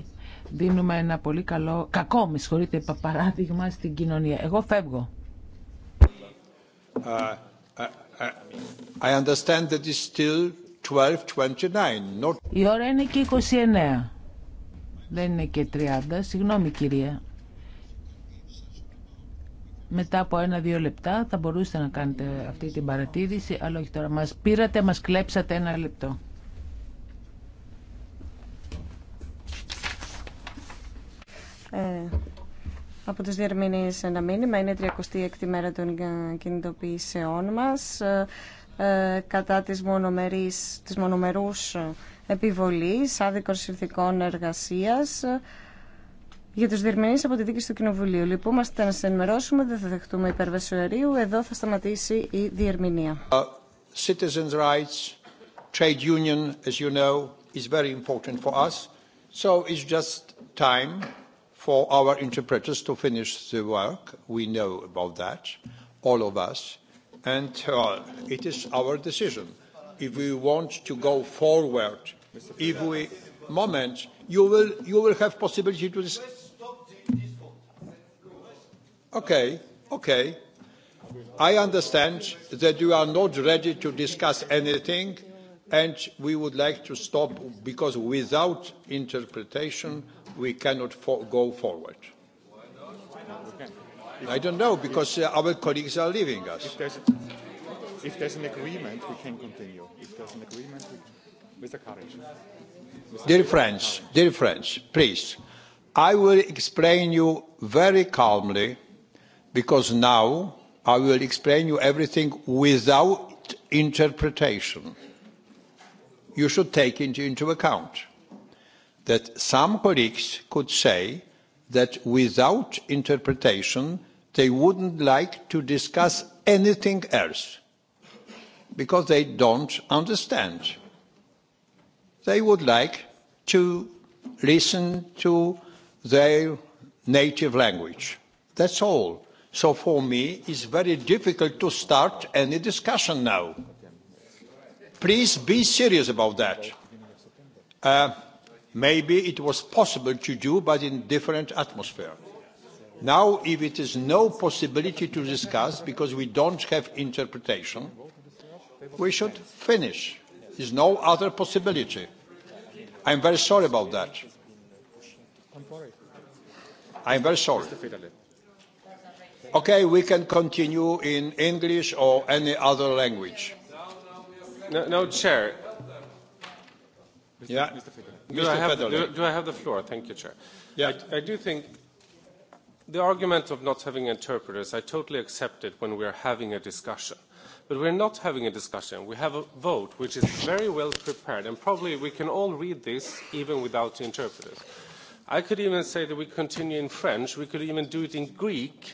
S4: δίνουμε ένα πολύ καλό, κακό με συγχωρείτε, παράδειγμα στην κοινωνία. Εγώ φεύγω.
S2: Uh, uh, uh I that still Not... Η ώρα
S4: είναι και 29. Δεν είναι και 30. Συγγνώμη κυρία. Μετά από ένα-δύο λεπτά θα μπορούσατε να κάνετε αυτή την παρατήρηση, αλλά όχι τώρα. Μας πήρατε, μας κλέψατε ένα λεπτό.
S1: Ε, από τους διερμηνείς ένα μήνυμα. Είναι 36η μέρα των κινητοποιήσεών μας ε, ε, κατά της, μονομερής, της μονομερούς επιβολής άδικων συνθηκών εργασίας για τους διερμηνείς από τη δίκη του Κοινοβουλίου. Λυπούμαστε λοιπόν, να σας ενημερώσουμε, δεν θα δεχτούμε υπέρβαση Εδώ θα σταματήσει η διερμηνία.
S2: Uh, citizens' rights, trade union, as you know, is very important for us. So it's just time for our interpreters to finish the work. We know about that, all of us. And it is our decision. If we want to go forward, if we... Moment, you will, you will have possibility to... Okay, okay. I understand that you are not ready to discuss anything and we would like to stop because without interpretation we cannot go forward. I don't know, because our colleagues are leaving us.
S5: If there's an agreement, we can continue. If there's an agreement, Mr. Courage.
S2: Dear friends, dear friends, please, I will explain you very calmly, because now I will explain you everything without interpretation. You should take it into account that some colleagues could say that without interpretation they wouldn't like to discuss anything else because they don't understand. They would like to listen to their native language. That's all. So for me, it's very difficult to start any discussion now. Please be serious about that. Maybe it was possible to do, but in different atmosphere. Now, if it is no possibility to discuss because we don't have interpretation, we should finish. There is no other possibility. I am very sorry about that. I am very sorry. Okay, we can continue in English or any other language do, I have, do, I
S5: have the floor? Thank you, Chair. I, I do think the argument of not having interpreters, I totally accept it when we are having a discussion. But we're not having a discussion. We have a vote which is very well prepared, and probably we can all read this even without interpreters. I could even say that we continue in French. We could even do it in Greek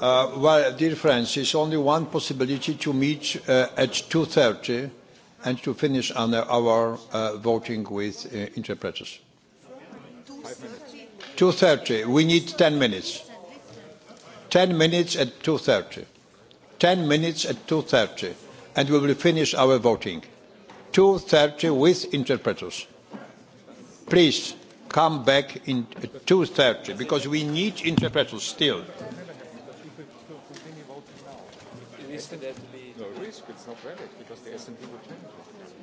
S2: Well, dear friends, it's only one possibility to meet at 2.30 and to finish on our voting with interpreters. 2.30. We need 10 minutes. 10 minutes at 2.30. 10 minutes at 2.30. And we will finish our voting. 2.30 with interpreters. Please come back in 2.30 because we need interpreters still.
S5: it's not valid because the S&P would change it.